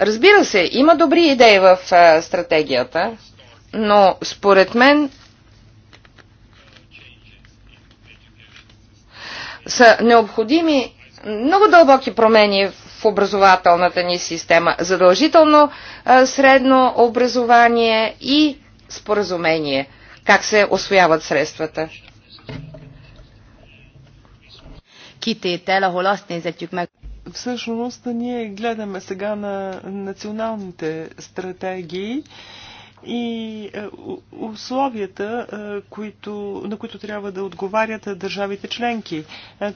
Разбира се, има добри идеи в стратегията, но според мен са необходими много дълбоки промени в образователната ни система. Задължително средно образование и споразумение. Как се освояват средствата? Всъщност ние гледаме сега на националните стратегии и е, условията, е, които, на които трябва да отговарят е, държавите членки.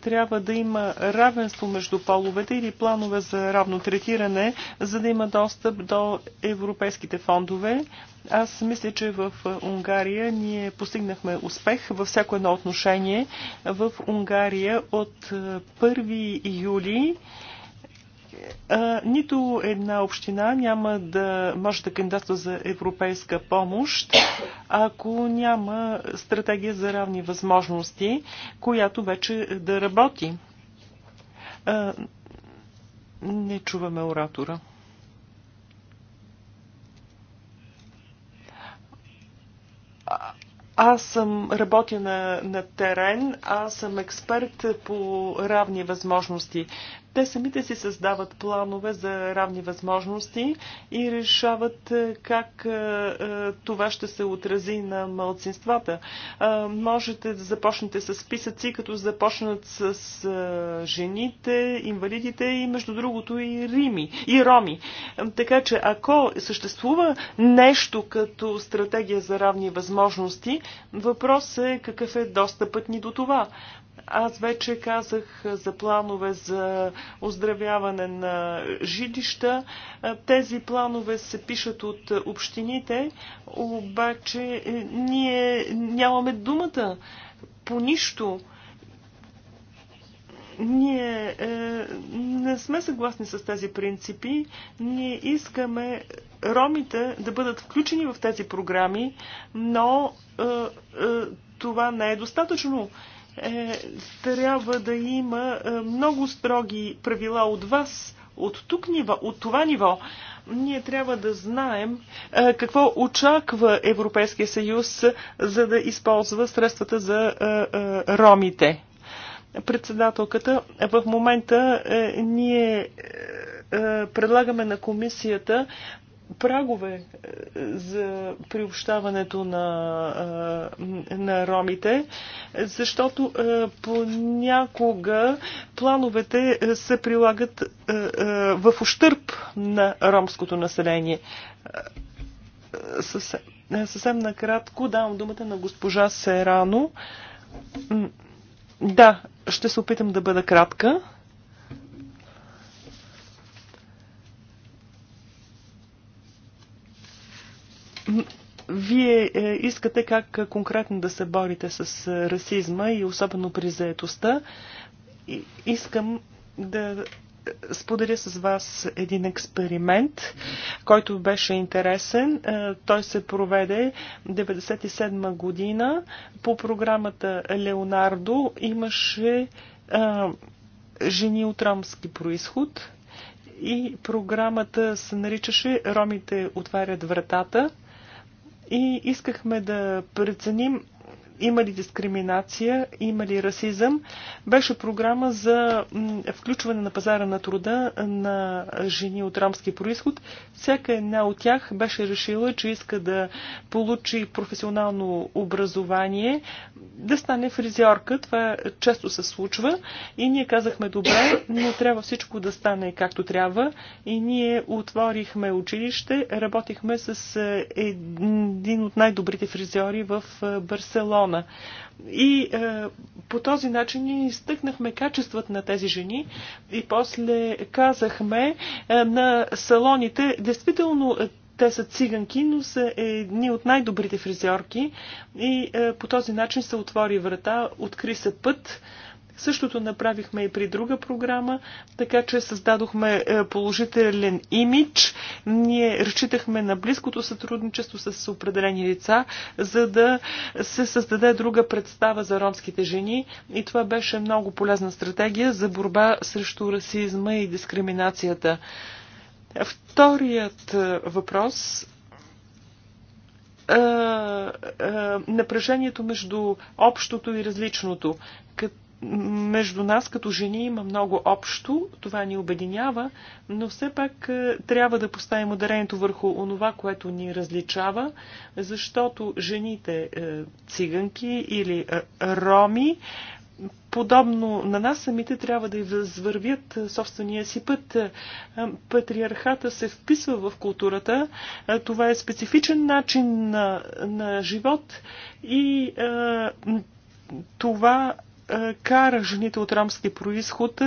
Трябва да има равенство между половете или планове за равно третиране, за да има достъп до европейските фондове. Аз мисля, че в Унгария ние постигнахме успех във всяко едно отношение. В Унгария от 1 юли нито една община няма да може да кандидатства за европейска помощ, ако няма стратегия за равни възможности, която вече да работи. не чуваме оратора. Аз съм работя на, на терен, аз съм експерт по равни възможности. Те самите си създават планове за равни възможности и решават е, как е, е, това ще се отрази на малцинствата. Можете да започнете с списъци, като започнат с жените, инвалидите и между другото и рими, и роми. Така че ако съществува нещо като стратегия за равни възможности, въпрос е какъв е достъпът ни до това. Аз вече казах за планове за оздравяване на жилища. Тези планове се пишат от общините, обаче е, ние нямаме думата по нищо ние е, не сме съгласни с тези принципи. Ние искаме ромите да бъдат включени в тези програми, но е, е, това не е достатъчно. Е, е, трябва да има е, много строги правила от вас, от тук ниво, от това ниво. Ние трябва да знаем е, какво очаква Европейския съюз, за да използва средствата за е, е, ромите. Председателката, в момента е, ние. Е, е предлагаме на комисията прагове е, за приобщаването на, е, на ромите, защото е, понякога плановете се прилагат в ущърп на ромското население. Съвсем, съвсем накратко давам думата на госпожа Серано. Да, ще се опитам да бъда кратка. Вие е, искате как конкретно да се борите с е, расизма и особено при заетостта. Искам да е, споделя с вас един експеримент, който беше интересен. Той се проведе 1997 година по програмата Леонардо. Имаше жени от ромски происход и програмата се наричаше Ромите отварят вратата и искахме да преценим има ли дискриминация, има ли расизъм, беше програма за включване на пазара на труда на жени от рамски происход. Всяка една от тях беше решила, че иска да получи професионално образование, да стане фризьорка. Това често се случва и ние казахме добре, но трябва всичко да стане както трябва и ние отворихме училище, работихме с е, един от най-добрите фризьори в е, Барселона милиона. И е, по този начин ние изтъкнахме качествата на тези жени и после казахме е, на салоните, действително е, те са циганки, но са едни от най-добрите фризьорки и е, по този начин се отвори врата, откри се път. Същото направихме и при друга програма, така че създадохме е, положителен имидж. Ние разчитахме на близкото сътрудничество с определени лица, за да се създаде друга представа за ромските жени и това беше много полезна стратегия за борба срещу расизма и дискриминацията. Вторият е, въпрос е, напрежението между общото и различното. Като между нас като жени има много общо, това ни обединява, но все пак е, трябва да поставим ударението върху онова, което ни различава, защото жените е, циганки или е, роми, подобно на нас самите, трябва да извървят собствения си път. Патриархата се вписва в културата. Това е специфичен начин на, на живот и това е, кара жените от ромски происход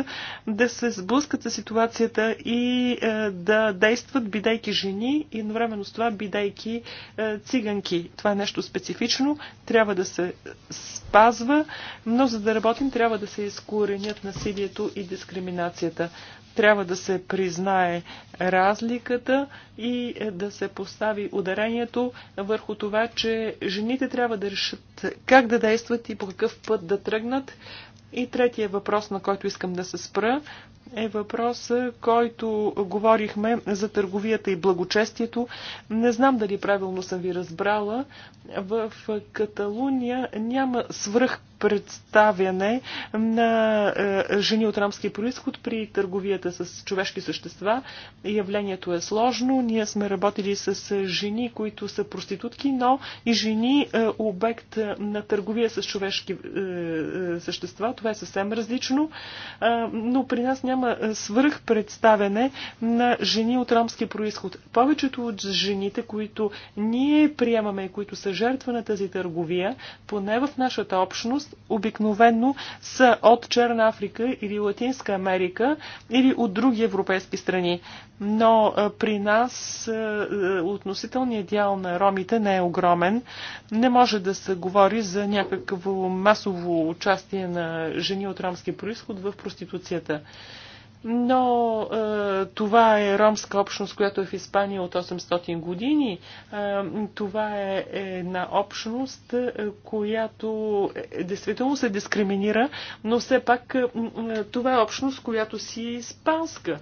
да се сблъскат с ситуацията и е, да действат, бидейки жени и едновременно с това бидейки е, циганки. Това е нещо специфично, трябва да се спазва, но за да работим трябва да се изкоренят насилието и дискриминацията трябва да се признае разликата и да се постави ударението върху това, че жените трябва да решат как да действат и по какъв път да тръгнат, и третия въпрос, на който искам да се спра, е въпрос, който говорихме за търговията и благочестието. Не знам дали правилно съм ви разбрала. В Каталуния няма свръх представяне на е, жени от рамски происход при търговията с човешки същества. Явлението е сложно. Ние сме работили с жени, които са проститутки, но и жени е, обект на търговия с човешки е, същества. Това е съвсем различно, но при нас няма няма е, свръхпредставяне на жени от ромски происход. Повечето от жените, които ние приемаме, които са жертва на тази търговия, поне в нашата общност, обикновенно са от Черна Африка или Латинска Америка или от други европейски страни. Но е, при нас е, относителният дял на ромите не е огромен. Не може да се говори за някакво масово участие на жени от ромски происход в проституцията. Но е, това е ромска общност, която е в Испания от 800 години. Е, това е една общност, е, която е, действително се дискриминира, но все пак е, е това е общност, която си е испанска.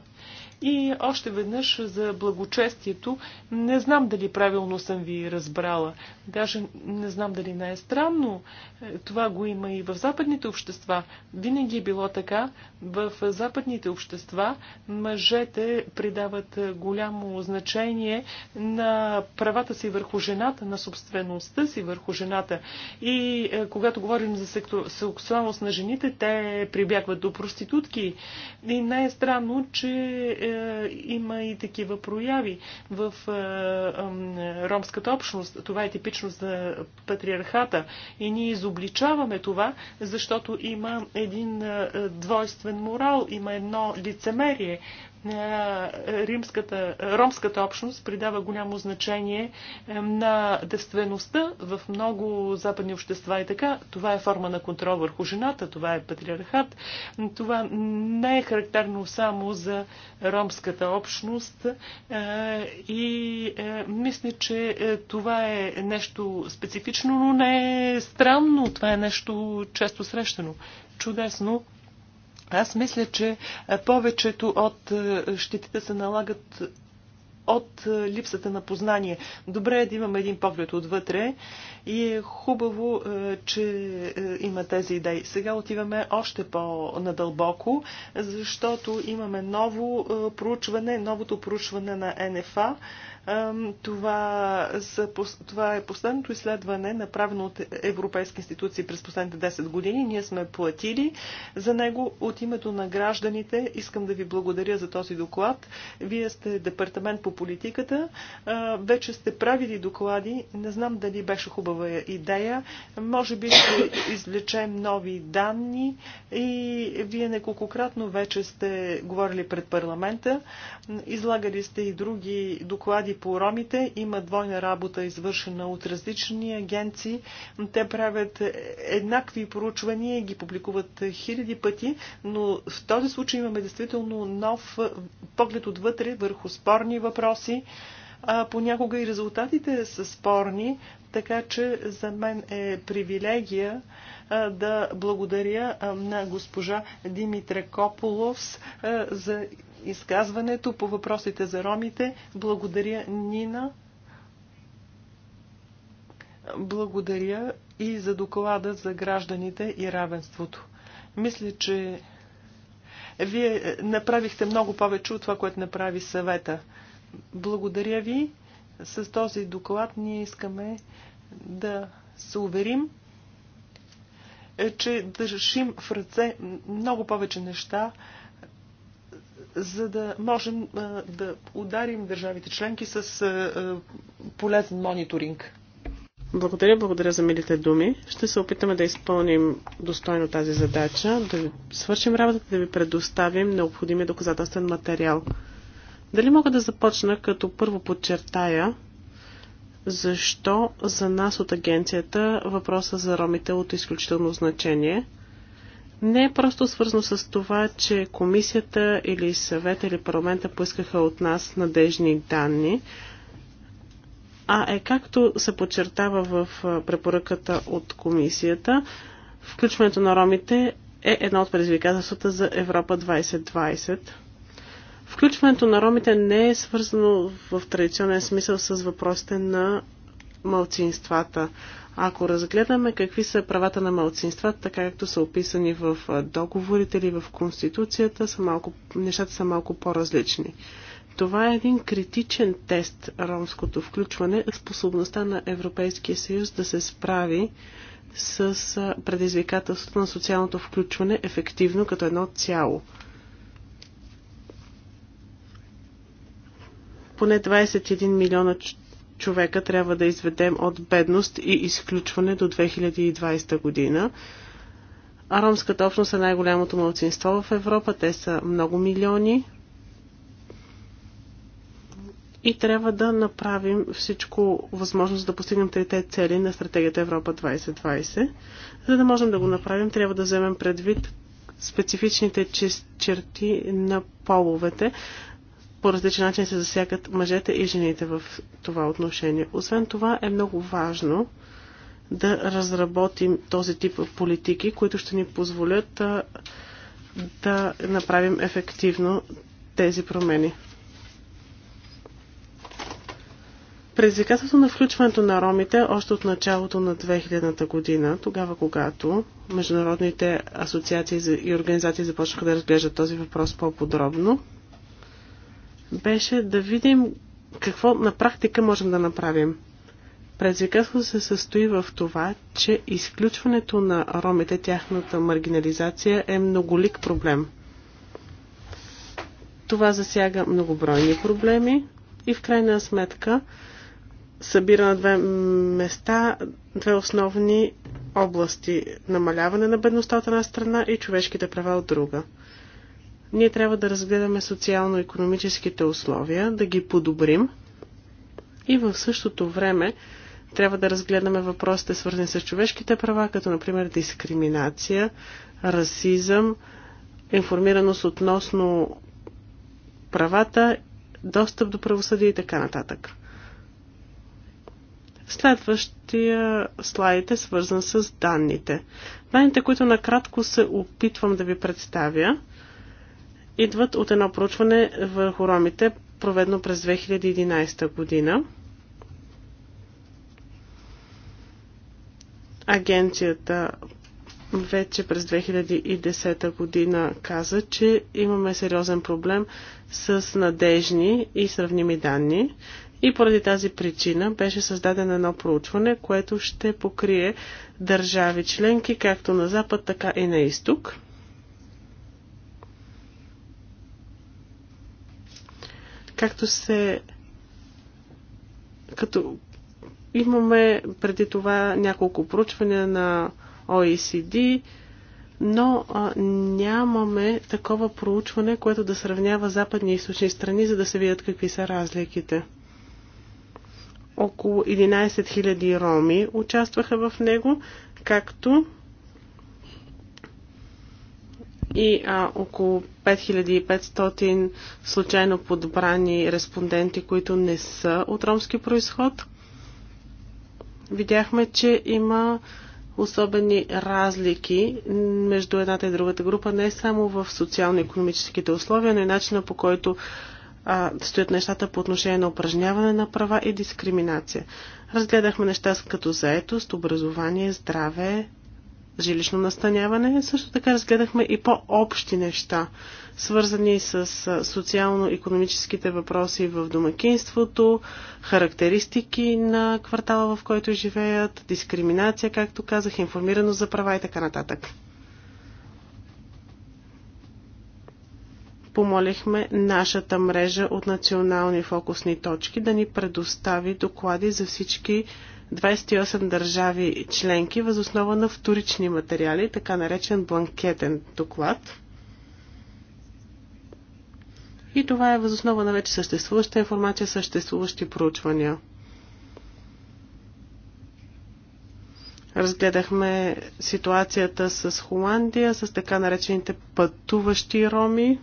И още веднъж за благочестието. Не знам дали правилно съм ви разбрала. Даже не знам дали не е странно. Е, това го има и в западните общества. Винаги е било така. В западните общества мъжете придават голямо значение на правата си върху жената, на собствеността си върху жената. И е, когато говорим за сексуалност на жените, те прибягват до проститутки. И не е странно, че е, е, има и такива прояви в е, ромската общност. Това е типично за патриархата и ние изобличаваме това, защото има един е, двойствен морал, има едно лицемерие. Е, римската, е, ромската общност придава голямо значение е, на девствеността в много западни общества и така. Това е форма на контрол върху жената, това е патриархат. Това не е характерно само за ромската общност и мисля, че това е нещо специфично, но не е странно. Това е нещо често срещано. Чудесно. Аз мисля, че повечето от щетите се налагат от липсата на познание. Добре е да имаме един поглед отвътре и е хубаво, че има тези идеи. Сега отиваме още по-надълбоко, защото имаме ново проучване, новото проучване на НФА това, са, това е последното изследване, направено от европейски институции през последните 10 години. Ние сме платили за него от името на гражданите. Искам да ви благодаря за този доклад. Вие сте департамент по политиката. Вече сте правили доклади. Не знам дали беше хубава идея. Може би ще извлечем нови данни и вие неколкократно вече сте говорили пред парламента. Излагали сте и други доклади доклади по ромите. Има двойна работа, извършена от различни агенции. Те правят еднакви проучвания и ги публикуват хиляди пъти, но в този случай имаме действително нов поглед отвътре върху спорни въпроси. А понякога и резултатите са спорни, така че за мен е привилегия да благодаря на госпожа Димитра Кополовс за изказването по въпросите за ромите. Благодаря, Нина. Благодаря и за доклада за гражданите и равенството. Мисля, че вие направихте много повече от това, което направи съвета. Благодаря ви. С този доклад ние искаме да се уверим, е, че държим в ръце много повече неща, за да можем да ударим държавите членки с полезен мониторинг. Благодаря, благодаря за милите думи. Ще се опитаме да изпълним достойно тази задача, да ви свършим работата, да ви предоставим необходимия доказателствен материал. Дали мога да започна като първо подчертая, защо за нас от агенцията въпроса за ромите е от изключително значение – не е просто свързано с това, че комисията или съвета или парламента поискаха от нас надежни данни, а е както се подчертава в препоръката от комисията, включването на ромите е едно от предизвикателствата за Европа 2020. Включването на ромите не е свързано в традиционен смисъл с въпросите на малцинствата. Ако разгледаме какви са правата на малцинствата, така както са описани в договорите или в Конституцията, са малко, нещата са малко по-различни. Това е един критичен тест, ромското включване, способността на Европейския съюз да се справи с предизвикателството на социалното включване ефективно като едно цяло. Поне 21 милиона човека трябва да изведем от бедност и изключване до 2020 година. А ромската общност е най-голямото младсинство в Европа. Те са много милиони. И трябва да направим всичко възможно, за да постигнем трите цели на стратегията Европа 2020. За да можем да го направим, трябва да вземем предвид специфичните черти на половете, по различен начин се засягат мъжете и жените в това отношение. Освен това е много важно да разработим този тип политики, които ще ни позволят да, да направим ефективно тези промени. Предизвикателството на включването на ромите още от началото на 2000-та година, тогава когато международните асоциации и организации започнаха да разглеждат този въпрос по-подробно, беше да видим какво на практика можем да направим. Предизвикателството се състои в това, че изключването на ромите, тяхната маргинализация е многолик проблем. Това засяга многобройни проблеми и в крайна сметка събира на две места две основни области – намаляване на бедността от една страна и човешките права от друга – ние трябва да разгледаме социално-економическите условия, да ги подобрим и в същото време трябва да разгледаме въпросите свързани с човешките права, като например дискриминация, расизъм, информираност относно правата, достъп до правосъдие и така нататък. Следващия слайд е свързан с данните. Данните, които накратко се опитвам да ви представя, идват от едно проучване върху ромите, проведено през 2011 година. Агенцията вече през 2010 година каза, че имаме сериозен проблем с надежни и сравними данни и поради тази причина беше създадено едно проучване, което ще покрие държави членки както на запад, така и на изток. както се като имаме преди това няколко проучвания на OECD, но а, нямаме такова проучване, което да сравнява западни и източни страни, за да се видят какви са разликите. Около 11 000 роми участваха в него, както и а, около 5500 случайно подобрани респонденти, които не са от ромски происход. Видяхме, че има особени разлики между едната и другата група, не само в социално-економическите условия, но и начина по който а, стоят нещата по отношение на упражняване на права и дискриминация. Разгледахме неща като заетост, образование, здраве, жилищно настаняване. Също така разгледахме и по-общи неща, свързани с социално-економическите въпроси в домакинството, характеристики на квартала, в който живеят, дискриминация, както казах, информираност за права и така нататък. помолихме нашата мрежа от национални фокусни точки да ни предостави доклади за всички 28 държави членки възоснова на вторични материали, така наречен бланкетен доклад. И това е възоснова на вече съществуваща информация, съществуващи проучвания. Разгледахме ситуацията с Холандия, с така наречените пътуващи роми,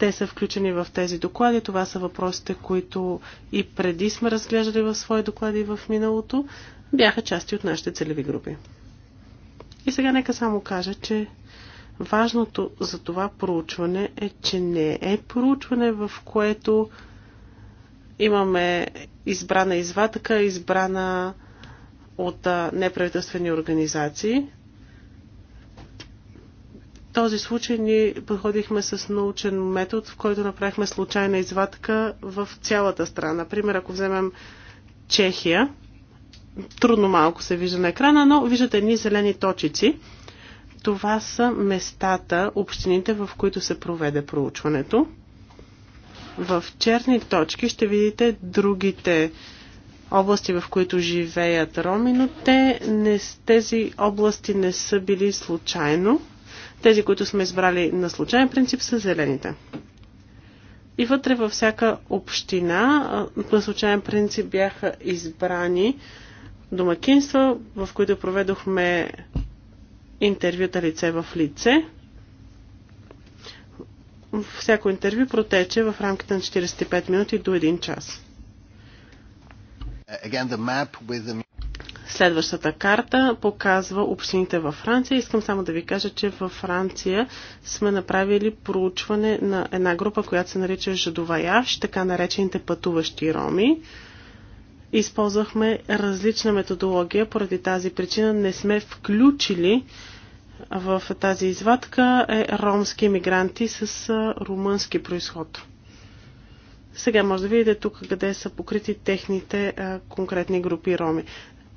те са включени в тези доклади. Това са въпросите, които и преди сме разглеждали в свои доклади в миналото. Бяха части от нашите целеви групи. И сега нека само кажа, че важното за това проучване е, че не е проучване, в което имаме избрана извадка, избрана от неправителствени организации този случай ние подходихме с научен метод, в който направихме случайна извадка в цялата страна. Например, ако вземем Чехия, трудно малко се вижда на екрана, но виждате едни зелени точици. Това са местата, общините, в които се проведе проучването. В черни точки ще видите другите области, в които живеят роми, но те не, тези области не са били случайно тези, които сме избрали на случайен принцип, са зелените. И вътре във всяка община на случайен принцип бяха избрани домакинства, в които проведохме интервюта лице в лице. Всяко интервю протече в рамките на 45 минути до 1 час. Again, the map with the Следващата карта показва общините във Франция. Искам само да ви кажа, че във Франция сме направили проучване на една група, която се нарича Жадоваяш, така наречените пътуващи роми. Използвахме различна методология, поради тази причина не сме включили в тази извадка е ромски мигранти с румънски происход. Сега може да видите тук къде са покрити техните а, конкретни групи роми.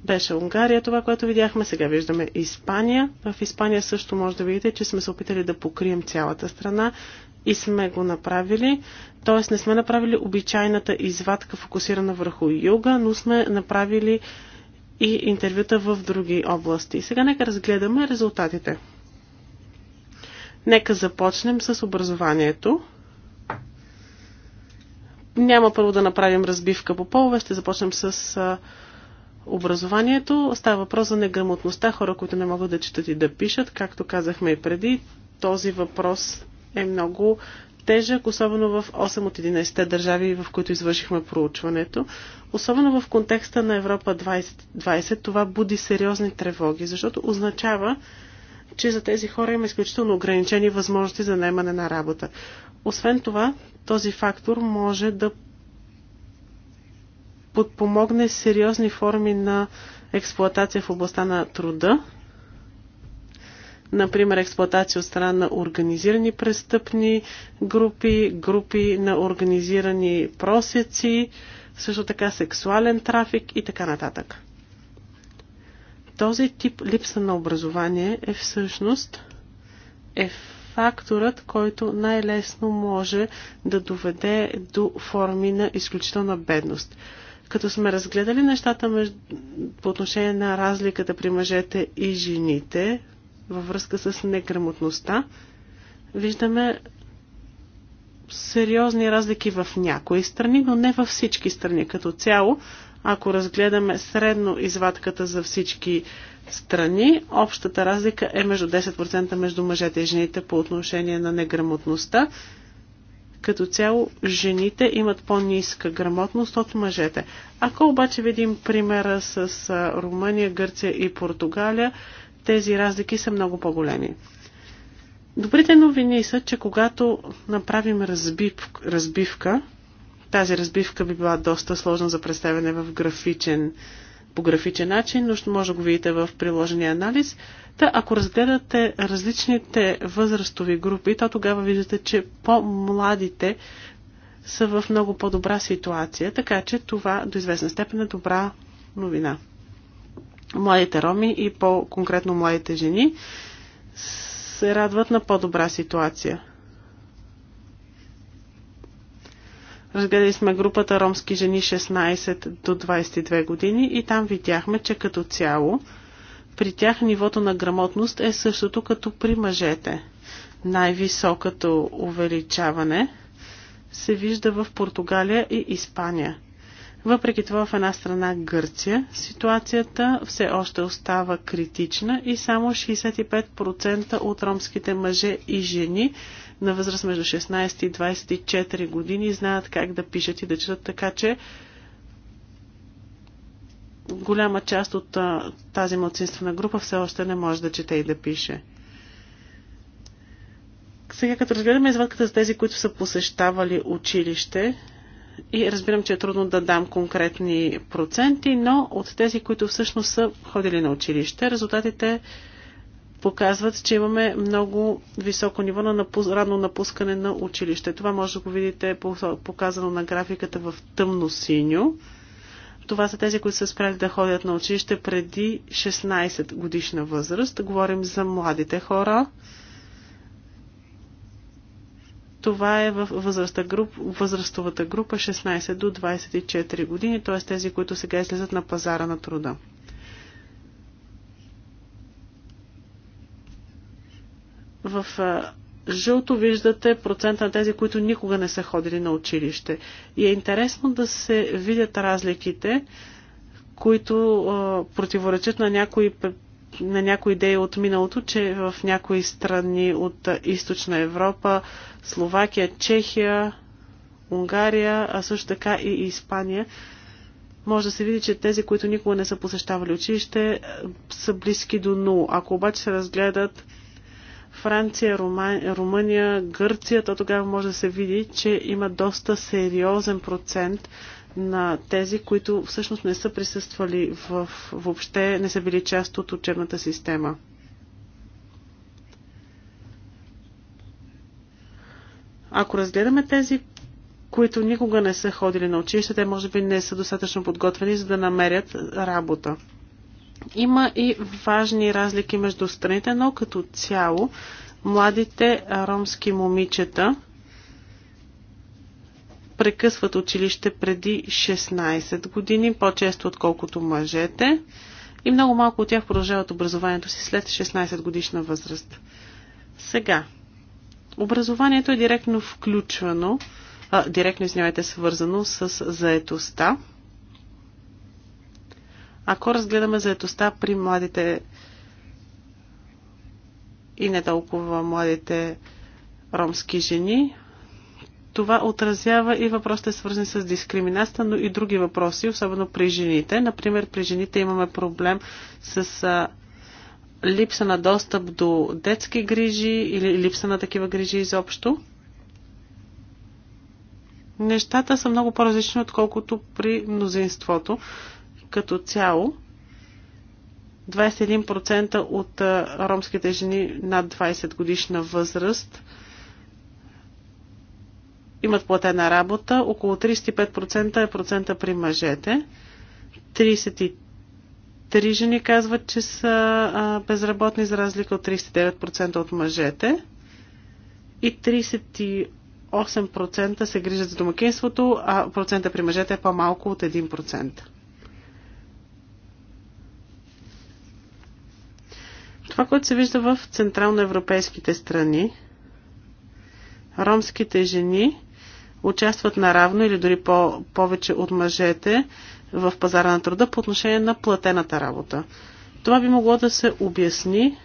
Беше Унгария това, което видяхме, сега виждаме Испания. В Испания също може да видите, че сме се опитали да покрием цялата страна и сме го направили. Тоест не сме направили обичайната извадка фокусирана върху юга, но сме направили и интервюта в други области. Сега нека разгледаме резултатите. Нека започнем с образованието. Няма първо да направим разбивка по полове, ще започнем с образованието. Става въпрос за неграмотността, хора, които не могат да четат и да пишат. Както казахме и преди, този въпрос е много тежък, особено в 8 от 11 държави, в които извършихме проучването. Особено в контекста на Европа 2020 20, това буди сериозни тревоги, защото означава, че за тези хора има изключително ограничени възможности за наемане на работа. Освен това, този фактор може да подпомогне сериозни форми на експлоатация в областта на труда, например експлоатация от страна на организирани престъпни групи, групи на организирани просеци, също така сексуален трафик и така нататък. Този тип липса на образование е всъщност е факторът, който най-лесно може да доведе до форми на изключителна бедност. Като сме разгледали нещата по отношение на разликата при мъжете и жените във връзка с неграмотността, виждаме сериозни разлики в някои страни, но не във всички страни като цяло. Ако разгледаме средно извадката за всички страни, общата разлика е между 10% между мъжете и жените по отношение на неграмотността като цяло жените имат по-ниска грамотност от мъжете. Ако обаче видим примера с Румъния, Гърция и Португалия, тези разлики са много по-големи. Добрите новини са, че когато направим разбив, разбивка, тази разбивка би била доста сложна за представяне в графичен, по графичен начин, но ще може да го видите в приложения анализ – Та, ако разгледате различните възрастови групи, то тогава виждате, че по-младите са в много по-добра ситуация, така че това до известна степен е добра новина. Младите роми и по-конкретно младите жени се радват на по-добра ситуация. Разгледали сме групата ромски жени 16 до 22 години и там видяхме, че като цяло при тях нивото на грамотност е същото като при мъжете. Най-високото увеличаване се вижда в Португалия и Испания. Въпреки това в една страна Гърция ситуацията все още остава критична и само 65% от ромските мъже и жени на възраст между 16 и 24 години знаят как да пишат и да четат, така че голяма част от тази младсинствена група все още не може да чете и да пише. Сега, като разгледаме извадката за тези, които са посещавали училище, и разбирам, че е трудно да дам конкретни проценти, но от тези, които всъщност са ходили на училище, резултатите показват, че имаме много високо ниво на напус... радно напускане на училище. Това може да го видите показано на графиката в тъмно-синьо. Това са тези, които са спрели да ходят на училище преди 16 годишна възраст. Говорим за младите хора. Това е в възрастта груп, възрастовата група 16 до 24 години, т.е. тези, които сега излизат на пазара на труда. В жълто виждате процента на тези, които никога не са ходили на училище. И е интересно да се видят разликите, които а, противоречат на някои, на някои идеи от миналото, че в някои страни от източна Европа, Словакия, Чехия, Унгария, а също така и Испания, може да се види, че тези, които никога не са посещавали училище, са близки до нул. Ако обаче се разгледат Франция, Румъния, Гърция, то тогава може да се види, че има доста сериозен процент на тези, които всъщност не са присъствали в, въобще, не са били част от учебната система. Ако разгледаме тези, които никога не са ходили на училище, те може би не са достатъчно подготвени, за да намерят работа. Има и важни разлики между страните, но като цяло младите ромски момичета прекъсват училище преди 16 години, по-често отколкото мъжете и много малко от тях продължават образованието си след 16 годишна възраст. Сега, образованието е директно включвано, а, директно, извинявайте, свързано с заетостта. Ако разгледаме заедостта при младите и не толкова младите ромски жени, това отразява и въпросите свързани с дискриминацията, но и други въпроси, особено при жените. Например, при жените имаме проблем с липса на достъп до детски грижи или липса на такива грижи изобщо. Нещата са много по-различни, отколкото при мнозинството като цяло 21% от ромските жени над 20 годишна възраст имат платена работа, около 35% е процента при мъжете. 33 жени казват, че са безработни за разлика от 39% от мъжете. И 38% се грижат за домакинството, а процента при мъжете е по-малко от 1%. Това, което се вижда в централноевропейските страни, ромските жени участват наравно или дори по- повече от мъжете в пазара на труда по отношение на платената работа. Това би могло да се обясни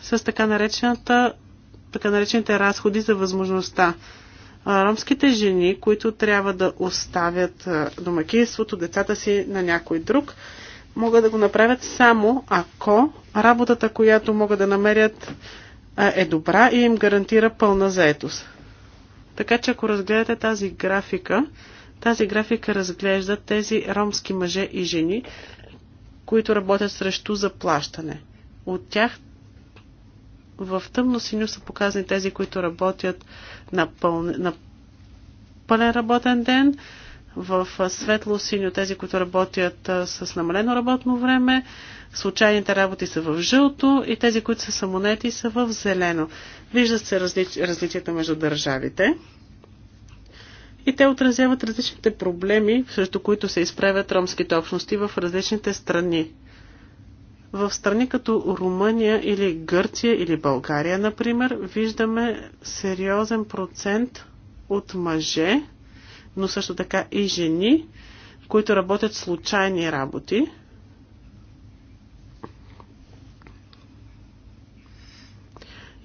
с така, наречената, така наречените разходи за възможността. Ромските жени, които трябва да оставят домакинството, децата си на някой друг, могат да го направят само ако работата, която могат да намерят е добра и им гарантира пълна заетост. Така че ако разгледате тази графика, тази графика разглежда тези ромски мъже и жени, които работят срещу заплащане. От тях в тъмно синьо са показани тези, които работят на, пълне, на пълен работен ден в светло-синьо тези, които работят с намалено работно време, случайните работи са в жълто и тези, които са самонети, са в зелено. Виждат се различ... различията между държавите и те отразяват различните проблеми, срещу които се изправят ромските общности в различните страни. В страни като Румъния или Гърция или България, например, виждаме сериозен процент от мъже, но също така и жени, които работят случайни работи.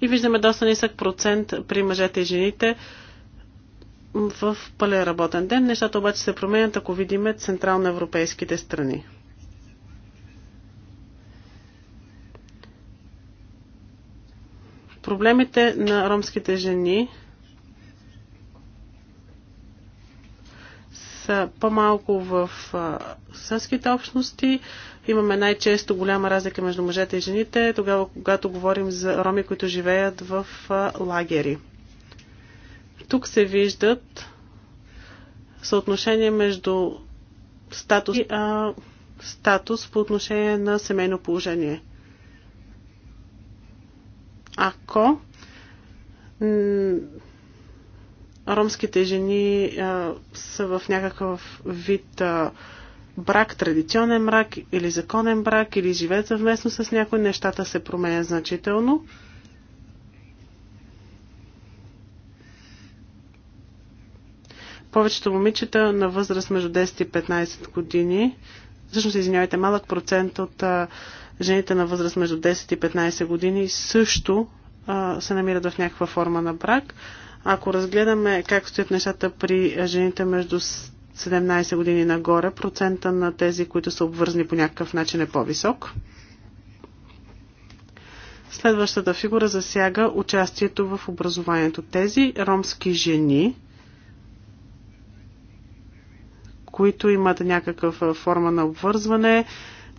И виждаме доста нисък процент при мъжете и жените в пълен работен ден. Нещата обаче се променят, ако видиме централноевропейските страни. Проблемите на ромските жени са по-малко в съските общности. Имаме най-често голяма разлика между мъжете и жените, тогава когато говорим за роми, които живеят в лагери. Тук се виждат съотношение между статус и а, статус по отношение на семейно положение. Ако ромските жени а, са в някакъв вид а, брак, традиционен брак или законен брак, или живеят съвместно с някой, нещата се променят значително. Повечето момичета на възраст между 10 и 15 години, всъщност, извинявайте, малък процент от а, жените на възраст между 10 и 15 години също а, се намират в някаква форма на брак. А, ако разгледаме как стоят нещата при жените между 17 години нагоре, процента на тези, които са обвързани по някакъв начин е по-висок. Следващата фигура засяга участието в образованието. Тези ромски жени, които имат някаква форма на обвързване,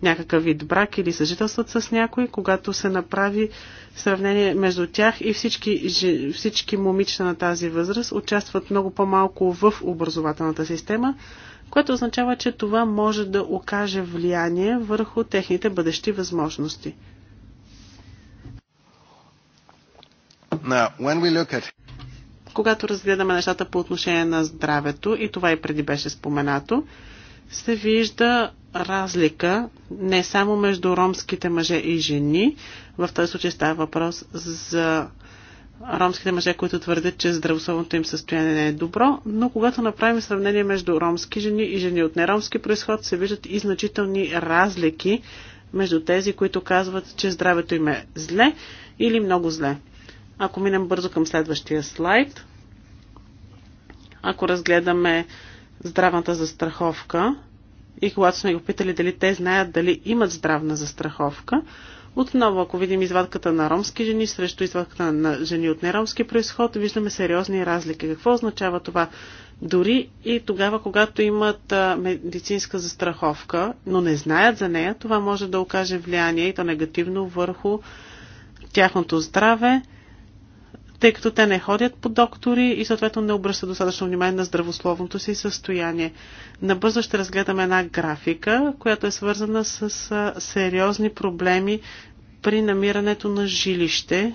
някакъв вид брак или съжителстват с някой, когато се направи сравнение между тях и всички, всички момичета на тази възраст участват много по-малко в образователната система, което означава, че това може да окаже влияние върху техните бъдещи възможности. Now, when we look at... Когато разгледаме нещата по отношение на здравето, и това и преди беше споменато, се вижда разлика не само между ромските мъже и жени. В този случай става въпрос за ромските мъже, които твърдят, че здравословното им състояние не е добро, но когато направим сравнение между ромски жени и жени от неромски происход, се виждат и значителни разлики между тези, които казват, че здравето им е зле или много зле. Ако минем бързо към следващия слайд, ако разгледаме здравната застраховка, и когато сме го питали дали те знаят дали имат здравна застраховка, отново, ако видим извадката на ромски жени срещу извадката на жени от неромски происход, виждаме сериозни разлики. Какво означава това? Дори и тогава, когато имат медицинска застраховка, но не знаят за нея, това може да окаже влияние и то негативно върху тяхното здраве, тъй като те не ходят по доктори и съответно не обръщат достатъчно внимание на здравословното си състояние. Набързо ще разгледаме една графика, която е свързана с сериозни проблеми при намирането на жилище.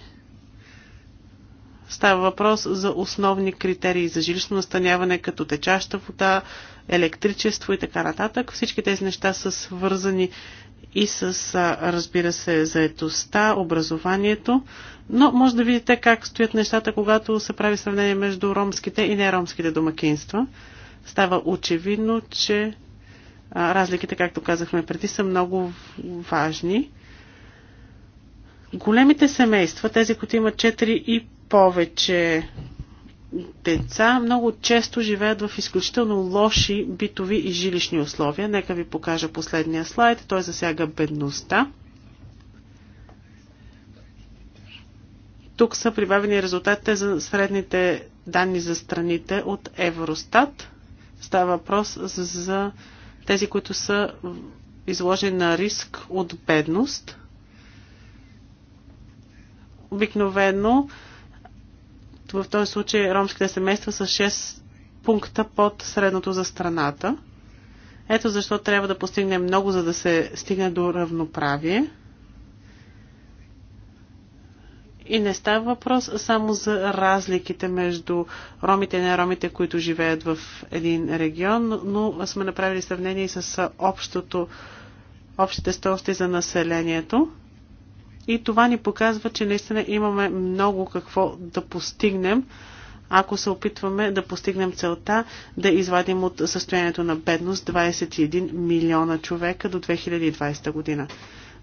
Става въпрос за основни критерии за жилищно настаняване, като течаща вода, електричество и така нататък. Всички тези неща са свързани и с, разбира се, заетостта, образованието. Но може да видите как стоят нещата, когато се прави сравнение между ромските и неромските домакинства. Става очевидно, че разликите, както казахме преди, са много важни. Големите семейства, тези, които имат 4 и повече деца, много често живеят в изключително лоши битови и жилищни условия. Нека ви покажа последния слайд. Той засяга бедността. Тук са прибавени резултатите за средните данни за страните от Евростат. Става въпрос за тези, които са изложени на риск от бедност. Обикновено в този случай ромските семейства са 6 пункта под средното за страната. Ето защо трябва да постигне много, за да се стигне до равноправие. И не става въпрос само за разликите между ромите и неромите, които живеят в един регион, но сме направили сравнение и с общото, общите стойности за населението. И това ни показва, че наистина имаме много какво да постигнем, ако се опитваме да постигнем целта да извадим от състоянието на бедност 21 милиона човека до 2020 година.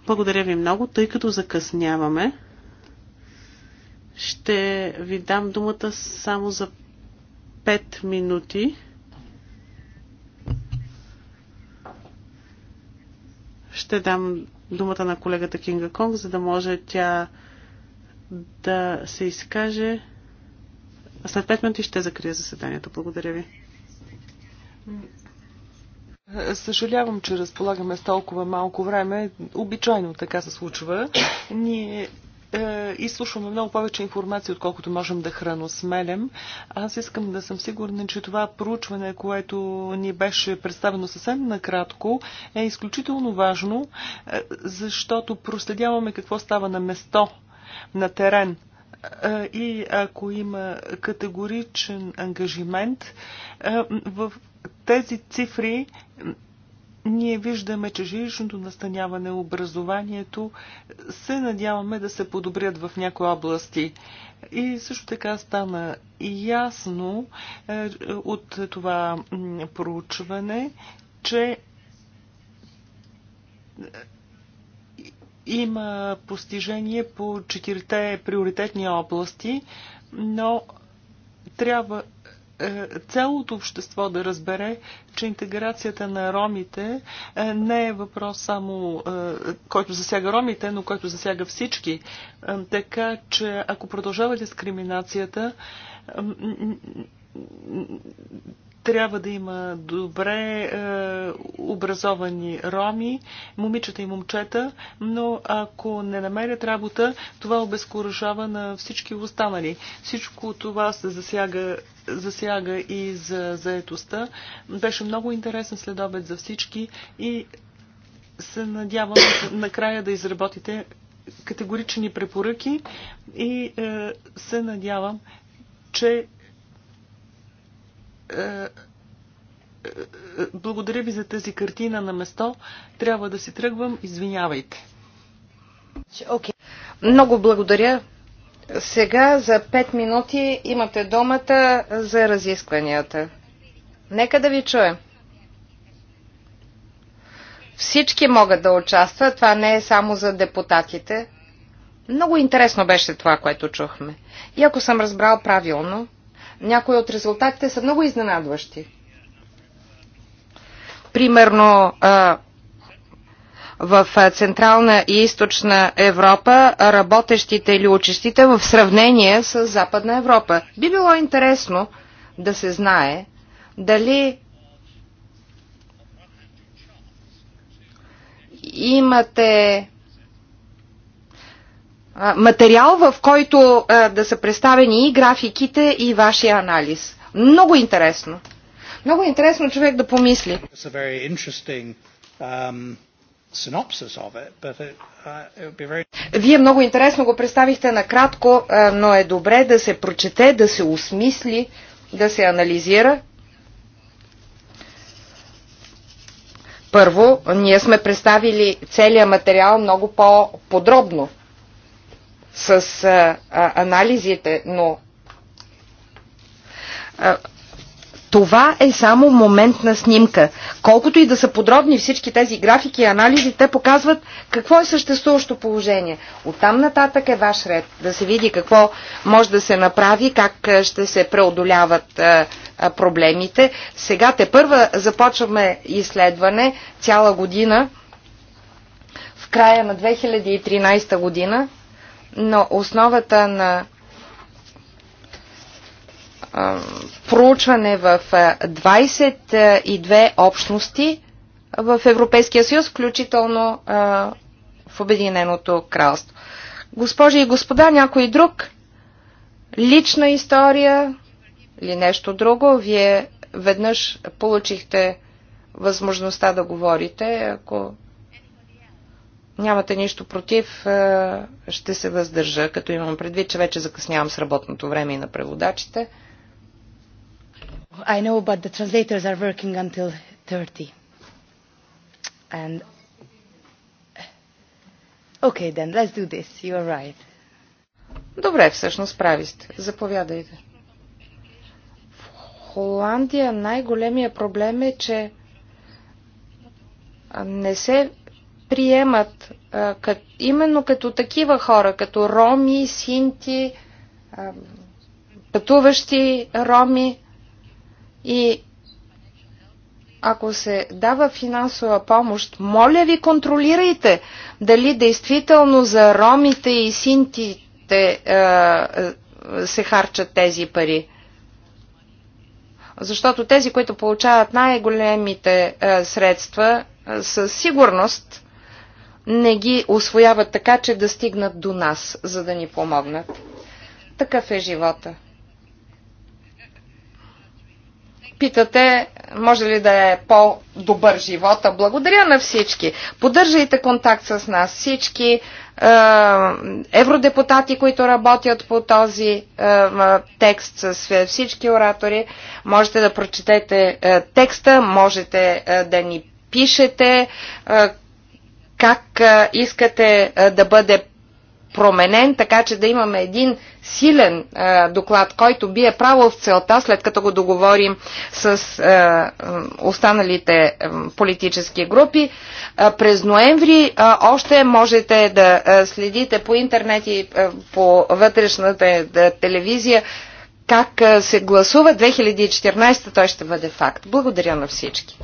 Благодаря ви много, тъй като закъсняваме. Ще ви дам думата само за 5 минути. Ще дам думата на колегата Кинга Конг, за да може тя да се изкаже. След 5 минути ще закрия заседанието. Благодаря ви. Съжалявам, че разполагаме с толкова малко време. Обичайно така се случва. Ние е, изслушваме много повече информация, отколкото можем да храносмелем. Аз искам да съм сигурна, че това проучване, което ни беше представено съвсем накратко, е изключително важно, е, защото проследяваме какво става на место, на терен. Е, и ако има категоричен ангажимент, е, в тези цифри ние виждаме, че жилищното настаняване, образованието се надяваме да се подобрят в някои области. И също така стана ясно е, от това проучване, че е, има постижение по четирите приоритетни области, но трябва е, цялото общество да разбере, че интеграцията на ромите е, не е въпрос само, е, който засяга ромите, но който засяга всички. Така че ако продължава дискриминацията, трябва да има добре е, образовани роми, момичета и момчета, но ако не намерят работа, това обезкуражава на всички останали. Всичко това се засяга засяга и за заетостта. Беше много интересен следобед за всички и се надявам накрая да изработите категорични препоръки и е, се надявам, че е, е, благодаря ви за тази картина на место. Трябва да си тръгвам. Извинявайте. Okay. Много благодаря. Сега за 5 минути имате думата за разискванията. Нека да ви чуем. Всички могат да участват, това не е само за депутатите. Много интересно беше това, което чухме. И ако съм разбрал правилно, някои от резултатите са много изненадващи. Примерно в Централна и Източна Европа работещите или учещите в сравнение с Западна Европа. Би било интересно да се знае дали имате материал, в който да са представени и графиките, и вашия анализ. Много интересно. Много интересно човек да помисли. Um, uh, Вие много интересно го представихте накратко, но е добре да се прочете, да се осмисли, да се анализира. Първо, ние сме представили целият материал много по-подробно с а, а, анализите, но а, това е само моментна снимка. Колкото и да са подробни всички тези графики и анализи, те показват какво е съществуващо положение. Оттам нататък е ваш ред да се види какво може да се направи, как ще се преодоляват а, а, проблемите. Сега те първа започваме изследване цяла година. В края на 2013 година но основата на проучване в 22 общности в Европейския съюз, включително в Обединеното кралство. Госпожи и господа, някой друг лична история или нещо друго, вие веднъж получихте възможността да говорите, ако нямате нищо против, е, ще се въздържа, като имам предвид, че вече закъснявам с работното време и на преводачите. I know, but the translators are working until 30. And... Okay, then, let's do this. You are right. Добре, всъщност прави сте. Заповядайте. В Холандия най-големия проблем е, че не се приемат а, кът, именно като такива хора, като роми, синти, а, пътуващи роми. И ако се дава финансова помощ, моля ви контролирайте дали действително за ромите и синтите а, а, се харчат тези пари. Защото тези, които получават най-големите средства, със сигурност не ги освояват така, че да стигнат до нас, за да ни помогнат. Такъв е живота. Питате, може ли да е по-добър живота? Благодаря на всички. Поддържайте контакт с нас. Всички е, евродепутати, които работят по този е, текст с всички оратори, можете да прочетете е, текста, можете е, да ни пишете. Е, как искате да бъде променен, така че да имаме един силен доклад, който би е правил в целта, след като го договорим с останалите политически групи. през ноември още можете да следите по интернет и по вътрешната телевизия как се гласува. 2014 той ще бъде факт. Благодаря на всички.